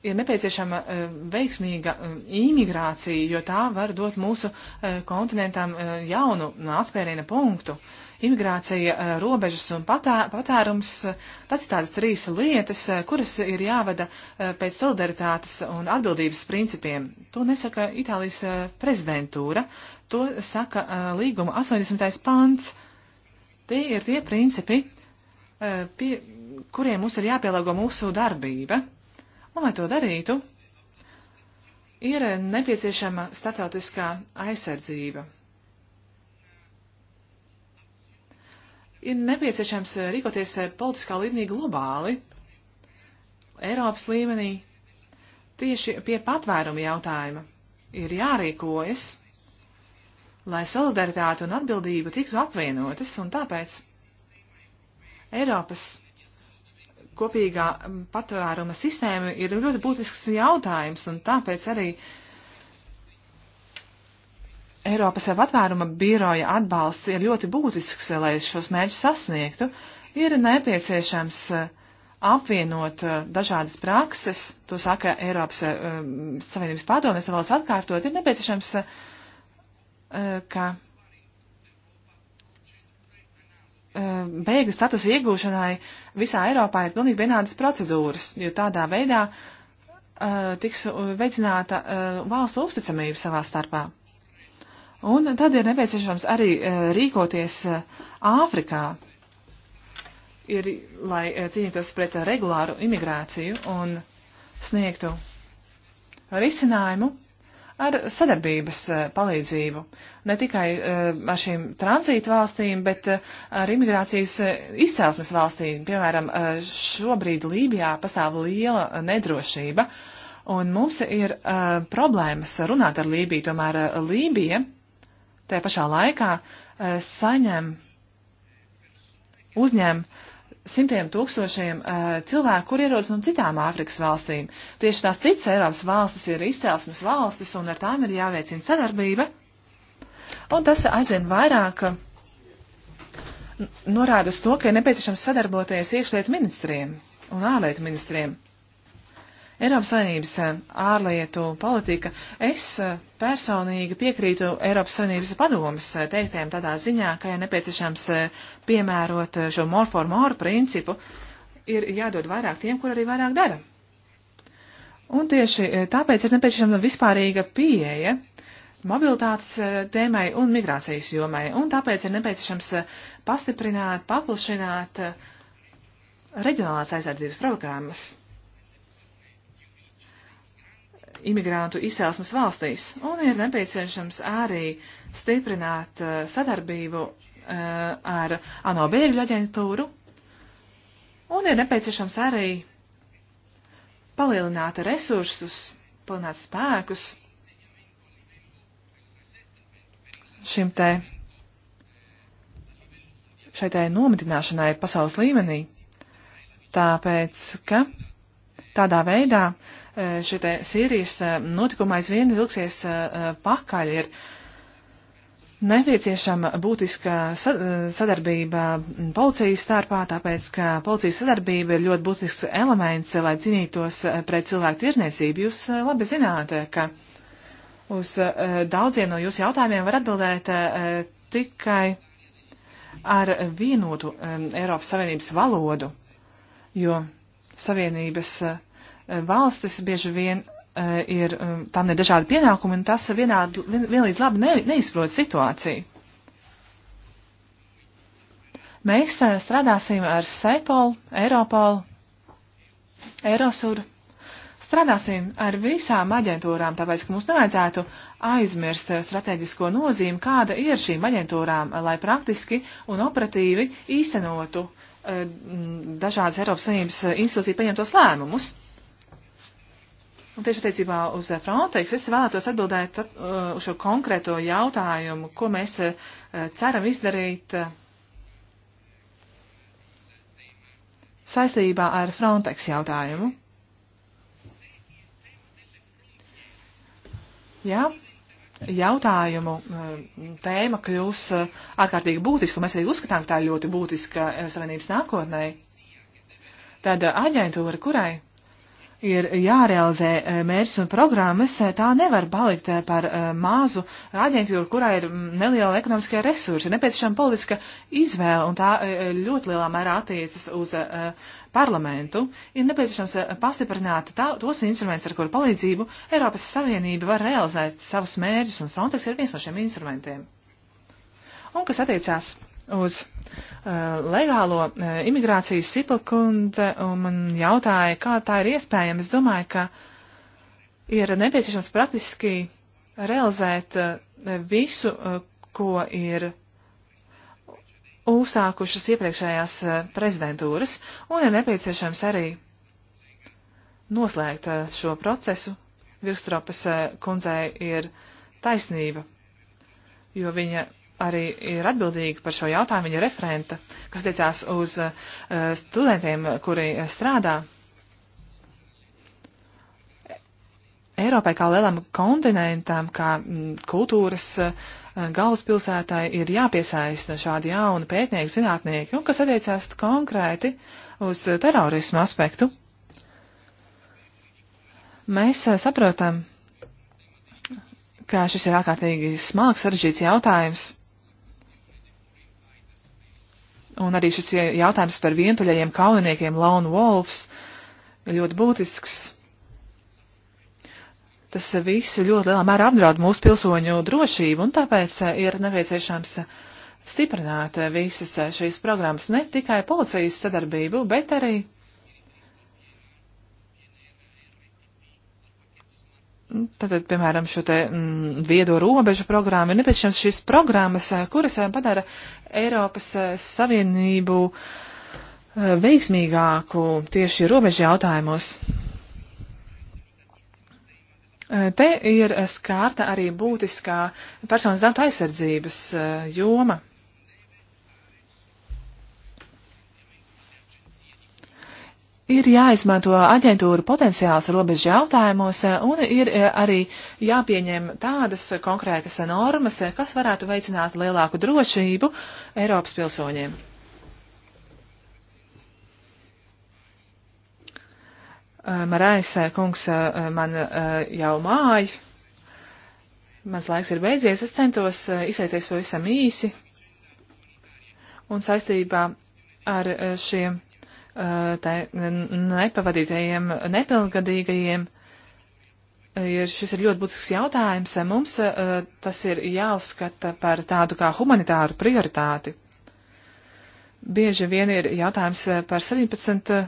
Ir nepieciešama eh, veiksmīga eh, imigrācija, jo tā var dot mūsu kontinentam jaunu atspēriena punktu imigrācija, robežas un patā, patērums. Tas ir tādas trīs lietas, kuras ir jāvada pēc solidaritātes un atbildības principiem. To nesaka Itālijas prezidentūra, To saka līguma 80. pants. Tie ir tie principi, pie kuriem mums ir jāpielāgo mūsu darbība. Un, lai to darītu, ir nepieciešama starptautiskā aizsardzība. Ir nepieciešams rīkoties politiskā līmenī globāli, Eiropas līmenī, tieši pie patvērumu jautājuma. Ir jārīkojas lai solidaritāte un atbildība tiktu apvienotas, un tāpēc Eiropas kopīgā patvēruma sistēma ir ļoti būtisks jautājums, un tāpēc arī Eiropas patvēruma biroja atbalsts ir ļoti būtisks, lai šos mērķus sasniegtu, ir nepieciešams e, apvienot e, dažādas prakses, to saka Eiropas e, Savienības padomjas, vēlos atkārtot, ir nepieciešams uh, Eh, ka eh, bēgļu statusa iegūšanai visā Eiropā ir pilnīgi vienādas procedūras, jo tādā veidā eh, tiks veicināta valstu uzticamība savā starpā. Un tad ir nepieciešams arī rīkoties Āfrikā, ir, lai cīnītos pret regulāru imigrāciju un sniegtu risinājumu ar sadarbības eh, palīdzību. Ne tikai eh, ar šīm tranzītu valstīm, bet eh, ar imigrācijas izcelsmes valstīm. Piemēram, šobrīd Lībijā pastāv liela nedrošība, un mums ir problēmas runāt ar Lībiju. Tomēr Lībija tajā pašā laikā saņem, uzņem uh, simtiem tūkstošiem uh, cilvēku, kur ierodas no citām Āfrikas valstīm. Tieši tās citas Eiropas valstis ir izcelsmes valstis, un ar tām ir jāveicina sadarbība. Un tas aizvien vairāk norāda uz to, ka ir nepieciešams sadarboties iekšlietu ministriem un ārlietu ministriem. Eiropas Savienības eh, ārlietu politika. Es eh, personīgi piekrītu Eiropas Savienības padomas eh, teiktiem tādā ziņā, ka ir ja nepieciešams piemērot šo more for more principu, ir jādod vairāk tiem, kur arī vairāk dara. Un tieši tāpēc ir nepieciešama vispārīga pieeja mobilitātes tēmai un migrācijas jomai, un tāpēc ir nepieciešams pastiprināt, paplašināt reģionālās aizsardzības programmas imigrantu izcelsmes valstīs, un ir nepieciešams arī stiprināt uh, sadarbību uh, ar ANO bēgļu aģentūru, un ir nepieciešams arī palielināt resursus, palielināt spēkus šim te šai tai nometināšanai pasaules līmenī, tāpēc, ka tādā veidā šie te Sīrijas notikuma aizvien vilksies pakaļ. Ir nepieciešama būtiska sadarbība policijas starpā, tāpēc, ka policijas sadarbība ir ļoti būtisks elements, lai cīnītos pret cilvēku tirzniecību. Jūs labi zināt, ka uz daudziem no jūsu jautājumiem var atbildēt tikai ar vienotu Eiropas Savienības valodu, jo Savienības Eh, valstis bieži vien eh, ir, eh, tam ir dažādi pienākumi, un tas vienādi, vien, vienlīdz labi ne, neizprot situāciju. Mēs strādāsim ar SEPOL, Eiropol, Eurosur. Strādāsim ar visām aģentūrām, tāpēc, ka mums nevajadzētu aizmirst strateģisko nozīmi, kāda ir šīm aģentūrām, lai praktiski un operatīvi īstenotu dažādas Eiropas Savienības institūcija pieņemtos lēmumus. Un tieši attiecībā uz eh, Frontex es vēlētos atbildēt eh, uz uh, šo konkrēto jautājumu, ko mēs uh, ceram izdarīt uh, saistībā ar Frontex jautājumu. Jā, jautājumu tēma kļūs ārkārtīgi būtiska, un mēs arī uzskatām, ka tā ir ļoti būtiska savienības nākotnē. Tad aģentūra, kurai ir jārealizē e, mērķis un programmas, e, tā nevar palikt e, par mazu aģentūru, kurā ir neliela ekonomiskie resursi. Nepieciešama politiska izvēle, un tā ļoti lielā mērā attiecas uz parlamentu. Ir nepieciešams pastiprināt tā, tos instrumentus, ar kuru palīdzību Eiropas Savienība var realizēt savus mērķus, un Frontex ir viens no šiem instrumentiem. Un kas attiecās uz uh, legālo uh, imigrāciju Sipakundze un man jautāja, kā tā ir iespējama. Es domāju, ka ir nepieciešams praktiski realizēt uh, visu, uh, ko ir uzsākušas iepriekšējās uh, prezidentūras, un ir nepieciešams arī noslēgt uh, šo procesu. Virstropas uh, kundzei ir taisnība, jo viņa arī ir atbildīga par šo jautājumu viņa referenta, kas tiecās uz uh, studentiem, kuri strādā Eiropai kā lielam kontinentam, kā m, mm, kultūras uh, galvaspilsētai ir jāpiesaista šādi jauni pētnieki, zinātnieki, un kas attiecās konkrēti uz terorismu aspektu. Mēs uh, saprotam, ka šis ir ārkārtīgi smags, sarežģīts jautājums, Un arī šis jautājums par vientuļajiem kaujiniekiem Lone Wolves ir ļoti būtisks. Tas viss ļoti lielā mērā apdraud mūsu pilsoņu drošību, un tāpēc eh, ir nepieciešams eh, stiprināt eh, visas šīs programmas ne tikai policijas sadarbību, bet arī Tātad, nu, piemēram, šo te mm, viedo robežu programmu ir nepieciešams šīs programmas, eh, kuras eh, padara Eiropas eh, Savienību veiksmīgāku tieši robežu jautājumos. Te ir skārta arī būtiskā personas datu aizsardzības joma. Uh, ir jāizmanto aģentūra potenciāls robežu jautājumos eh, un ir eh, arī jāpieņem tādas konkrētas normas, eh, kas varētu veicināt lielāku drošību Eiropas pilsoņiem. Marais kungs man jau māja. Mans laiks ir beidzies, es centos izsēties pavisam īsi. Un saistībā ar šiem tā nepavadītajiem nepilngadīgajiem. Ir, šis ir ļoti būtisks jautājums. Mums e, tas ir jāuzskata par tādu kā humanitāru prioritāti. Bieži vien ir jautājums par 17 e,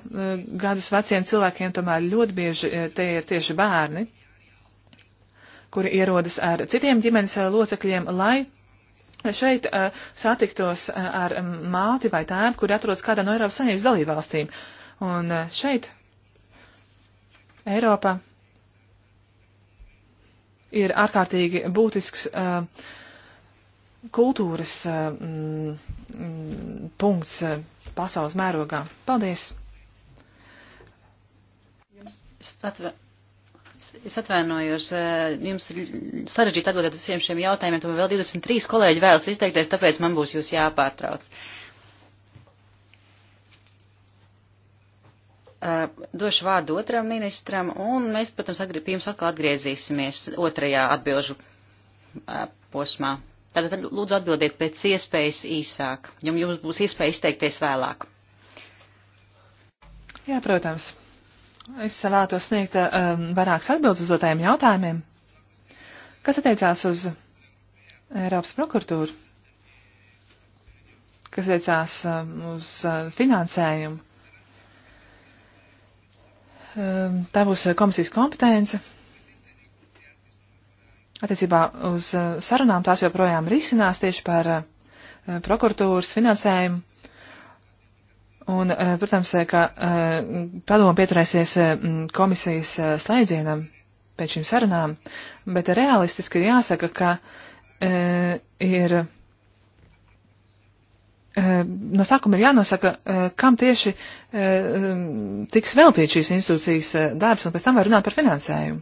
gadus veciem cilvēkiem, tomēr ļoti bieži e, tie ir tieši bērni, kuri ierodas ar citiem ģimenes locekļiem, lai šeit uh, satiktos eh, ar māti vai tēvu, kuri atrodas kādā no Eiropas Savienības dalībvalstīm. Un uh, šeit Eiropa ir ārkārtīgi būtisks uh, kultūras mm, punkts pasaules mērogā. Paldies! Jums atver Es atvainojos, eh, jums ir sarežģīti atbildēt uz visiem šiem jautājumiem, tomēr vēl 23 kolēģi vēlas izteikties, tāpēc man būs jūs jāpārtrauc. Eh, došu vārdu otram ministram, un mēs, protams, pie jums atkal atgriezīsimies otrajā atbilžu eh, posmā. Tātad lūdzu atbildiet pēc iespējas īsāk, jums būs iespēja izteikties vēlāk. Jā, protams. Es vēlētos sniegt um, vairākas atbildes uz dotajiem jautājumiem. Kas attiecās uz Eiropas prokuratūru? Kas attiecās um, uz uh, finansējumu? Um, tā būs uh, komisijas kompetence. Attiecībā uz uh, sarunām tās joprojām risinās tieši par uh, prokuratūras finansējumu. Un, eh, protams, eh, ka eh, padoma pieturēsies komisijas slēdzienam pēc šīm sarunām, bet realistiski ir jāsaka, ka ir no sākuma ir jānosaka, kam tieši tiks veltīt šīs institūcijas darbs, un pēc tam var runāt par finansējumu.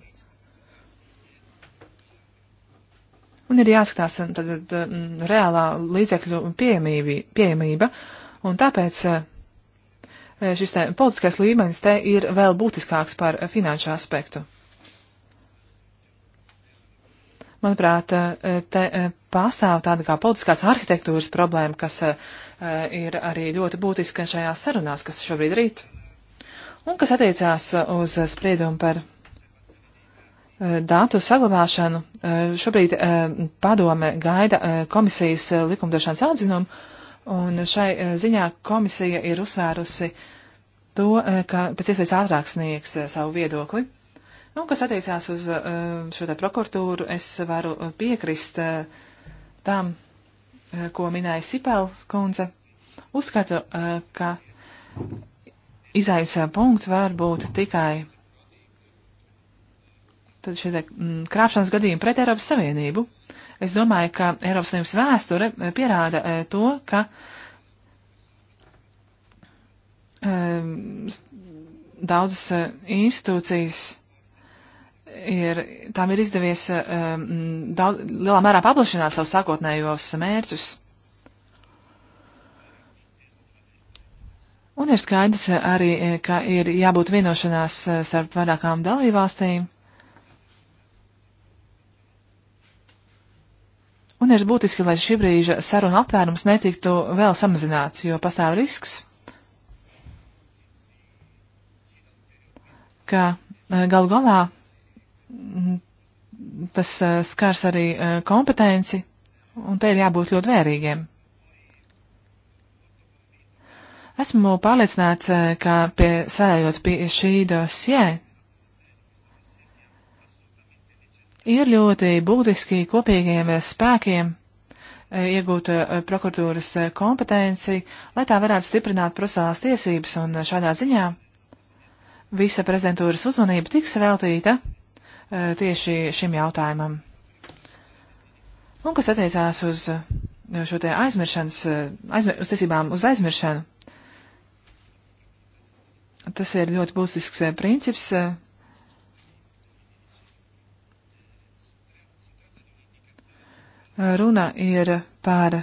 Un ir jāskatās tad, reālā līdzekļu pieejamība, un tāpēc Eh, šis te, politiskais līmenis te ir vēl būtiskāks par eh, finanšu aspektu. Manuprāt, eh, te pastāv tāda kā politiskās arhitektūras problēma, kas ir arī ļoti būtiska šajās sarunās, kas šobrīd rīt, un kas attiecās uz spriedumu par datu saglabāšanu. Šobrīd padome gaida komisijas likumdošanas atzinumu Un šai eh, ziņā komisija ir uzsvērusi to, eh, ka pēc iespējas ātrāk sniegs eh, savu viedokli. Un, nu, kas attiecās uz šo te prokuratūru, es varu piekrist tam, ko minēja Sipels kundze. Uzskatu, ka izaisa punkts var būt tikai šie mm, krāpšanas gadījumi pret Eiropas Savienību. Es domāju, ka Eiropas Savienības vēsture eh, pierāda eh, to, ka ehm, daudzas eh, institūcijas ir, tām ir izdevies daudz, lielā mērā paplašināt savus sākotnējos mērķus. Un ir skaidrs arī, ka ir jābūt vienošanās starp vairākām dalībvalstīm Un ir būtiski, lai šī brīža saruna aptvērums netiktu vēl samazināts, jo pastāv risks, ka eh, galu galā tas eh, skars arī eh, kompetenci, un te ir jābūt ļoti vērīgiem. Esmu pārliecināts, ka pie, sēdējot pie šī dosie, ir ļoti būtiski kopīgiem eh, spēkiem eh, iegūt eh, prokuratūras kompetenci, lai tā varētu stiprināt procesās tiesības, un šādā ziņā visa prezidentūras uzmanība tiks veltīta tieši šim jautājumam. Un kas attiecās uz šo te aizmiršanas, aizmir, uz tiesībām uz aizmiršanu, tas ir ļoti būtisks princips, Runa ir par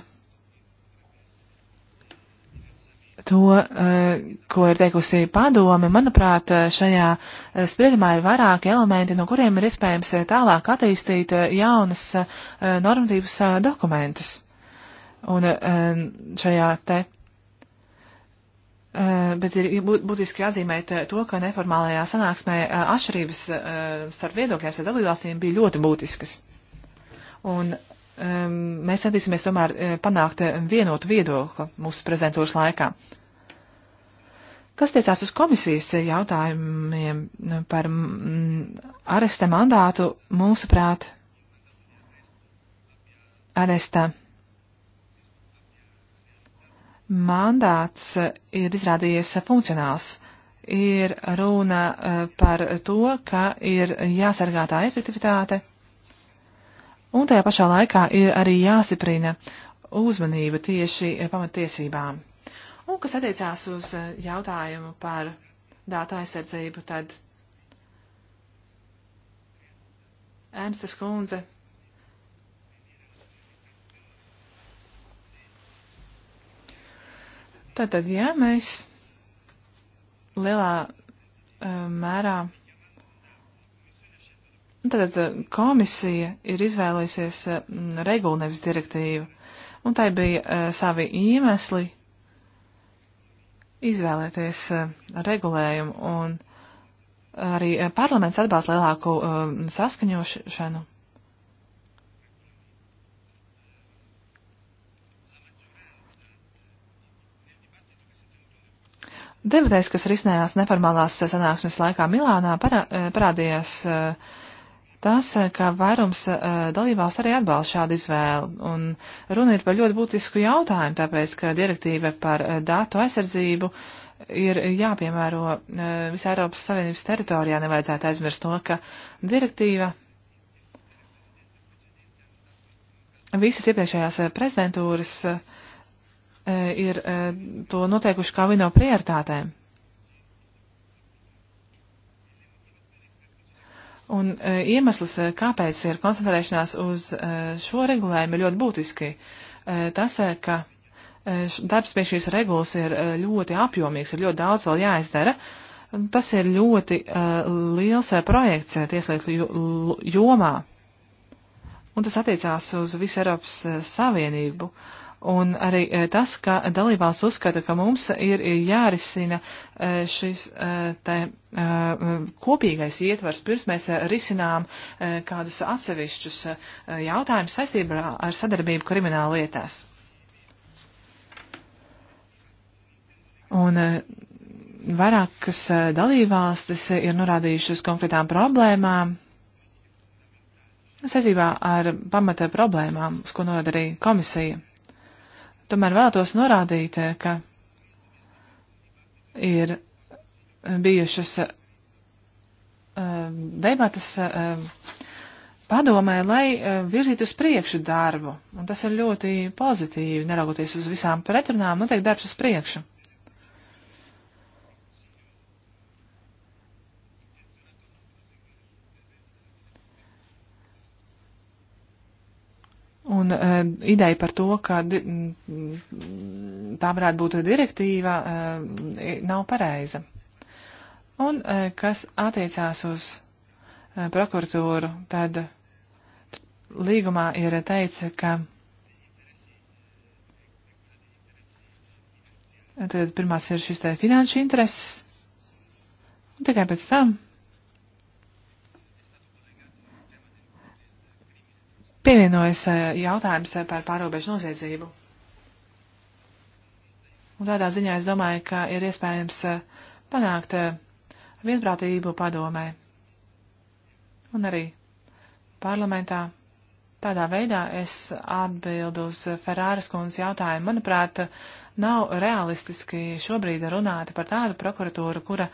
to, eh, ko ir teikusi padome. Manuprāt, šajā eh, spriedumā ir vairāki elementi, no kuriem ir iespējams eh, tālāk attīstīt jaunas normatīvas dokumentus. Un šajā te bet ir būtiski jāzīmēt to, ka neformālajā sanāksmē atšķirības starp viedokļiem starp dalībvalstīm bija ļoti būtiskas. Un mēs centīsimies tomēr eh, panākt eh, vienotu viedokli mūsu prezidentūras laikā. Kas tiecās uz komisijas jautājumiem nu, par aresta mandātu, mūsuprāt, aresta mandāts eh, ir izrādījies funkcionāls. Ir runa par to, ka ir jāsargā tā efektivitāte Un tajā pašā laikā ir arī jāsiprina uzmanība tieši eh, pamatiesībām. Un kas attiecās uz eh, jautājumu par dātu aizsardzību, tad Ernsta Skundze Tātad, ja mēs lielā uh, mērā Tātad nu, eh, komisija ir izvēlējusies eh, regulu nevis direktīvu, un tai bija eh, savi iemesli izvēlēties regulējumu, un arī parlaments atbalsta lielāku saskaņošanu. Debatēs, kas risinājās neformālās sanāksmes laikā Milānā, parādījās uh, tas, eh, ka vairums eh, dalībās arī atbalsta šādu izvēlu. Un runa ir par ļoti būtisku jautājumu, tāpēc, ka direktīva par eh, datu aizsardzību ir jāpiemēro visā Eiropas Savienības teritorijā. Nevajadzētu aizmirst to, ka direktīva visas iepriekšējās prezidentūras ir to noteikuši kā vienu no prioritātēm. Un e, iemesls, e, kāpēc ir koncentrēšanās uz e, šo regulējumu, ir ļoti būtiski. Tas, ka darbs pie šīs regulas ir ļoti apjomīgs, ir ļoti daudz vēl jāizdara. Tas ir ļoti uh, liels projekts tieslietu jomā, un tas attiecās uz visu Eiropas Savienību. Uh, Un arī e, tas, ka dalībās uzskata, ka mums ir jārisina e, šis e, te, kopīgais ietvars, pirms mēs risinām kādus atsevišķus jautājumus saistībā ar sadarbību krimināla lietās. Un vairākas dalībvalstis ir norādījušas konkrētām problēmām saistībā ar pamata problēmām, uz ko norāda arī komisija tomēr vēlētos norādīt, ka ir bijušas eh, debatas eh, padomē, lai eh, virzītu uz priekšu darbu. Un tas ir ļoti pozitīvi, neraugoties uz visām pretrunām, notiek darbs uz priekšu. uh, ideja par to, ka mm, tā varētu būt direktīva, uh, nav pareiza. Un uh, kas attiecās uz uh, prokuratūru, tad līgumā ir teica, ka tad pirmās ir šis te finanšu intereses, un tikai pēc tam pievienojas e, jautājums e, par pārobežu noziedzību. Un tādā ziņā es domāju, ka ir iespējams e, panākt vienprātību padomē un arī parlamentā. Tādā veidā es atbildu uz Ferāras kundzes jautājumu. Manuprāt, nav realistiski šobrīd runāt par tādu prokuratūru, kura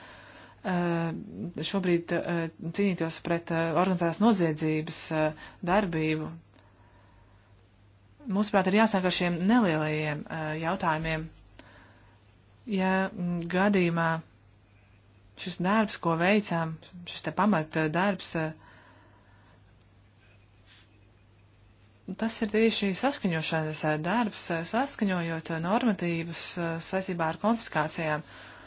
šobrīd cīnītos pret organizētās noziedzības darbību. Mūsuprāt, ir jāsāk ar šiem nelielajiem eh, jautājumiem. Ja mm, gadījumā šis darbs, ko veicām, šis te pamata eh, darbs, eh, tas ir tieši saskaņošanas darbs, saskaņojot normatīvas saistībā ar konfiskācijām. Uh,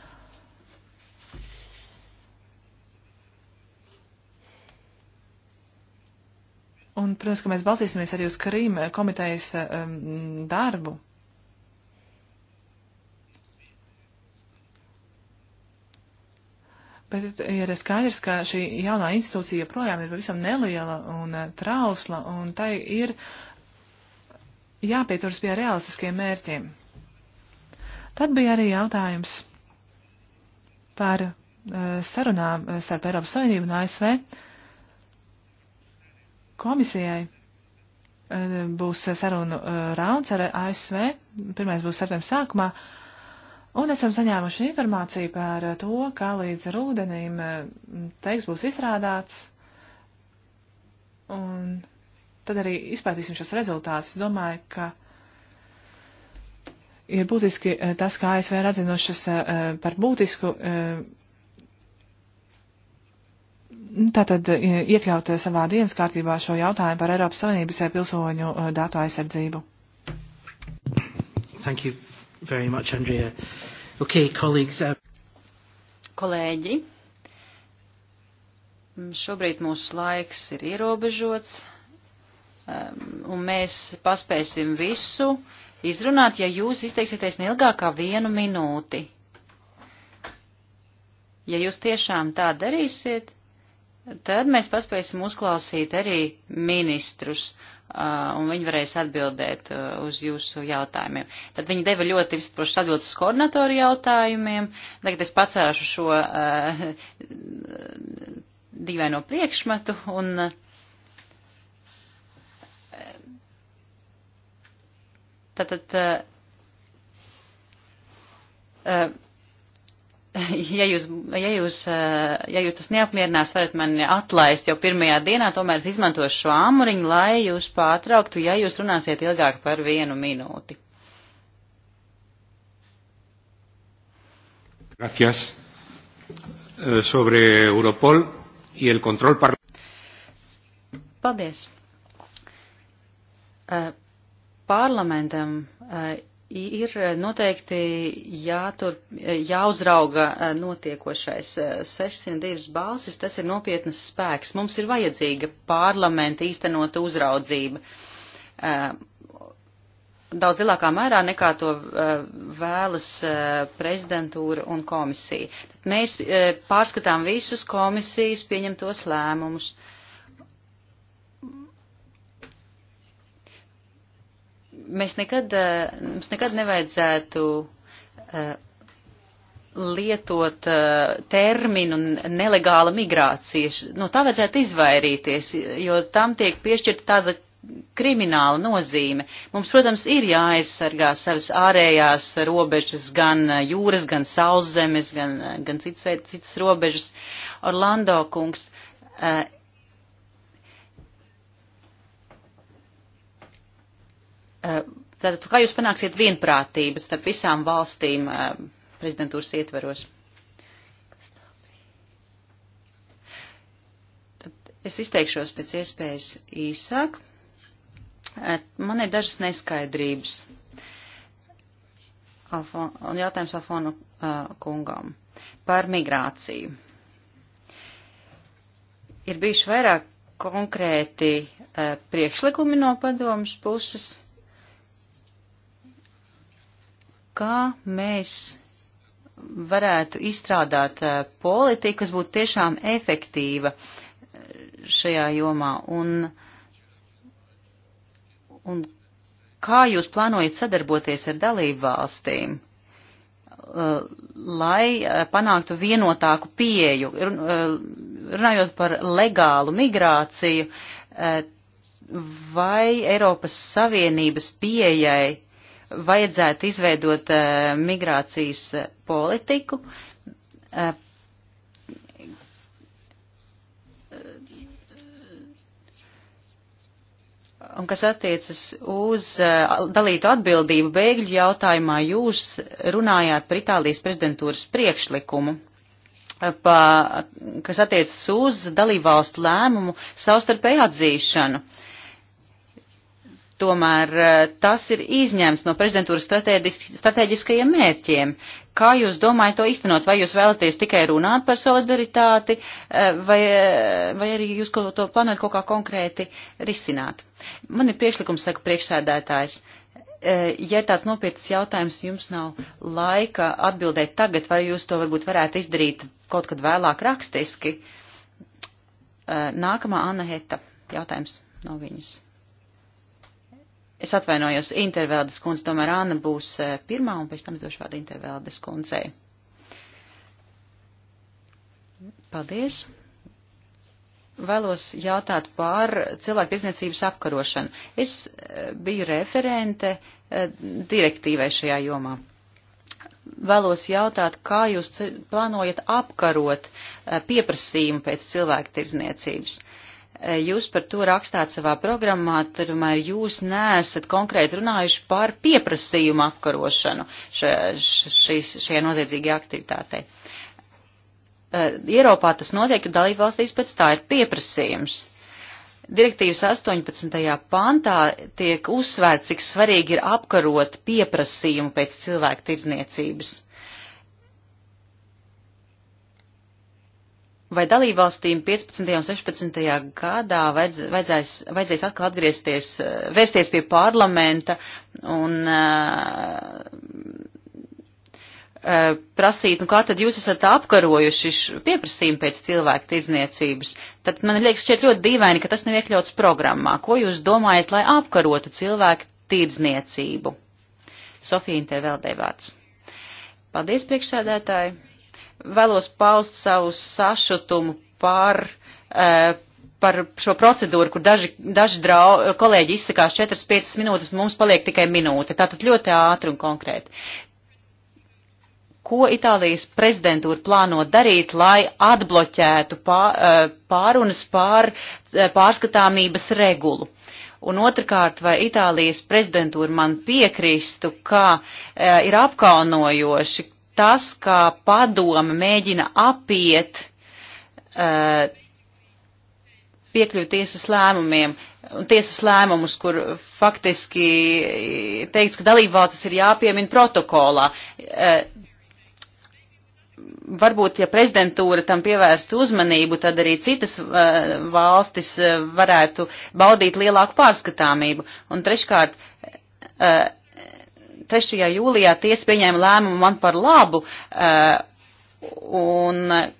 Un, protams, ka mēs balstīsimies arī uz Karīm komitejas um, darbu. Bet ir skaidrs, ka šī jaunā institūcija joprojām ir pavisam neliela un uh, trausla, un tai ir jāpieturas pie realistiskiem mērķiem. Tad bija arī jautājums par uh, sarunām uh, starp Eiropas Savienību un ASV. Uh, Komisijai eh, būs sarunu eh, rauns ar ASV, pirmais būs septembris sākumā, un esam saņēmuši informāciju par to, kā līdz rudenim eh, teiks būs izrādāts, un tad arī izpētīsim šos rezultātus. Domāju, ka ir būtiski tas, kā ASV redzinošas par būtisku Tātad e, iekļaut e, savā dienas kārtībā šo jautājumu par Eiropas Savienības e, pilsoņu datu aizsardzību. Thank you very much, Andrea. Okay, colleagues. Uh... Kolēģi, šobrīd mūsu laiks ir ierobežots, un mēs paspēsim visu izrunāt, ja jūs izteiksieties neilgāk kā vienu minūti. Ja jūs tiešām tā darīsiet, Tad mēs paspēsim uzklausīt arī ministrus, uh, un viņi varēs atbildēt uh, uz jūsu jautājumiem. Tad viņi deva ļoti visprošas atbildes uz koordinatoru jautājumiem. Tagad es pacēšu šo uh, dīvaino priekšmetu un. Uh, tātad. Uh, uh, ja jūs, ja jūs, eh, ja jūs tas neapmierinās, varat mani atlaist jau pirmajā dienā, tomēr es izmantošu šo āmuriņu, lai jūs pārtrauktu, ja jūs runāsiet ilgāk par vienu minūti. Gracias. Eh, sobre Europol y el control par... Paldies. Eh, parlamentam ir eh, noteikti jātur, eh, jāuzrauga eh, notiekošais 602 balsis, tas ir nopietnas spēks. Mums ir vajadzīga parlamenta īstenota uzraudzība daudz lielākā mērā nekā to vēlas prezidentūra un komisija. Tad mēs pārskatām visus komisijas pieņemtos lēmumus. Uh, mēs nekad, eh, mums nekad nevajadzētu eh, lietot eh, terminu nelegāla migrācija. No tā vajadzētu izvairīties, jo tam tiek piešķirta tāda krimināla nozīme. Mums, protams, ir jāaizsargā savas ārējās robežas, gan jūras, gan sauszemes, gan, gan citas, citas robežas. Orlando kungs, Eh, tātad, kā jūs panāksiet vienprātību starp visām valstīm eh, prezidentūras ietveros? Tad es izteikšos pēc iespējas īsāk. Eh, man ir dažas neskaidrības. Alfon, un jautājums Alfonu uh, kungam par migrāciju. Ir bijuši vairāk konkrēti uh, priekšlikumi no padomas puses kā mēs varētu izstrādāt eh, politiku, kas būtu tiešām efektīva eh, šajā jomā un, un kā jūs plānojat sadarboties ar dalību valstīm, eh, lai panāktu vienotāku pieju, runājot par legālu migrāciju, vai Eiropas Savienības pieejai vajadzētu izveidot eh, migrācijas eh, politiku, eh, un kas attiecas uz uh, dalītu atbildību bēgļu jautājumā, jūs runājāt par Itālijas prezidentūras priekšlikumu, pa, kas attiecas uz dalībvalstu lēmumu savstarpēju atzīšanu. Uh, Tomēr eh, tas ir izņemts no prezidentūras strateģiskajiem mērķiem. Kā jūs domājat to īstenot? Vai jūs vēlaties tikai runāt par solidaritāti, eh, vai, eh, vai arī jūs to plānojat kaut kā konkrēti risināt? Man ir priekšlikums, saka priekšsēdētājs. Ja tāds nopietns jautājums jums nav laika atbildēt tagad, vai jūs to varbūt varētu izdarīt kaut kad vēlāk rakstiski? Nākamā Anna Heta jautājums no viņas. Es atvainojos Interveldes kundze, tomēr Anna būs eh, pirmā un pēc tam es došu vārdu Interveldes kundzei. Paldies! Vēlos jautāt par cilvēku izniecības apkarošanu. Es eh, biju referente eh, direktīvai šajā jomā. Vēlos jautāt, kā jūs plānojat apkarot pieprasījumu pēc cilvēku tirzniecības? Uh, Eh, jūs par to rakstāt savā programmā, tomēr jūs neesat konkrēti runājuši par pieprasījumu apkarošanu šajā noziedzīgajā aktivitātei. Eh, Eiropā tas notiek, jo dalībvalstīs pēc tā ir pieprasījums. Direktīvas 18. pantā tiek uzsvērts, cik svarīgi ir apkarot pieprasījumu pēc cilvēku tirdzniecības. Vai dalībvalstīm 15. un 16. gadā vajadz, vajadzēs, vajadzēs atkal atgriezties, eh, vērsties pie parlamenta un uh, prasīt, nu kā tad jūs esat apkarojuši pieprasījumu pēc cilvēku tirdzniecības? Tad man liekas šķiet ļoti dīvaini, ka tas nav iekļauts programmā. Ko jūs domājat, lai apkarotu cilvēku tirdzniecību? Sofija Intervēldevāts. Paldies, priekšsēdētāji! vēlos paust savu sašutumu par, e, par šo procedūru, kur daži, daži drau, kolēģi izsakās 4-5 minūtes, un mums paliek tikai minūte. Tātad ļoti ātri un konkrēti. Ko Itālijas prezidentūra plāno darīt, lai atbloķētu e, pārunas pār e, pārskatāmības regulu? Un otrkārt, vai Itālijas prezidentūra man piekristu, ka e, ir apkaunojoši, tas, kā padoma mēģina apiet uh, piekļuvi tiesas lēmumiem un tiesas lēmumus, kur faktiski teikts, ka dalībvalstis ir jāpiemina protokolā. Uh, varbūt, ja prezidentūra tam pievērstu uzmanību, tad arī citas uh, valstis uh, varētu baudīt lielāku pārskatāmību. Un treškārt, uh, 3. jūlijā tiesa pieņēma lēmumu man par labu, eh, un eh,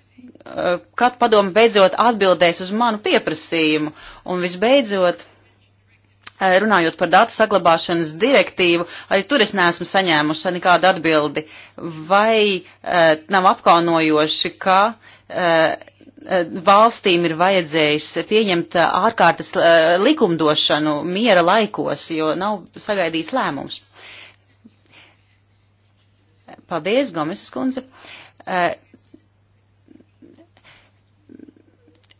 kad padomu beidzot atbildēs uz manu pieprasījumu, un visbeidzot, eh, runājot par datu saglabāšanas direktīvu, arī tur es neesmu saņēmusi nekādu atbildi. Vai eh, nav apkaunojoši, ka eh, valstīm ir vajadzējis pieņemt ārkārtas eh, likumdošanu miera laikos, jo nav sagaidījis lēmums? Eh, Paldies, Gomes skundze. Eh,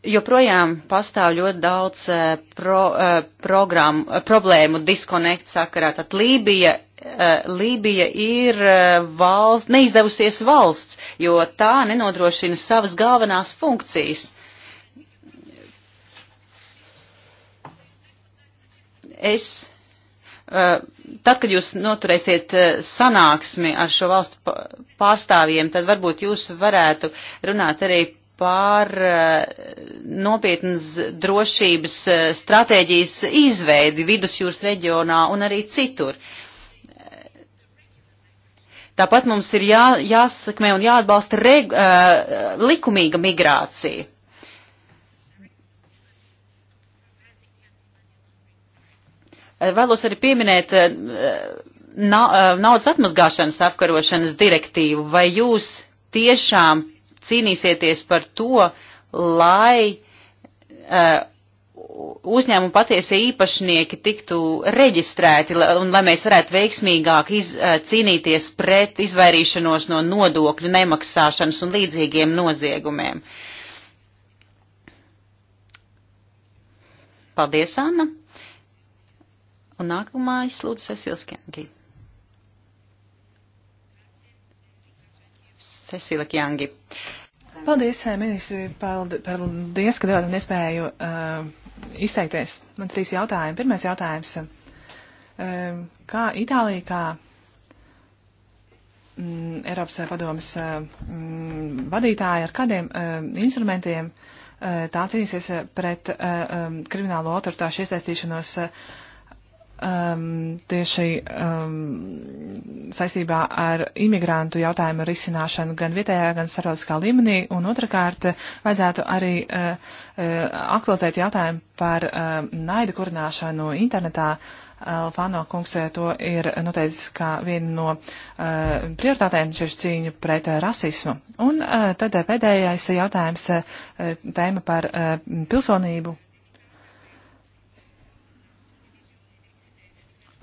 joprojām pastāv ļoti daudz eh, pro, eh, programu, problēmu diskonekt sakarā. Tad Lībija Lībija ir valsts, neizdevusies valsts, jo tā nenodrošina savas galvenās funkcijas. Es uh, tad, kad jūs noturēsiet eh, sanāksmi ar šo valstu pārstāvjiem, tad varbūt jūs varētu runāt arī pār eh, nopietnas drošības eh, stratēģijas izveidi vidusjūras reģionā un arī citur. Tāpat mums ir jā, jāsakmē un jāatbalsta reg, uh, likumīga migrācija. Eh, vēlos arī pieminēt eh, eh, naudas atmazgāšanas apkarošanas direktīvu. Vai jūs tiešām cīnīsieties par to, lai uzņēmumu patiesie īpašnieki tiktu reģistrēti un lai mēs varētu veiksmīgāk iz, cīnīties pret izvairīšanos no nodokļu nemaksāšanas un līdzīgiem noziegumiem. Paldies, Anna! Un nākamais lūdzu Cecils Kjangi. Cecila Kjangi. Paldies, eh, ministri, paldies, paldies ka devāt man iespēju uh, izteikties. Man trīs jautājumi. Pirmais jautājums. Uh, kā Itālija, kā mm, Eiropas padomas mm, vadītāji, ar kādiem uh, instrumentiem uh, tā cīnīsies pret uh, um, kriminālo autoritāšu iesaistīšanos uh, um, tieši um, saistībā ar imigrantu jautājumu risināšanu gan vietējā, gan starptautiskā līmenī, un otrkārt vajadzētu arī uh, uh, aktualizēt jautājumu par uh, naida kurināšanu internetā. Alfāno kungs to ir noteicis kā vienu no uh, prioritātēm šieši cīņu pret uh, rasismu. Un uh, tad uh, pēdējais jautājums uh, tēma par uh, pilsonību,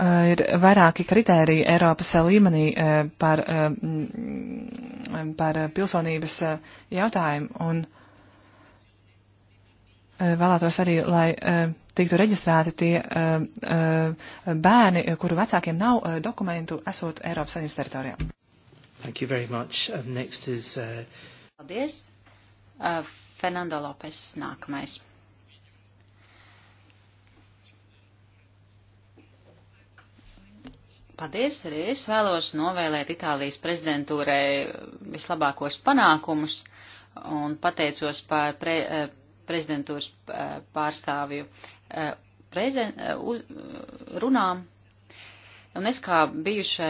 ir vairāki kriteriji Eiropas līmenī eh, par, eh, par pilsonības eh, jautājumu un vēlētos arī, lai tiktu reģistrēti tie bērni, kuru vecākiem nav dokumentu, esot Eiropas Savienības teritorijā. Thank you very much. And next is... Uh... Paldies. Uh, Fernando Lopes nākamais. Paldies arī es vēlos novēlēt Itālijas prezidentūrai vislabākos panākumus un pateicos par pre, eh, prezidentūras eh, pārstāvju eh, prezen, runām. Un es kā bijušai,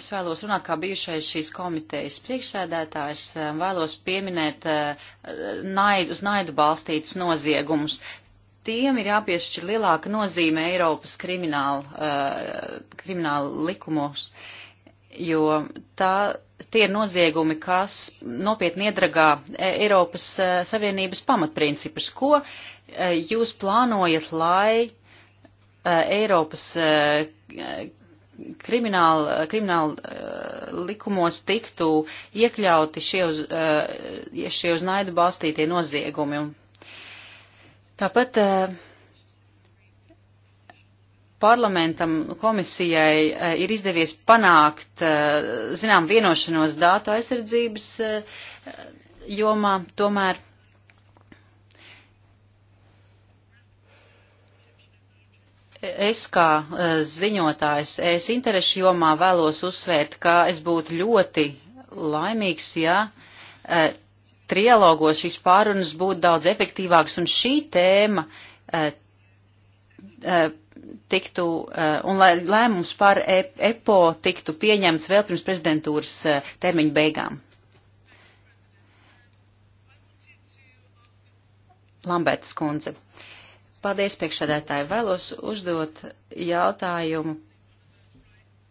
es vēlos runāt kā bijušais šīs komitejas priekšsēdētājs, vēlos pieminēt naidu, uz naidu balstītus noziegumus, tiem ir jāpiešķir lielāka nozīme Eiropas krimināla, uh, krimināla likumos, jo tā, tie ir noziegumi, kas nopietni iedragā e, Eiropas uh, Savienības pamatprincipus. Ko uh, jūs plānojat, lai uh, Eiropas uh, krimināla, krimināla likumos tiktu iekļauti šie uz, šie uz naidu balstītie noziegumi un Tāpat eh, parlamentam, komisijai eh, ir izdevies panākt, eh, zinām, vienošanos dātu aizsardzības jomā, tomēr es kā ziņotājs, es interešu jomā vēlos uzsvērt, ka es būtu ļoti laimīgs, ja trialogos šīs pārunas būtu daudz efektīvākas un šī tēma eh, eh, tiktu, eh, un lai lēmums par EPO e tiktu pieņemts vēl pirms prezidentūras eh, termiņa beigām. Lambētas kundze. Paldies, priekšsēdētāji. Vēlos uzdot jautājumu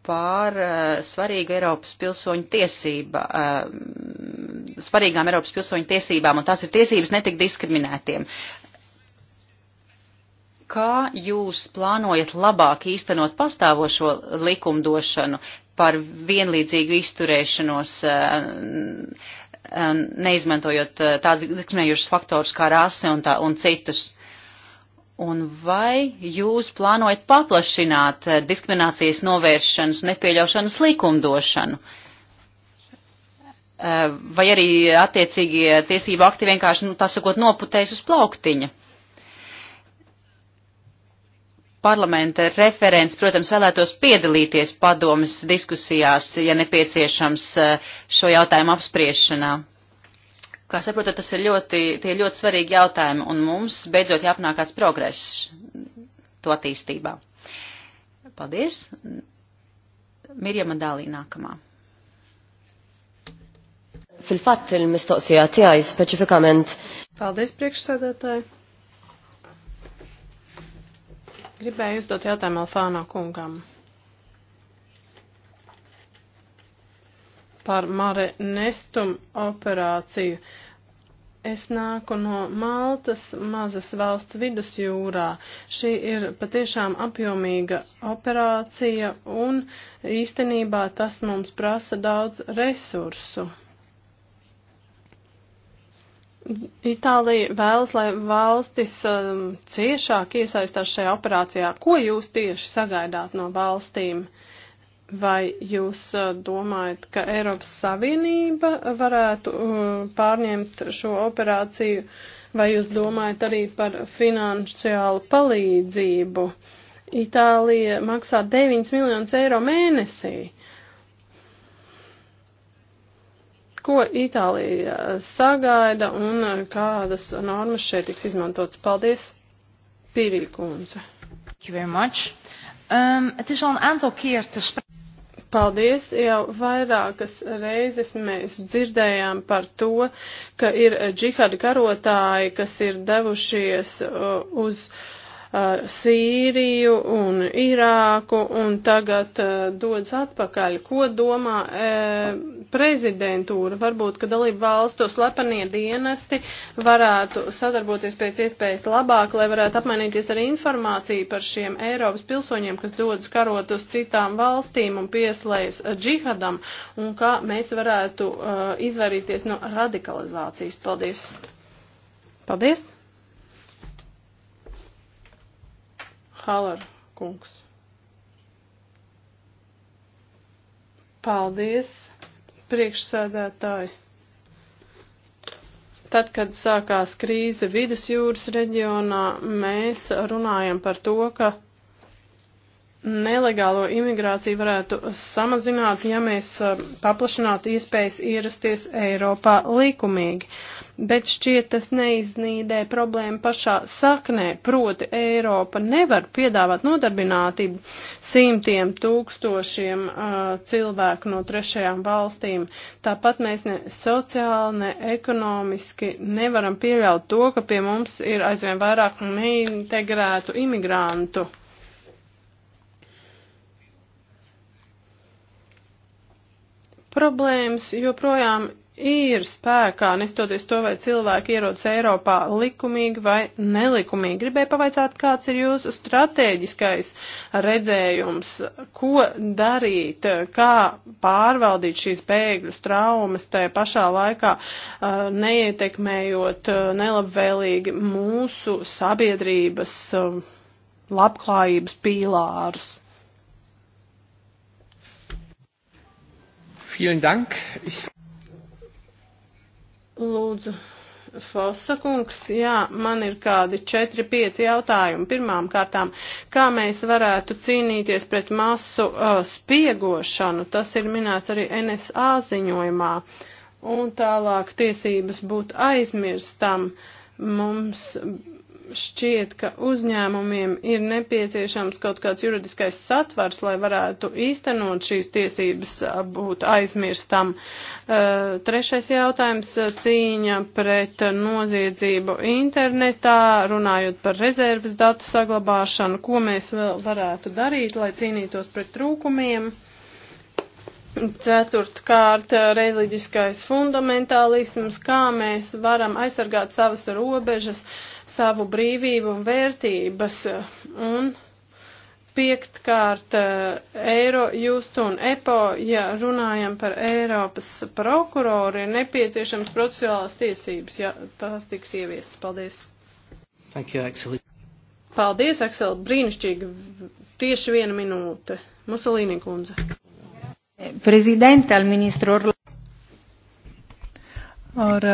par uh, svarīgu Eiropas pilsoņu tiesību uh, eh, svarīgām Eiropas pilsoņu tiesībām, un tās ir tiesības netikt diskriminētiem. Kā jūs plānojat labāk īstenot pastāvošo likumdošanu par vienlīdzīgu izturēšanos, eh, eh, neizmantojot eh, tās diskriminējušas faktorus kā rase un, tā, un citus? Un vai jūs plānojat paplašināt diskriminācijas novēršanas un nepieļaušanas likumdošanu? Uh, Eh, vai arī attiecīgie tiesību akti vienkārši, nu, tā sakot, noputēs uz plauktiņa. Parlamenta referents, protams, vēlētos piedalīties padomas diskusijās, ja nepieciešams, eh, šo jautājumu apspriešanā. Kā saprotat, tas ir ļoti, tie ļoti svarīgi jautājumi, un mums beidzot jāpanāk kāds progress to attīstībā. Paldies. Mirjama Dālī nākamā. Fil-fatt il-mistoqsija tiegħi speċifikament. Paldies priekšsēdētāji. Gribēju uzdot jautājumu Alfānā kungam. Par Mare Nestum operāciju. Es nāku no Maltas mazas valsts vidusjūrā. Šī ir patiešām apjomīga operācija un īstenībā tas mums prasa daudz resursu. Itālija vēlas, lai valstis um, ciešāk iesaistās šajā operācijā. Ko jūs tieši sagaidāt no valstīm? Vai jūs uh, domājat, ka Eiropas Savienība varētu uh, pārņemt šo operāciju, vai jūs domājat arī par finansiālu palīdzību? Itālija maksā 9 miljonus eiro mēnesī. ko Itālija eh, sagaida un eh, kādas normas šeit tiks izmantotas. Paldies, Pīrī kundze. Um, het is al een aantal keer te sprake. Paldies! Jau vairākas reizes mēs dzirdējām par to, ka ir džihadi karotāji, kas ir devušies eh, uz uh, uh, Sīriju un Irāku un tagad uh, dodas atpakaļ. Ko domā uh, prezidentūra? Varbūt, ka dalību valstu slepenie dienesti varētu sadarboties pēc iespējas labāk, lai varētu apmainīties ar informāciju par šiem Eiropas pilsoņiem, kas dodas karot uz citām valstīm un pieslējas uh, džihadam, un kā mēs varētu uh, izvairīties no radikalizācijas. Paldies! Paldies! Halar kungs. Paldies, priekšsēdētāji. Tad, kad sākās krīze vidusjūras reģionā, mēs runājam par to, ka nelegālo imigrāciju varētu samazināt, ja mēs eh, paplašinātu iespējas ierasties Eiropā likumīgi. Bet šķiet tas neiznīdē problēmu pašā saknē, proti Eiropa nevar piedāvāt nodarbinātību simtiem tūkstošiem uh, cilvēku no trešajām valstīm. Tāpat mēs ne sociāli, ne ekonomiski nevaram pieļaut to, ka pie mums ir aizvien vairāk neintegrētu imigrantu. problēmas joprojām ir spēkā, nestoties to, vai cilvēki ierodas Eiropā likumīgi vai nelikumīgi. Gribēju pavaicāt, kāds ir jūsu strateģiskais redzējums, ko darīt, kā pārvaldīt šīs bēgļu traumas, tajā pašā laikā uh, neietekmējot uh, nelabvēlīgi mūsu sabiedrības uh, labklājības pīlārus. Vielen Dank. Ich... Lūdzu, Fosakungs, jā, man ir kādi 4-5 jautājumi. Pirmām kārtām, kā mēs varētu cīnīties pret masu uh, spiegošanu? Tas ir minēts arī NSA ziņojumā. Un tālāk tiesības būt aizmirstam mums šķiet, ka uzņēmumiem ir nepieciešams kaut kāds juridiskais satvars, lai varētu īstenot šīs tiesības būt aizmirstam. Trešais jautājums - cīņa pret noziedzību internetā, runājot par rezerves datu saglabāšanu, ko mēs vēl varētu darīt, lai cīnītos pret trūkumiem. Ceturtkārt, reliģiskais fundamentālisms, kā mēs varam aizsargāt savas robežas, uh, savu brīvību un vērtības. Un piektkārt eiro eh, just un epo, ja runājam par Eiropas prokuroru, ir nepieciešams procesuālās tiesības, ja tās tiks ieviestas. Paldies! Thank you, Axel. Paldies, Aksel. Brīnišķīgi. Tieši viena minūte. Musolīni kundze. Prezidente al ministro Orlando. Ar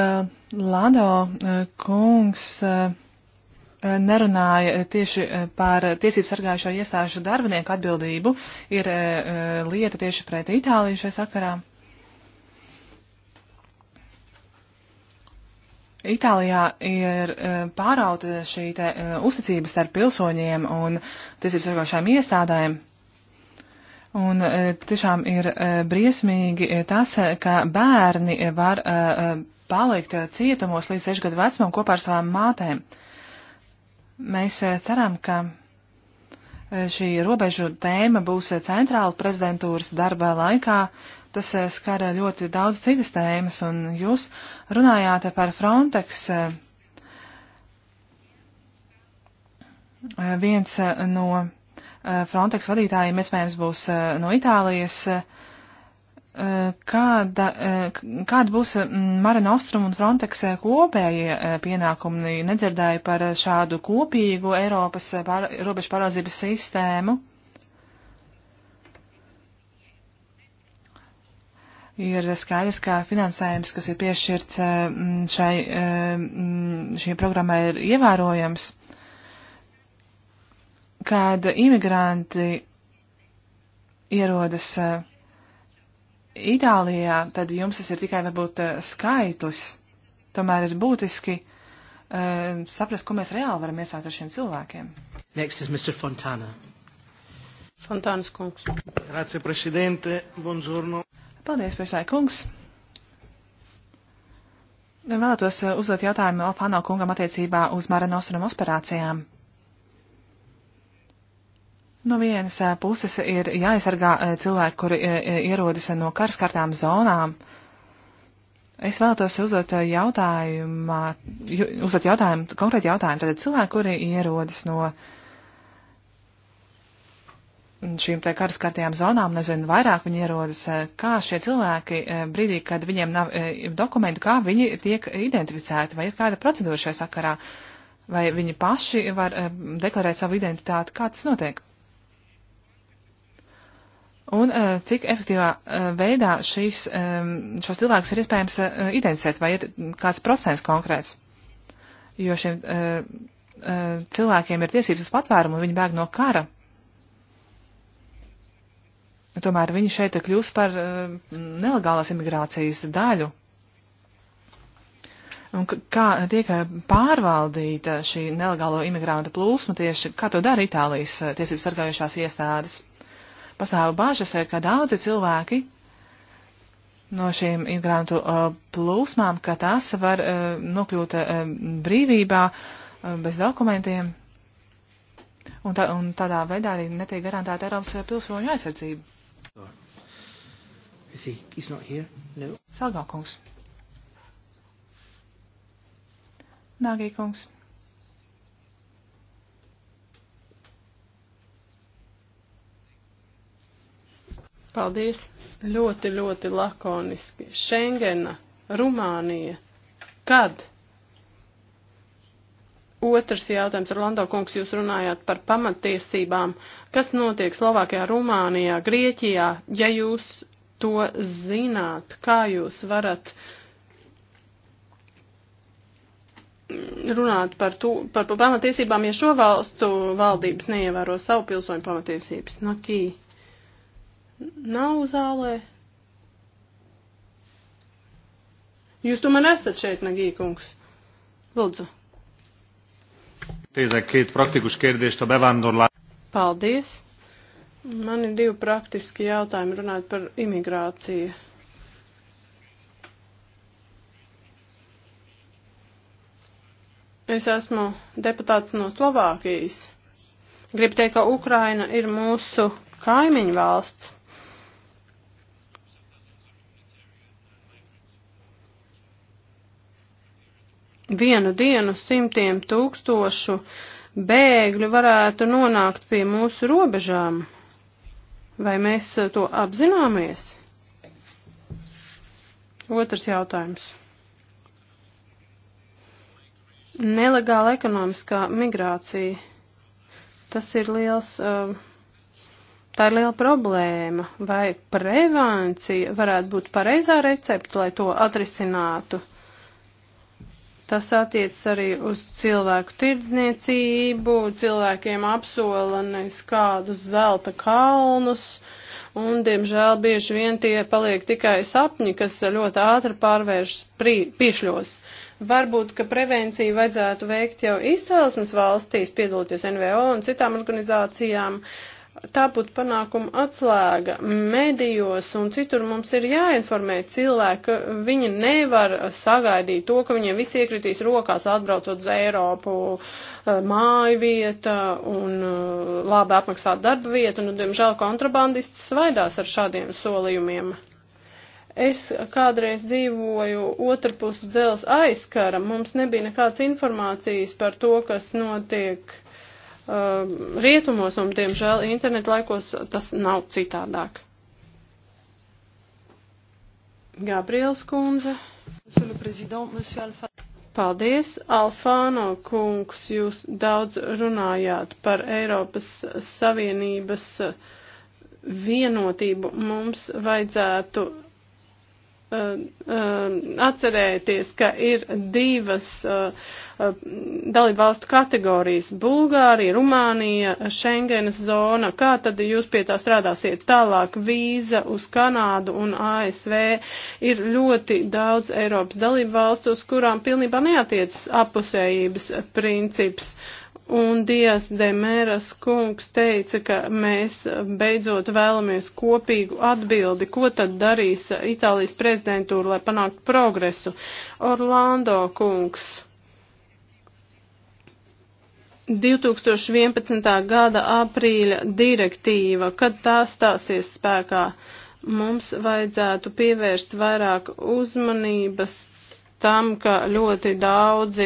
Lado eh, kungs. Uh, nerunāja tieši eh, par tiesību sargājušo iestāžu darbinieku atbildību. Ir eh, eh, lieta tieši pret Itāliju šajā sakarā. Itālijā ir pārauta šī te, uzticības starp pilsoņiem un tiesību sargājušām iestādēm. Un tiešām ir briesmīgi tas, ka bērni var palikt cietumos līdz 6 gadu vecumam kopā ar savām mātēm. Uh, Mēs eh, ceram, ka eh, šī robežu tēma būs eh, centrāla prezidentūras darba laikā. Tas skar ļoti daudz citas tēmas, un jūs runājāt par Frontex. Viens no Frontex vadītājiem iespējams būs no Itālijas kāda, kāda būs mm, Mare Nostrum un Frontex kopējie eh, pienākumi? Nedzirdēju par šādu kopīgu Eiropas eh, pār, robežu pārvaldības sistēmu. Ir skaidrs, ka finansējums, kas ir piešķirts eh, mm, šai, mm, šī programmai, ir ievērojams. Kad imigranti ierodas uh, Itālijā, tad jums tas ir tikai varbūt eh, skaitlis. Tomēr ir būtiski uh, saprast, ko mēs reāli varam iesākt ar šiem cilvēkiem. Next is Mr. Fontana. Fontānas kungs. Grazie, presidente. Buongiorno. Paldies, priekšsēja kungs. Vēlētos eh, uzdot jautājumu Alfāno kungam attiecībā uz Mara Nostrum operācijām. No vienas puses ir jāaizsargā cilvēki, kuri ierodas no karskartām zonām. Es vēlētos uzdot jautājumu, uzdot jautājumu, konkrēti jautājumu. Tātad cilvēki, kuri ierodas no šīm te karaskartajām zonām, nezinu, vairāk viņi ierodas, kā šie cilvēki brīdī, kad viņiem nav dokumentu, kā viņi tiek identificēti, vai ir kāda procedūra šajā sakarā, vai viņi paši var deklarēt savu identitāti, kā tas notiek? Un eh, cik efektīvā eh, veidā šīs, šos cilvēkus ir iespējams eh, identificēt, vai ir kāds procents konkrēts? Jo šiem cilvēkiem ir tiesības uz patvērumu, un viņi bēg no kara. Tomēr viņi šeit kļūst par nelegālās imigrācijas daļu. Un kā tiek pārvaldīta šī nelegālo imigrāntu plūsma tieši, kā to dara Itālijas tiesības sargājušās iestādes? pastāv bažas, eh, ka daudzi cilvēki no šīm imigrantu eh, plūsmām, ka tās var eh, nokļūt brīvībā bez dokumentiem. Un, tā, un tādā veidā arī netiek garantēta Eiropas pilsoņu aizsardzība. Is he, he's not here? No. Salgākungs. Nāgīkungs. Paldies. Ļoti, ļoti lakoniski. Šengena, Rumānija. Kad? Otrs jautājums, Orlando kungs, jūs runājāt par pamatiesībām. Kas notiek Slovākijā, Rumānijā, Grieķijā? Ja jūs to zināt, kā jūs varat runāt par, tu, par pamatiesībām, ja šo valstu valdības neievēro savu pilsoņu pamatiesības? Nakī. No kī nav zālē. Jūs tomēr esat šeit, Nagī kungs. Lūdzu. Tézek két praktikus kérdést a bevándorlás. Paldies. Man ir divi praktiski jautājumi runāt par imigrāciju. Es esmu deputāts no Slovākijas. Gribu teikt, ka Ukraina ir mūsu kaimiņu valsts. vienu dienu simtiem tūkstošu bēgļu varētu nonākt pie mūsu robežām. Vai mēs eh, to apzināmies? Otrs jautājums. Nelegāla ekonomiskā migrācija. Tas ir liels, eh, tā ir liela problēma. Vai prevencija varētu būt pareizā recepte, lai to atrisinātu? Tas attiec arī uz cilvēku tirdzniecību, cilvēkiem apsola neskādus zelta kalnus, un, diemžēl, bieži vien tie paliek tikai sapņi, kas ļoti ātri pārvēršas pišļos. Varbūt, ka prevenciju vajadzētu veikt jau izcelsmes valstīs, piedaloties NVO un citām organizācijām, uh, tā būtu panākuma atslēga. Medijos un citur mums ir jāinformē cilvēki, ka viņi nevar sagaidīt to, ka viņiem viss iekritīs rokās atbraucot uz Eiropu eh, māju vieta un eh, labi apmaksāt darba vietu, un, nu, diemžēl, kontrabandists svaidās ar šādiem solījumiem. Es kādreiz dzīvoju otrpus dzels aizkara, mums nebija nekāds informācijas par to, kas notiek Um, rietumos, un, diemžēl, internetu laikos tas nav citādāk. Gabriels kundze. Paldies, Alfāno kungs, jūs daudz runājāt par Eiropas Savienības vienotību. Mums vajadzētu Um, um, atcerēties, ka ir divas uh, uh, dalību valstu kategorijas - Bulgārija, Rumānija, Schengenas zona. Kā tad jūs pie tā strādāsiet tālāk? Vīza uz Kanādu un ASV ir ļoti daudz Eiropas dalību valstu, uz kurām pilnībā neatiecas apusējības princips. Uh, Un Dijas Demēras kungs teica, ka mēs beidzot vēlamies kopīgu atbildi, ko tad darīs Itālijas prezidentūra, lai panāktu progresu. Orlando kungs. 2011. gada aprīļa direktīva, kad tā stāsies spēkā, mums vajadzētu pievērst vairāk uzmanības tam, ka ļoti daudzi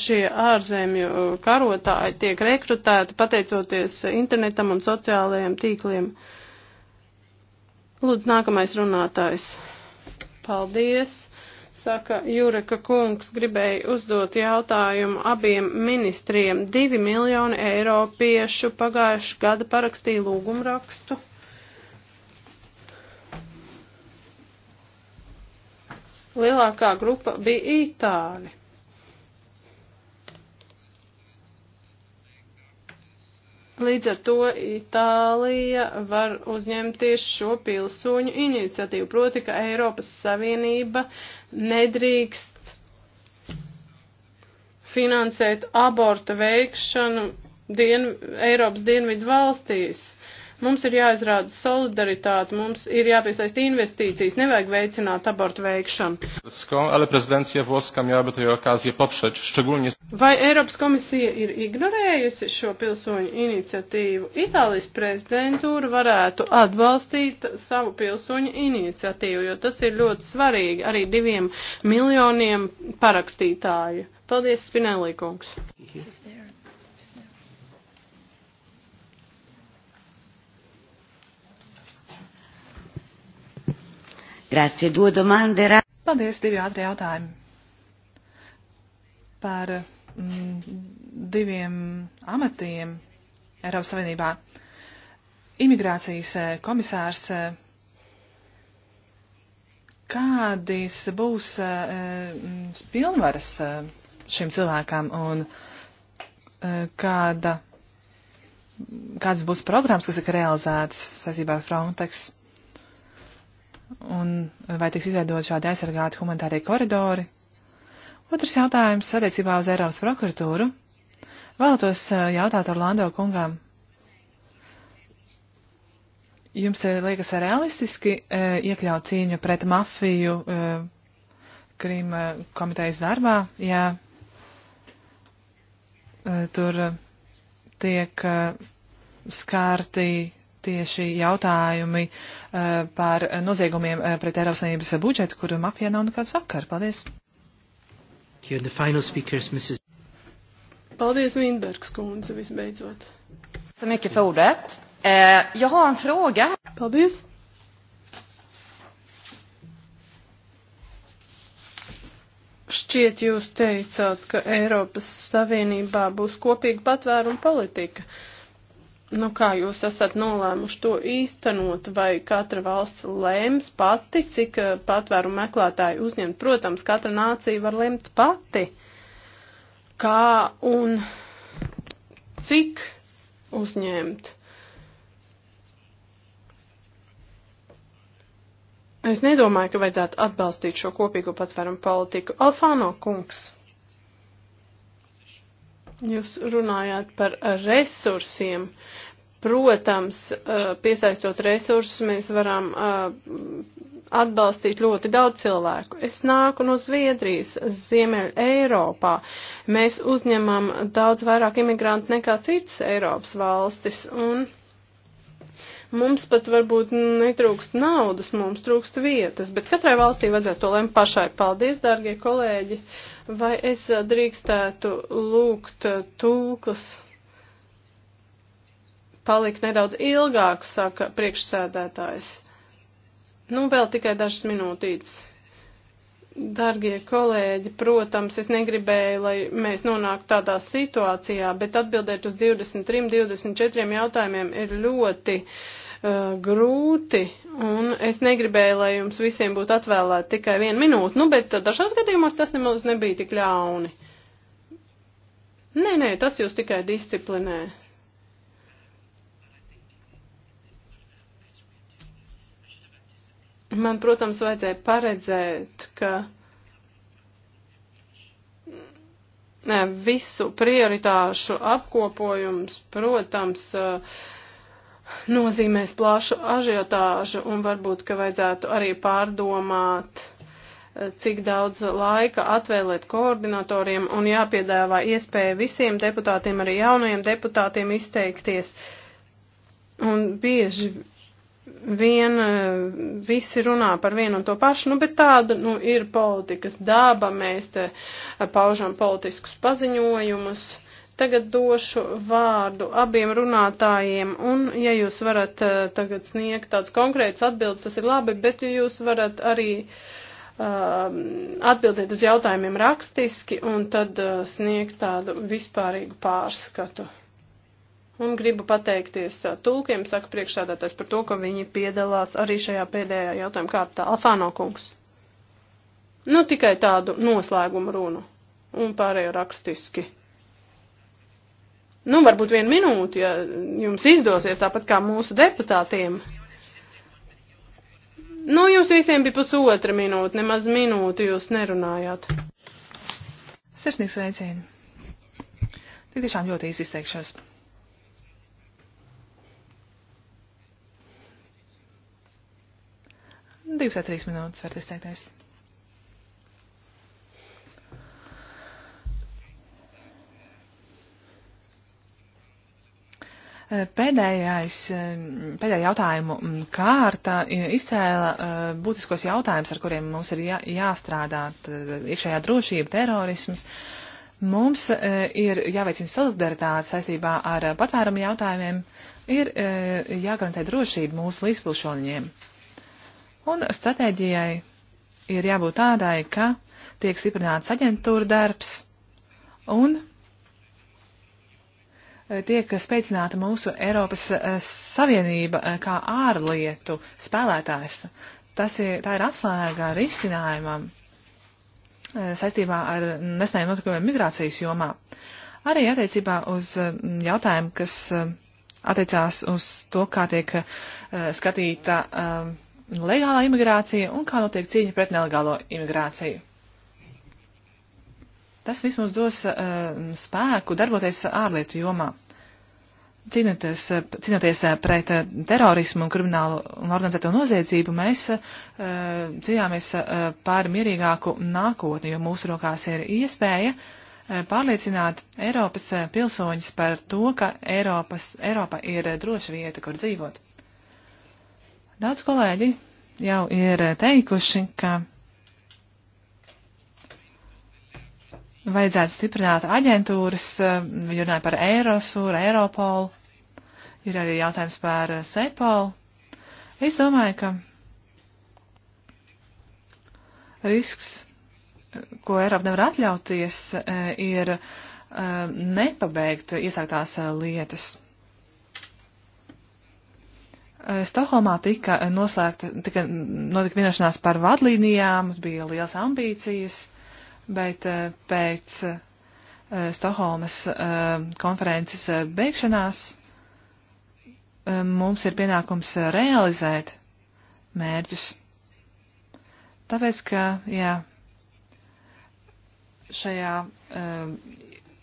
šie ārzemju karotāji tiek rekrutēti pateicoties internetam un sociālajiem tīkliem. Lūdzu, nākamais runātājs. Paldies! Saka Jureka kungs, gribēja uzdot jautājumu abiem ministriem. Divi miljoni eiropiešu pagājuši gada parakstīja lūgumrakstu. rakstu Lielākā grupa bija itāļi. Līdz ar to Itālija var uzņemties šo pilsoņu iniciatīvu, proti, ka Eiropas Savienība nedrīkst finansēt abortu veikšanu dien, Eiropas dienvidu valstīs. Uh, Mums ir jāizrāda solidaritāte, mums ir jāpiesaist investīcijas, nevajag veicināt abortu veikšanu. Vai Eiropas komisija ir ignorējusi šo pilsoņu iniciatīvu? Itālijas prezidentūra varētu atbalstīt savu pilsoņu iniciatīvu, jo tas ir ļoti svarīgi arī diviem miljoniem parakstītāju. Paldies, Spinelī kungs. Thank you. Grazie, due domande. Paldies, divi ātri jautājumi. Par mm, diviem amatiem Eiropas Savienībā. Imigrācijas eh, komisārs, eh, kādas būs eh, mm, pilnvaras šim cilvēkam un kāda, kādas būs programmas, kas ir realizētas saistībā ar Frontex? un vai tiks izveidot šādi aizsargāti humanitārie koridori? Otrs jautājums attiecībā uz Eiropas prokuratūru. Vēlētos uh, jautāt Orlando kungām. Jums uh, liekas realistiski uh, iekļaut cīņu pret mafiju Krīma komitejas darbā, ja tur tiek skārti tieši jautājumi eh, par noziegumiem eh, pret Eiropas Savienības budžetu, kuru mafijā nav nekāda sakara. Paldies! Paldies, Vindbergs kundze, visbeidzot. Så mycket för ordet. Eh, jag har en fråga. Paldies. Šķiet, jūs teicāt, ka Eiropas Savienībā būs kopīga patvēruma politika. Uh, Nu, kā jūs esat nolēmuši to īstenot, vai katra valsts lēms pati, cik eh, patvērumu meklētāji uzņemt? Protams, katra nācija var lemt pati, kā un cik uzņemt. Es nedomāju, ka vajadzētu atbalstīt šo kopīgo patvērumu politiku. Alfāno kungs. Jūs runājāt par resursiem. Uh, Protams, eh, piesaistot resursus, mēs varam eh, atbalstīt ļoti daudz cilvēku. Es nāku no Zviedrijas, Ziemeļa Eiropā. Mēs uzņemam daudz vairāk imigrantu nekā citas Eiropas valstis. Un mums pat varbūt netrūkst naudas, mums trūkst vietas, bet katrai valstī vajadzētu to lemt pašai. Paldies, dārgie kolēģi! Vai es drīkstētu lūgt eh, tulkas? palikt nedaudz ilgāk, saka priekšsēdētājs. Nu, vēl tikai dažas minūtītes. Dargie kolēģi, protams, es negribēju, lai mēs nonāktu tādā situācijā, bet atbildēt uz 23, 24 jautājumiem ir ļoti uh, grūti, un es negribēju, lai jums visiem būtu atvēlēta tikai viena minūte, nu, bet dažos gadījumos tas nemaz nebija tik ļauni. Nē, nē, tas jūs tikai disciplinē. Man, protams, vajadzēja paredzēt, ka ne, visu prioritāšu apkopojums, protams, eh, nozīmēs plašu ažiotāžu un varbūt, ka vajadzētu arī pārdomāt eh, cik daudz laika atvēlēt koordinatoriem un jāpiedāvā iespēja visiem deputātiem, arī jaunajiem deputātiem izteikties. Un bieži vien eh, visi runā par vienu un to pašu, nu, bet tāda, nu, ir politikas daba, mēs te eh, paužam politiskus paziņojumus. Tagad došu vārdu abiem runātājiem, un, ja jūs varat eh, tagad sniegt tāds konkrēts atbildes, tas ir labi, bet jūs varat arī uh, atbildēt uz jautājumiem rakstiski un tad uh, sniegt tādu vispārīgu pārskatu. Un gribu pateikties tulkiem, saka priekšsādātājs par to, ka viņi piedalās arī šajā pēdējā jautājuma kārtā. Alfāno kungs. Nu, tikai tādu noslēgumu runu. Un pārējo rakstiski. Nu, varbūt vienu minūti, ja jums izdosies, tāpat kā mūsu deputātiem. Nu, jūs visiem bija pusotra minūte, nemaz minūti jūs nerunājāt. Sirsnīgs sveicieni. Tik tiešām ļoti īsi izteikšos. Divas vai trīs minūtes var izteikties. Eh, pēdējais, eh, pēdējā jautājumu mm, kārta eh, izcēla būtiskos jautājumus, ar kuriem mums ir jā, jāstrādā iekšējā drošība, terorisms. Mums ir jāveicina solidaritāte saistībā ar patvērumu jautājumiem, ir jāgarantē drošība mūsu līdzpilsoņiem. Un stratēģijai ir jābūt tādai, ka tiek stiprināts aģentūra darbs un e, tiek spēcināta mūsu Eiropas e, Savienība e, kā ārlietu spēlētājs. Tas ir, tā ir atslēga ar izcinājumam saistībā ar nesnējiem notikumiem migrācijas jomā. Arī attiecībā uz jautājumu, kas attiecās uz to, kā tiek skatīta legālā imigrācija un kā notiek cīņa pret nelegālo imigrāciju. Tas viss mums dos uh, spēku darboties ārlietu jomā. Cīnoties, cīnoties eh, pret eh, terorismu un kriminālu un organizēto noziedzību, mēs uh, cīnāmies uh, pār mierīgāku nākotni, jo mūsu rokās ir iespēja uh, pārliecināt Eiropas pilsoņus par to, ka Eiropas, Eiropa ir droša vieta, kur dzīvot. Daudz kolēģi jau ir teikuši, ka vajadzētu stiprināt aģentūras, viņi runāja par Eirosūru, Eiropolu, ir arī jautājums par Seipolu. Es domāju, ka risks, ko Eiropa nevar atļauties, ir eh, nepabeigt iesāktās lietas. Eh, Stokholmā tika noslēgta, tika notika vienošanās par vadlīnijām, bija liels ambīcijas, bet eh, pēc eh, Stokholmas konferences beigšanās mums ir pienākums realizēt mērķus. Tāpēc, ka, jā, šajā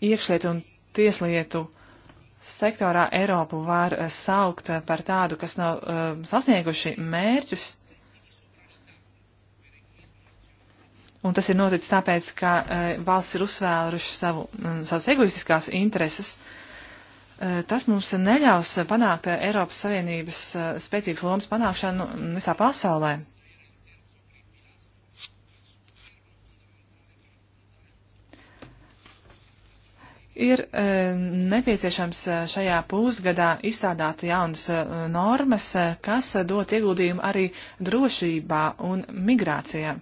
iekšlietu un tieslietu uh, sektorā Eiropu var eh, saukt eh, par tādu, kas nav uh, sasnieguši mērķus. Un tas ir noticis tāpēc, ka uh, valsts ir uzsvēruši savu, um, savas egoistiskās intereses. Uh, tas mums neļaus panākt Eiropas Savienības spēcīgas lomas panākšanu visā pasaulē. Ir e, nepieciešams e, šajā pusgadā izstrādāt jaunas e, normas, kas dot ieguldījumu arī drošībā un migrācijā.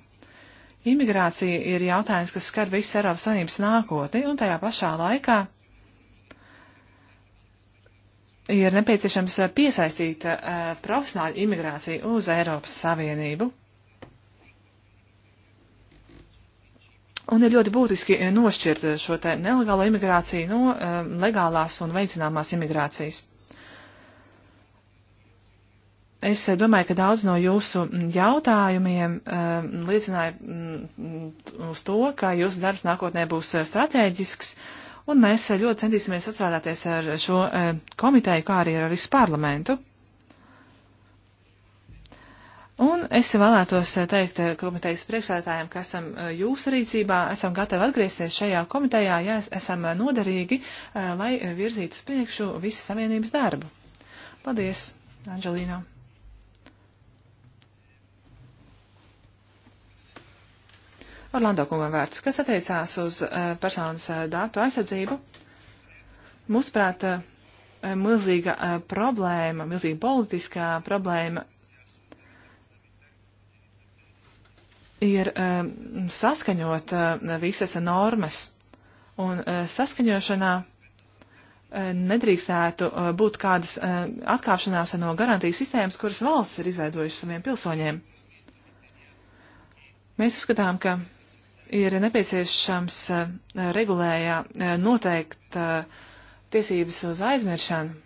Imigrācija ir jautājums, kas skar visu Eiropas Savienības nākotni, un tajā pašā laikā ir nepieciešams piesaistīt uh, profesionāļu imigrāciju uz Eiropas Savienību. Un ir ļoti būtiski eh, nošķirt eh, šo te nelegālo imigrāciju no um, legālās un veicināmās imigrācijas. Es domāju, ka daudz no jūsu mm, jautājumiem um, liecināja um, uz to, ka jūsu darbs nākotnē būs strateģisks, un mēs ļoti centīsimies sastrādāties ar šo komiteju, kā arī ar visu parlamentu. Un es vēlētos eh, teikt eh, komitejas priekšsēdētājiem, ka esam eh, jūsu rīcībā, esam gatavi atgriezties šajā komitejā, ja esam noderīgi, lai virzītu uz priekšu visu savienības darbu. Paldies, Anģelīna. Orlando kungam vērts, kas attiecās uz personas datu aizsardzību. Mūsuprāt, milzīga problēma, milzīga politiskā problēma ir ehm, saskaņot eh, visas normas, un eh, saskaņošanā eh, nedrīkstētu būt kādas atkāpšanās no garantijas sistēmas, kuras valsts ir izveidojušas saviem pilsoņiem. Mēs uzskatām, ka ir nepieciešams regulējā noteikt tiesības uz aizmiršanu.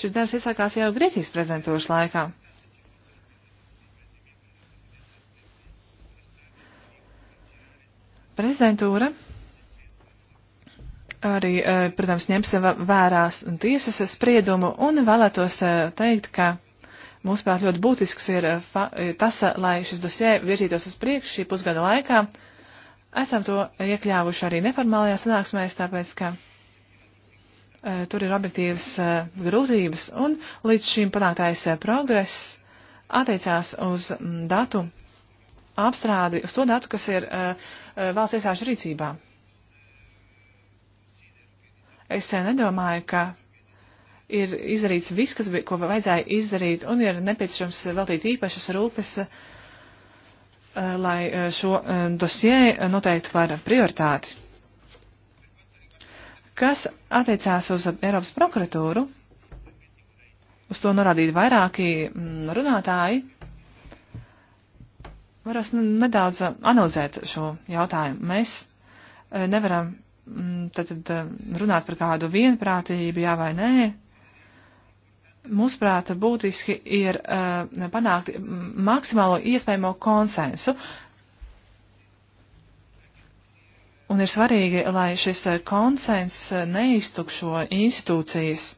Šis darbs iesākās jau Grieķijas prezidentūras laikā. Prezidentūra arī, e, protams, ņems vērās tiesas spriedumu un vēlētos e, teikt, ka mūsuprāt ļoti būtisks ir e, tas, lai šis dosie virzītos uz priekšu šī pusgada laikā. Esam to iekļāvuši arī neformālajā sanāksmēs, tāpēc, ka uh, tur ir objektīvas uh, grūtības, un līdz šim panāktais uh, progress attiecās uz m, datu apstrādi uz to datu, kas ir eh, eh, valsts iesāžu rīcībā. Es eh, nedomāju, ka ir izdarīts viss, kas bija, ko vajadzēja izdarīt, un ir nepieciešams veltīt īpašas rūpes, lai šo dosie noteiktu par prioritāti. Kas attiecās uz Eiropas prokuratūru, uz to norādīja vairāki mm, runātāji varas nu nedaudz uh, analizēt šo jautājumu. Mēs uh, nevaram mm, tad, tad uh, runāt par kādu vienprātību, jā vai nē. Mūsuprāt, būtiski ir uh, panākt mm, maksimālo iespējamo konsensu. Un ir svarīgi, lai šis konsens neiztukšo institūcijas,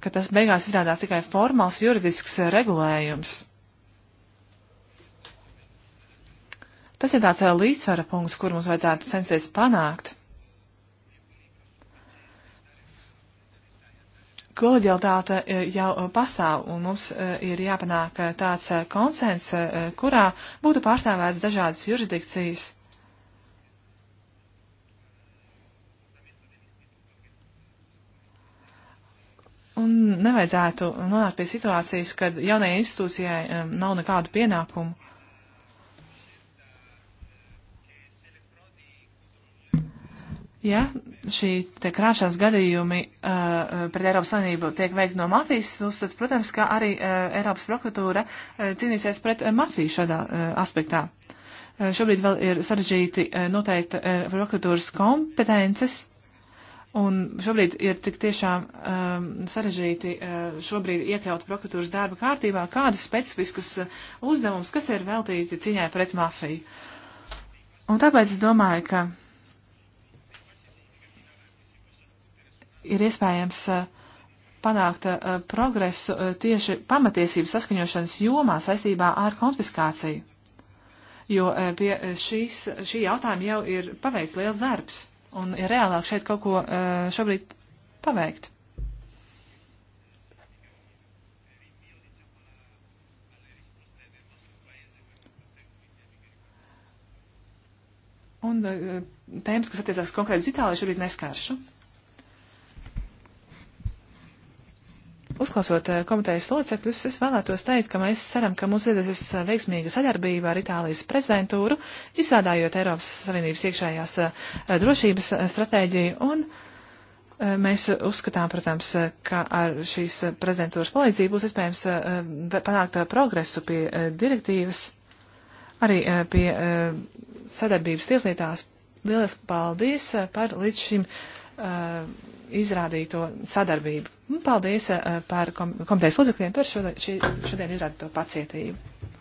ka tas beigās izrādās tikai formāls juridisks regulējums Tas ir tāds eh, līdzsvara punkts, kur mums vajadzētu censties panākt. Kolēģialitāte eh, jau eh, pastāv, un mums ir jāpanāk tāds konsens, kurā būtu pārstāvēts dažādas jurisdikcijas. Un nevajadzētu nonākt pie situācijas, kad jaunajai institūcijai nav nekādu pienākumu. Ja šī te krāpšanas gadījumi uh, uh, pret Eiropas Savienību tiek veikti no mafijas, tad, protams, ka arī uh, Eiropas prokuratūra uh, cīnīsies pret uh, mafiju šādā uh, aspektā. Uh, šobrīd vēl ir sarežģīti uh, noteikt uh, prokuratūras kompetences, un šobrīd ir tik tiešām um, sarežģīti uh, šobrīd iekļaut prokuratūras darba kārtībā kādus specifiskus uh, uzdevumus, kas ir veltīti cīņai pret mafiju. Un tāpēc es domāju, ka ir iespējams uh, panākt uh, progresu uh, tieši pamatiesību saskaņošanas jomā saistībā ar konfiskāciju. Jo pie šīs, šī jautājuma jau ir paveikts liels darbs un ir reālāk šeit kaut ko šobrīd paveikt. Un tēmas, kas attiecās konkrēti uz Itāliju, šobrīd neskāršu. Uzklausot eh, komitejas locekļus, es vēlētos teikt, ka mēs ceram, ka mums iedosies eh, veiksmīga sadarbība ar Itālijas prezidentūru, izstrādājot Eiropas Savienības iekšējās eh, drošības stratēģiju un Mēs uzskatām, protams, ka ar šīs prezidentūras palīdzību būs iespējams panākt progresu pie direktīvas, arī pie sadarbības tieslietās. Lielas paldies par līdz šim Uh, izrādīto sadarbību. Un paldies uh, par komitejas locekļiem par šodien, šodien izrādīto pacietību.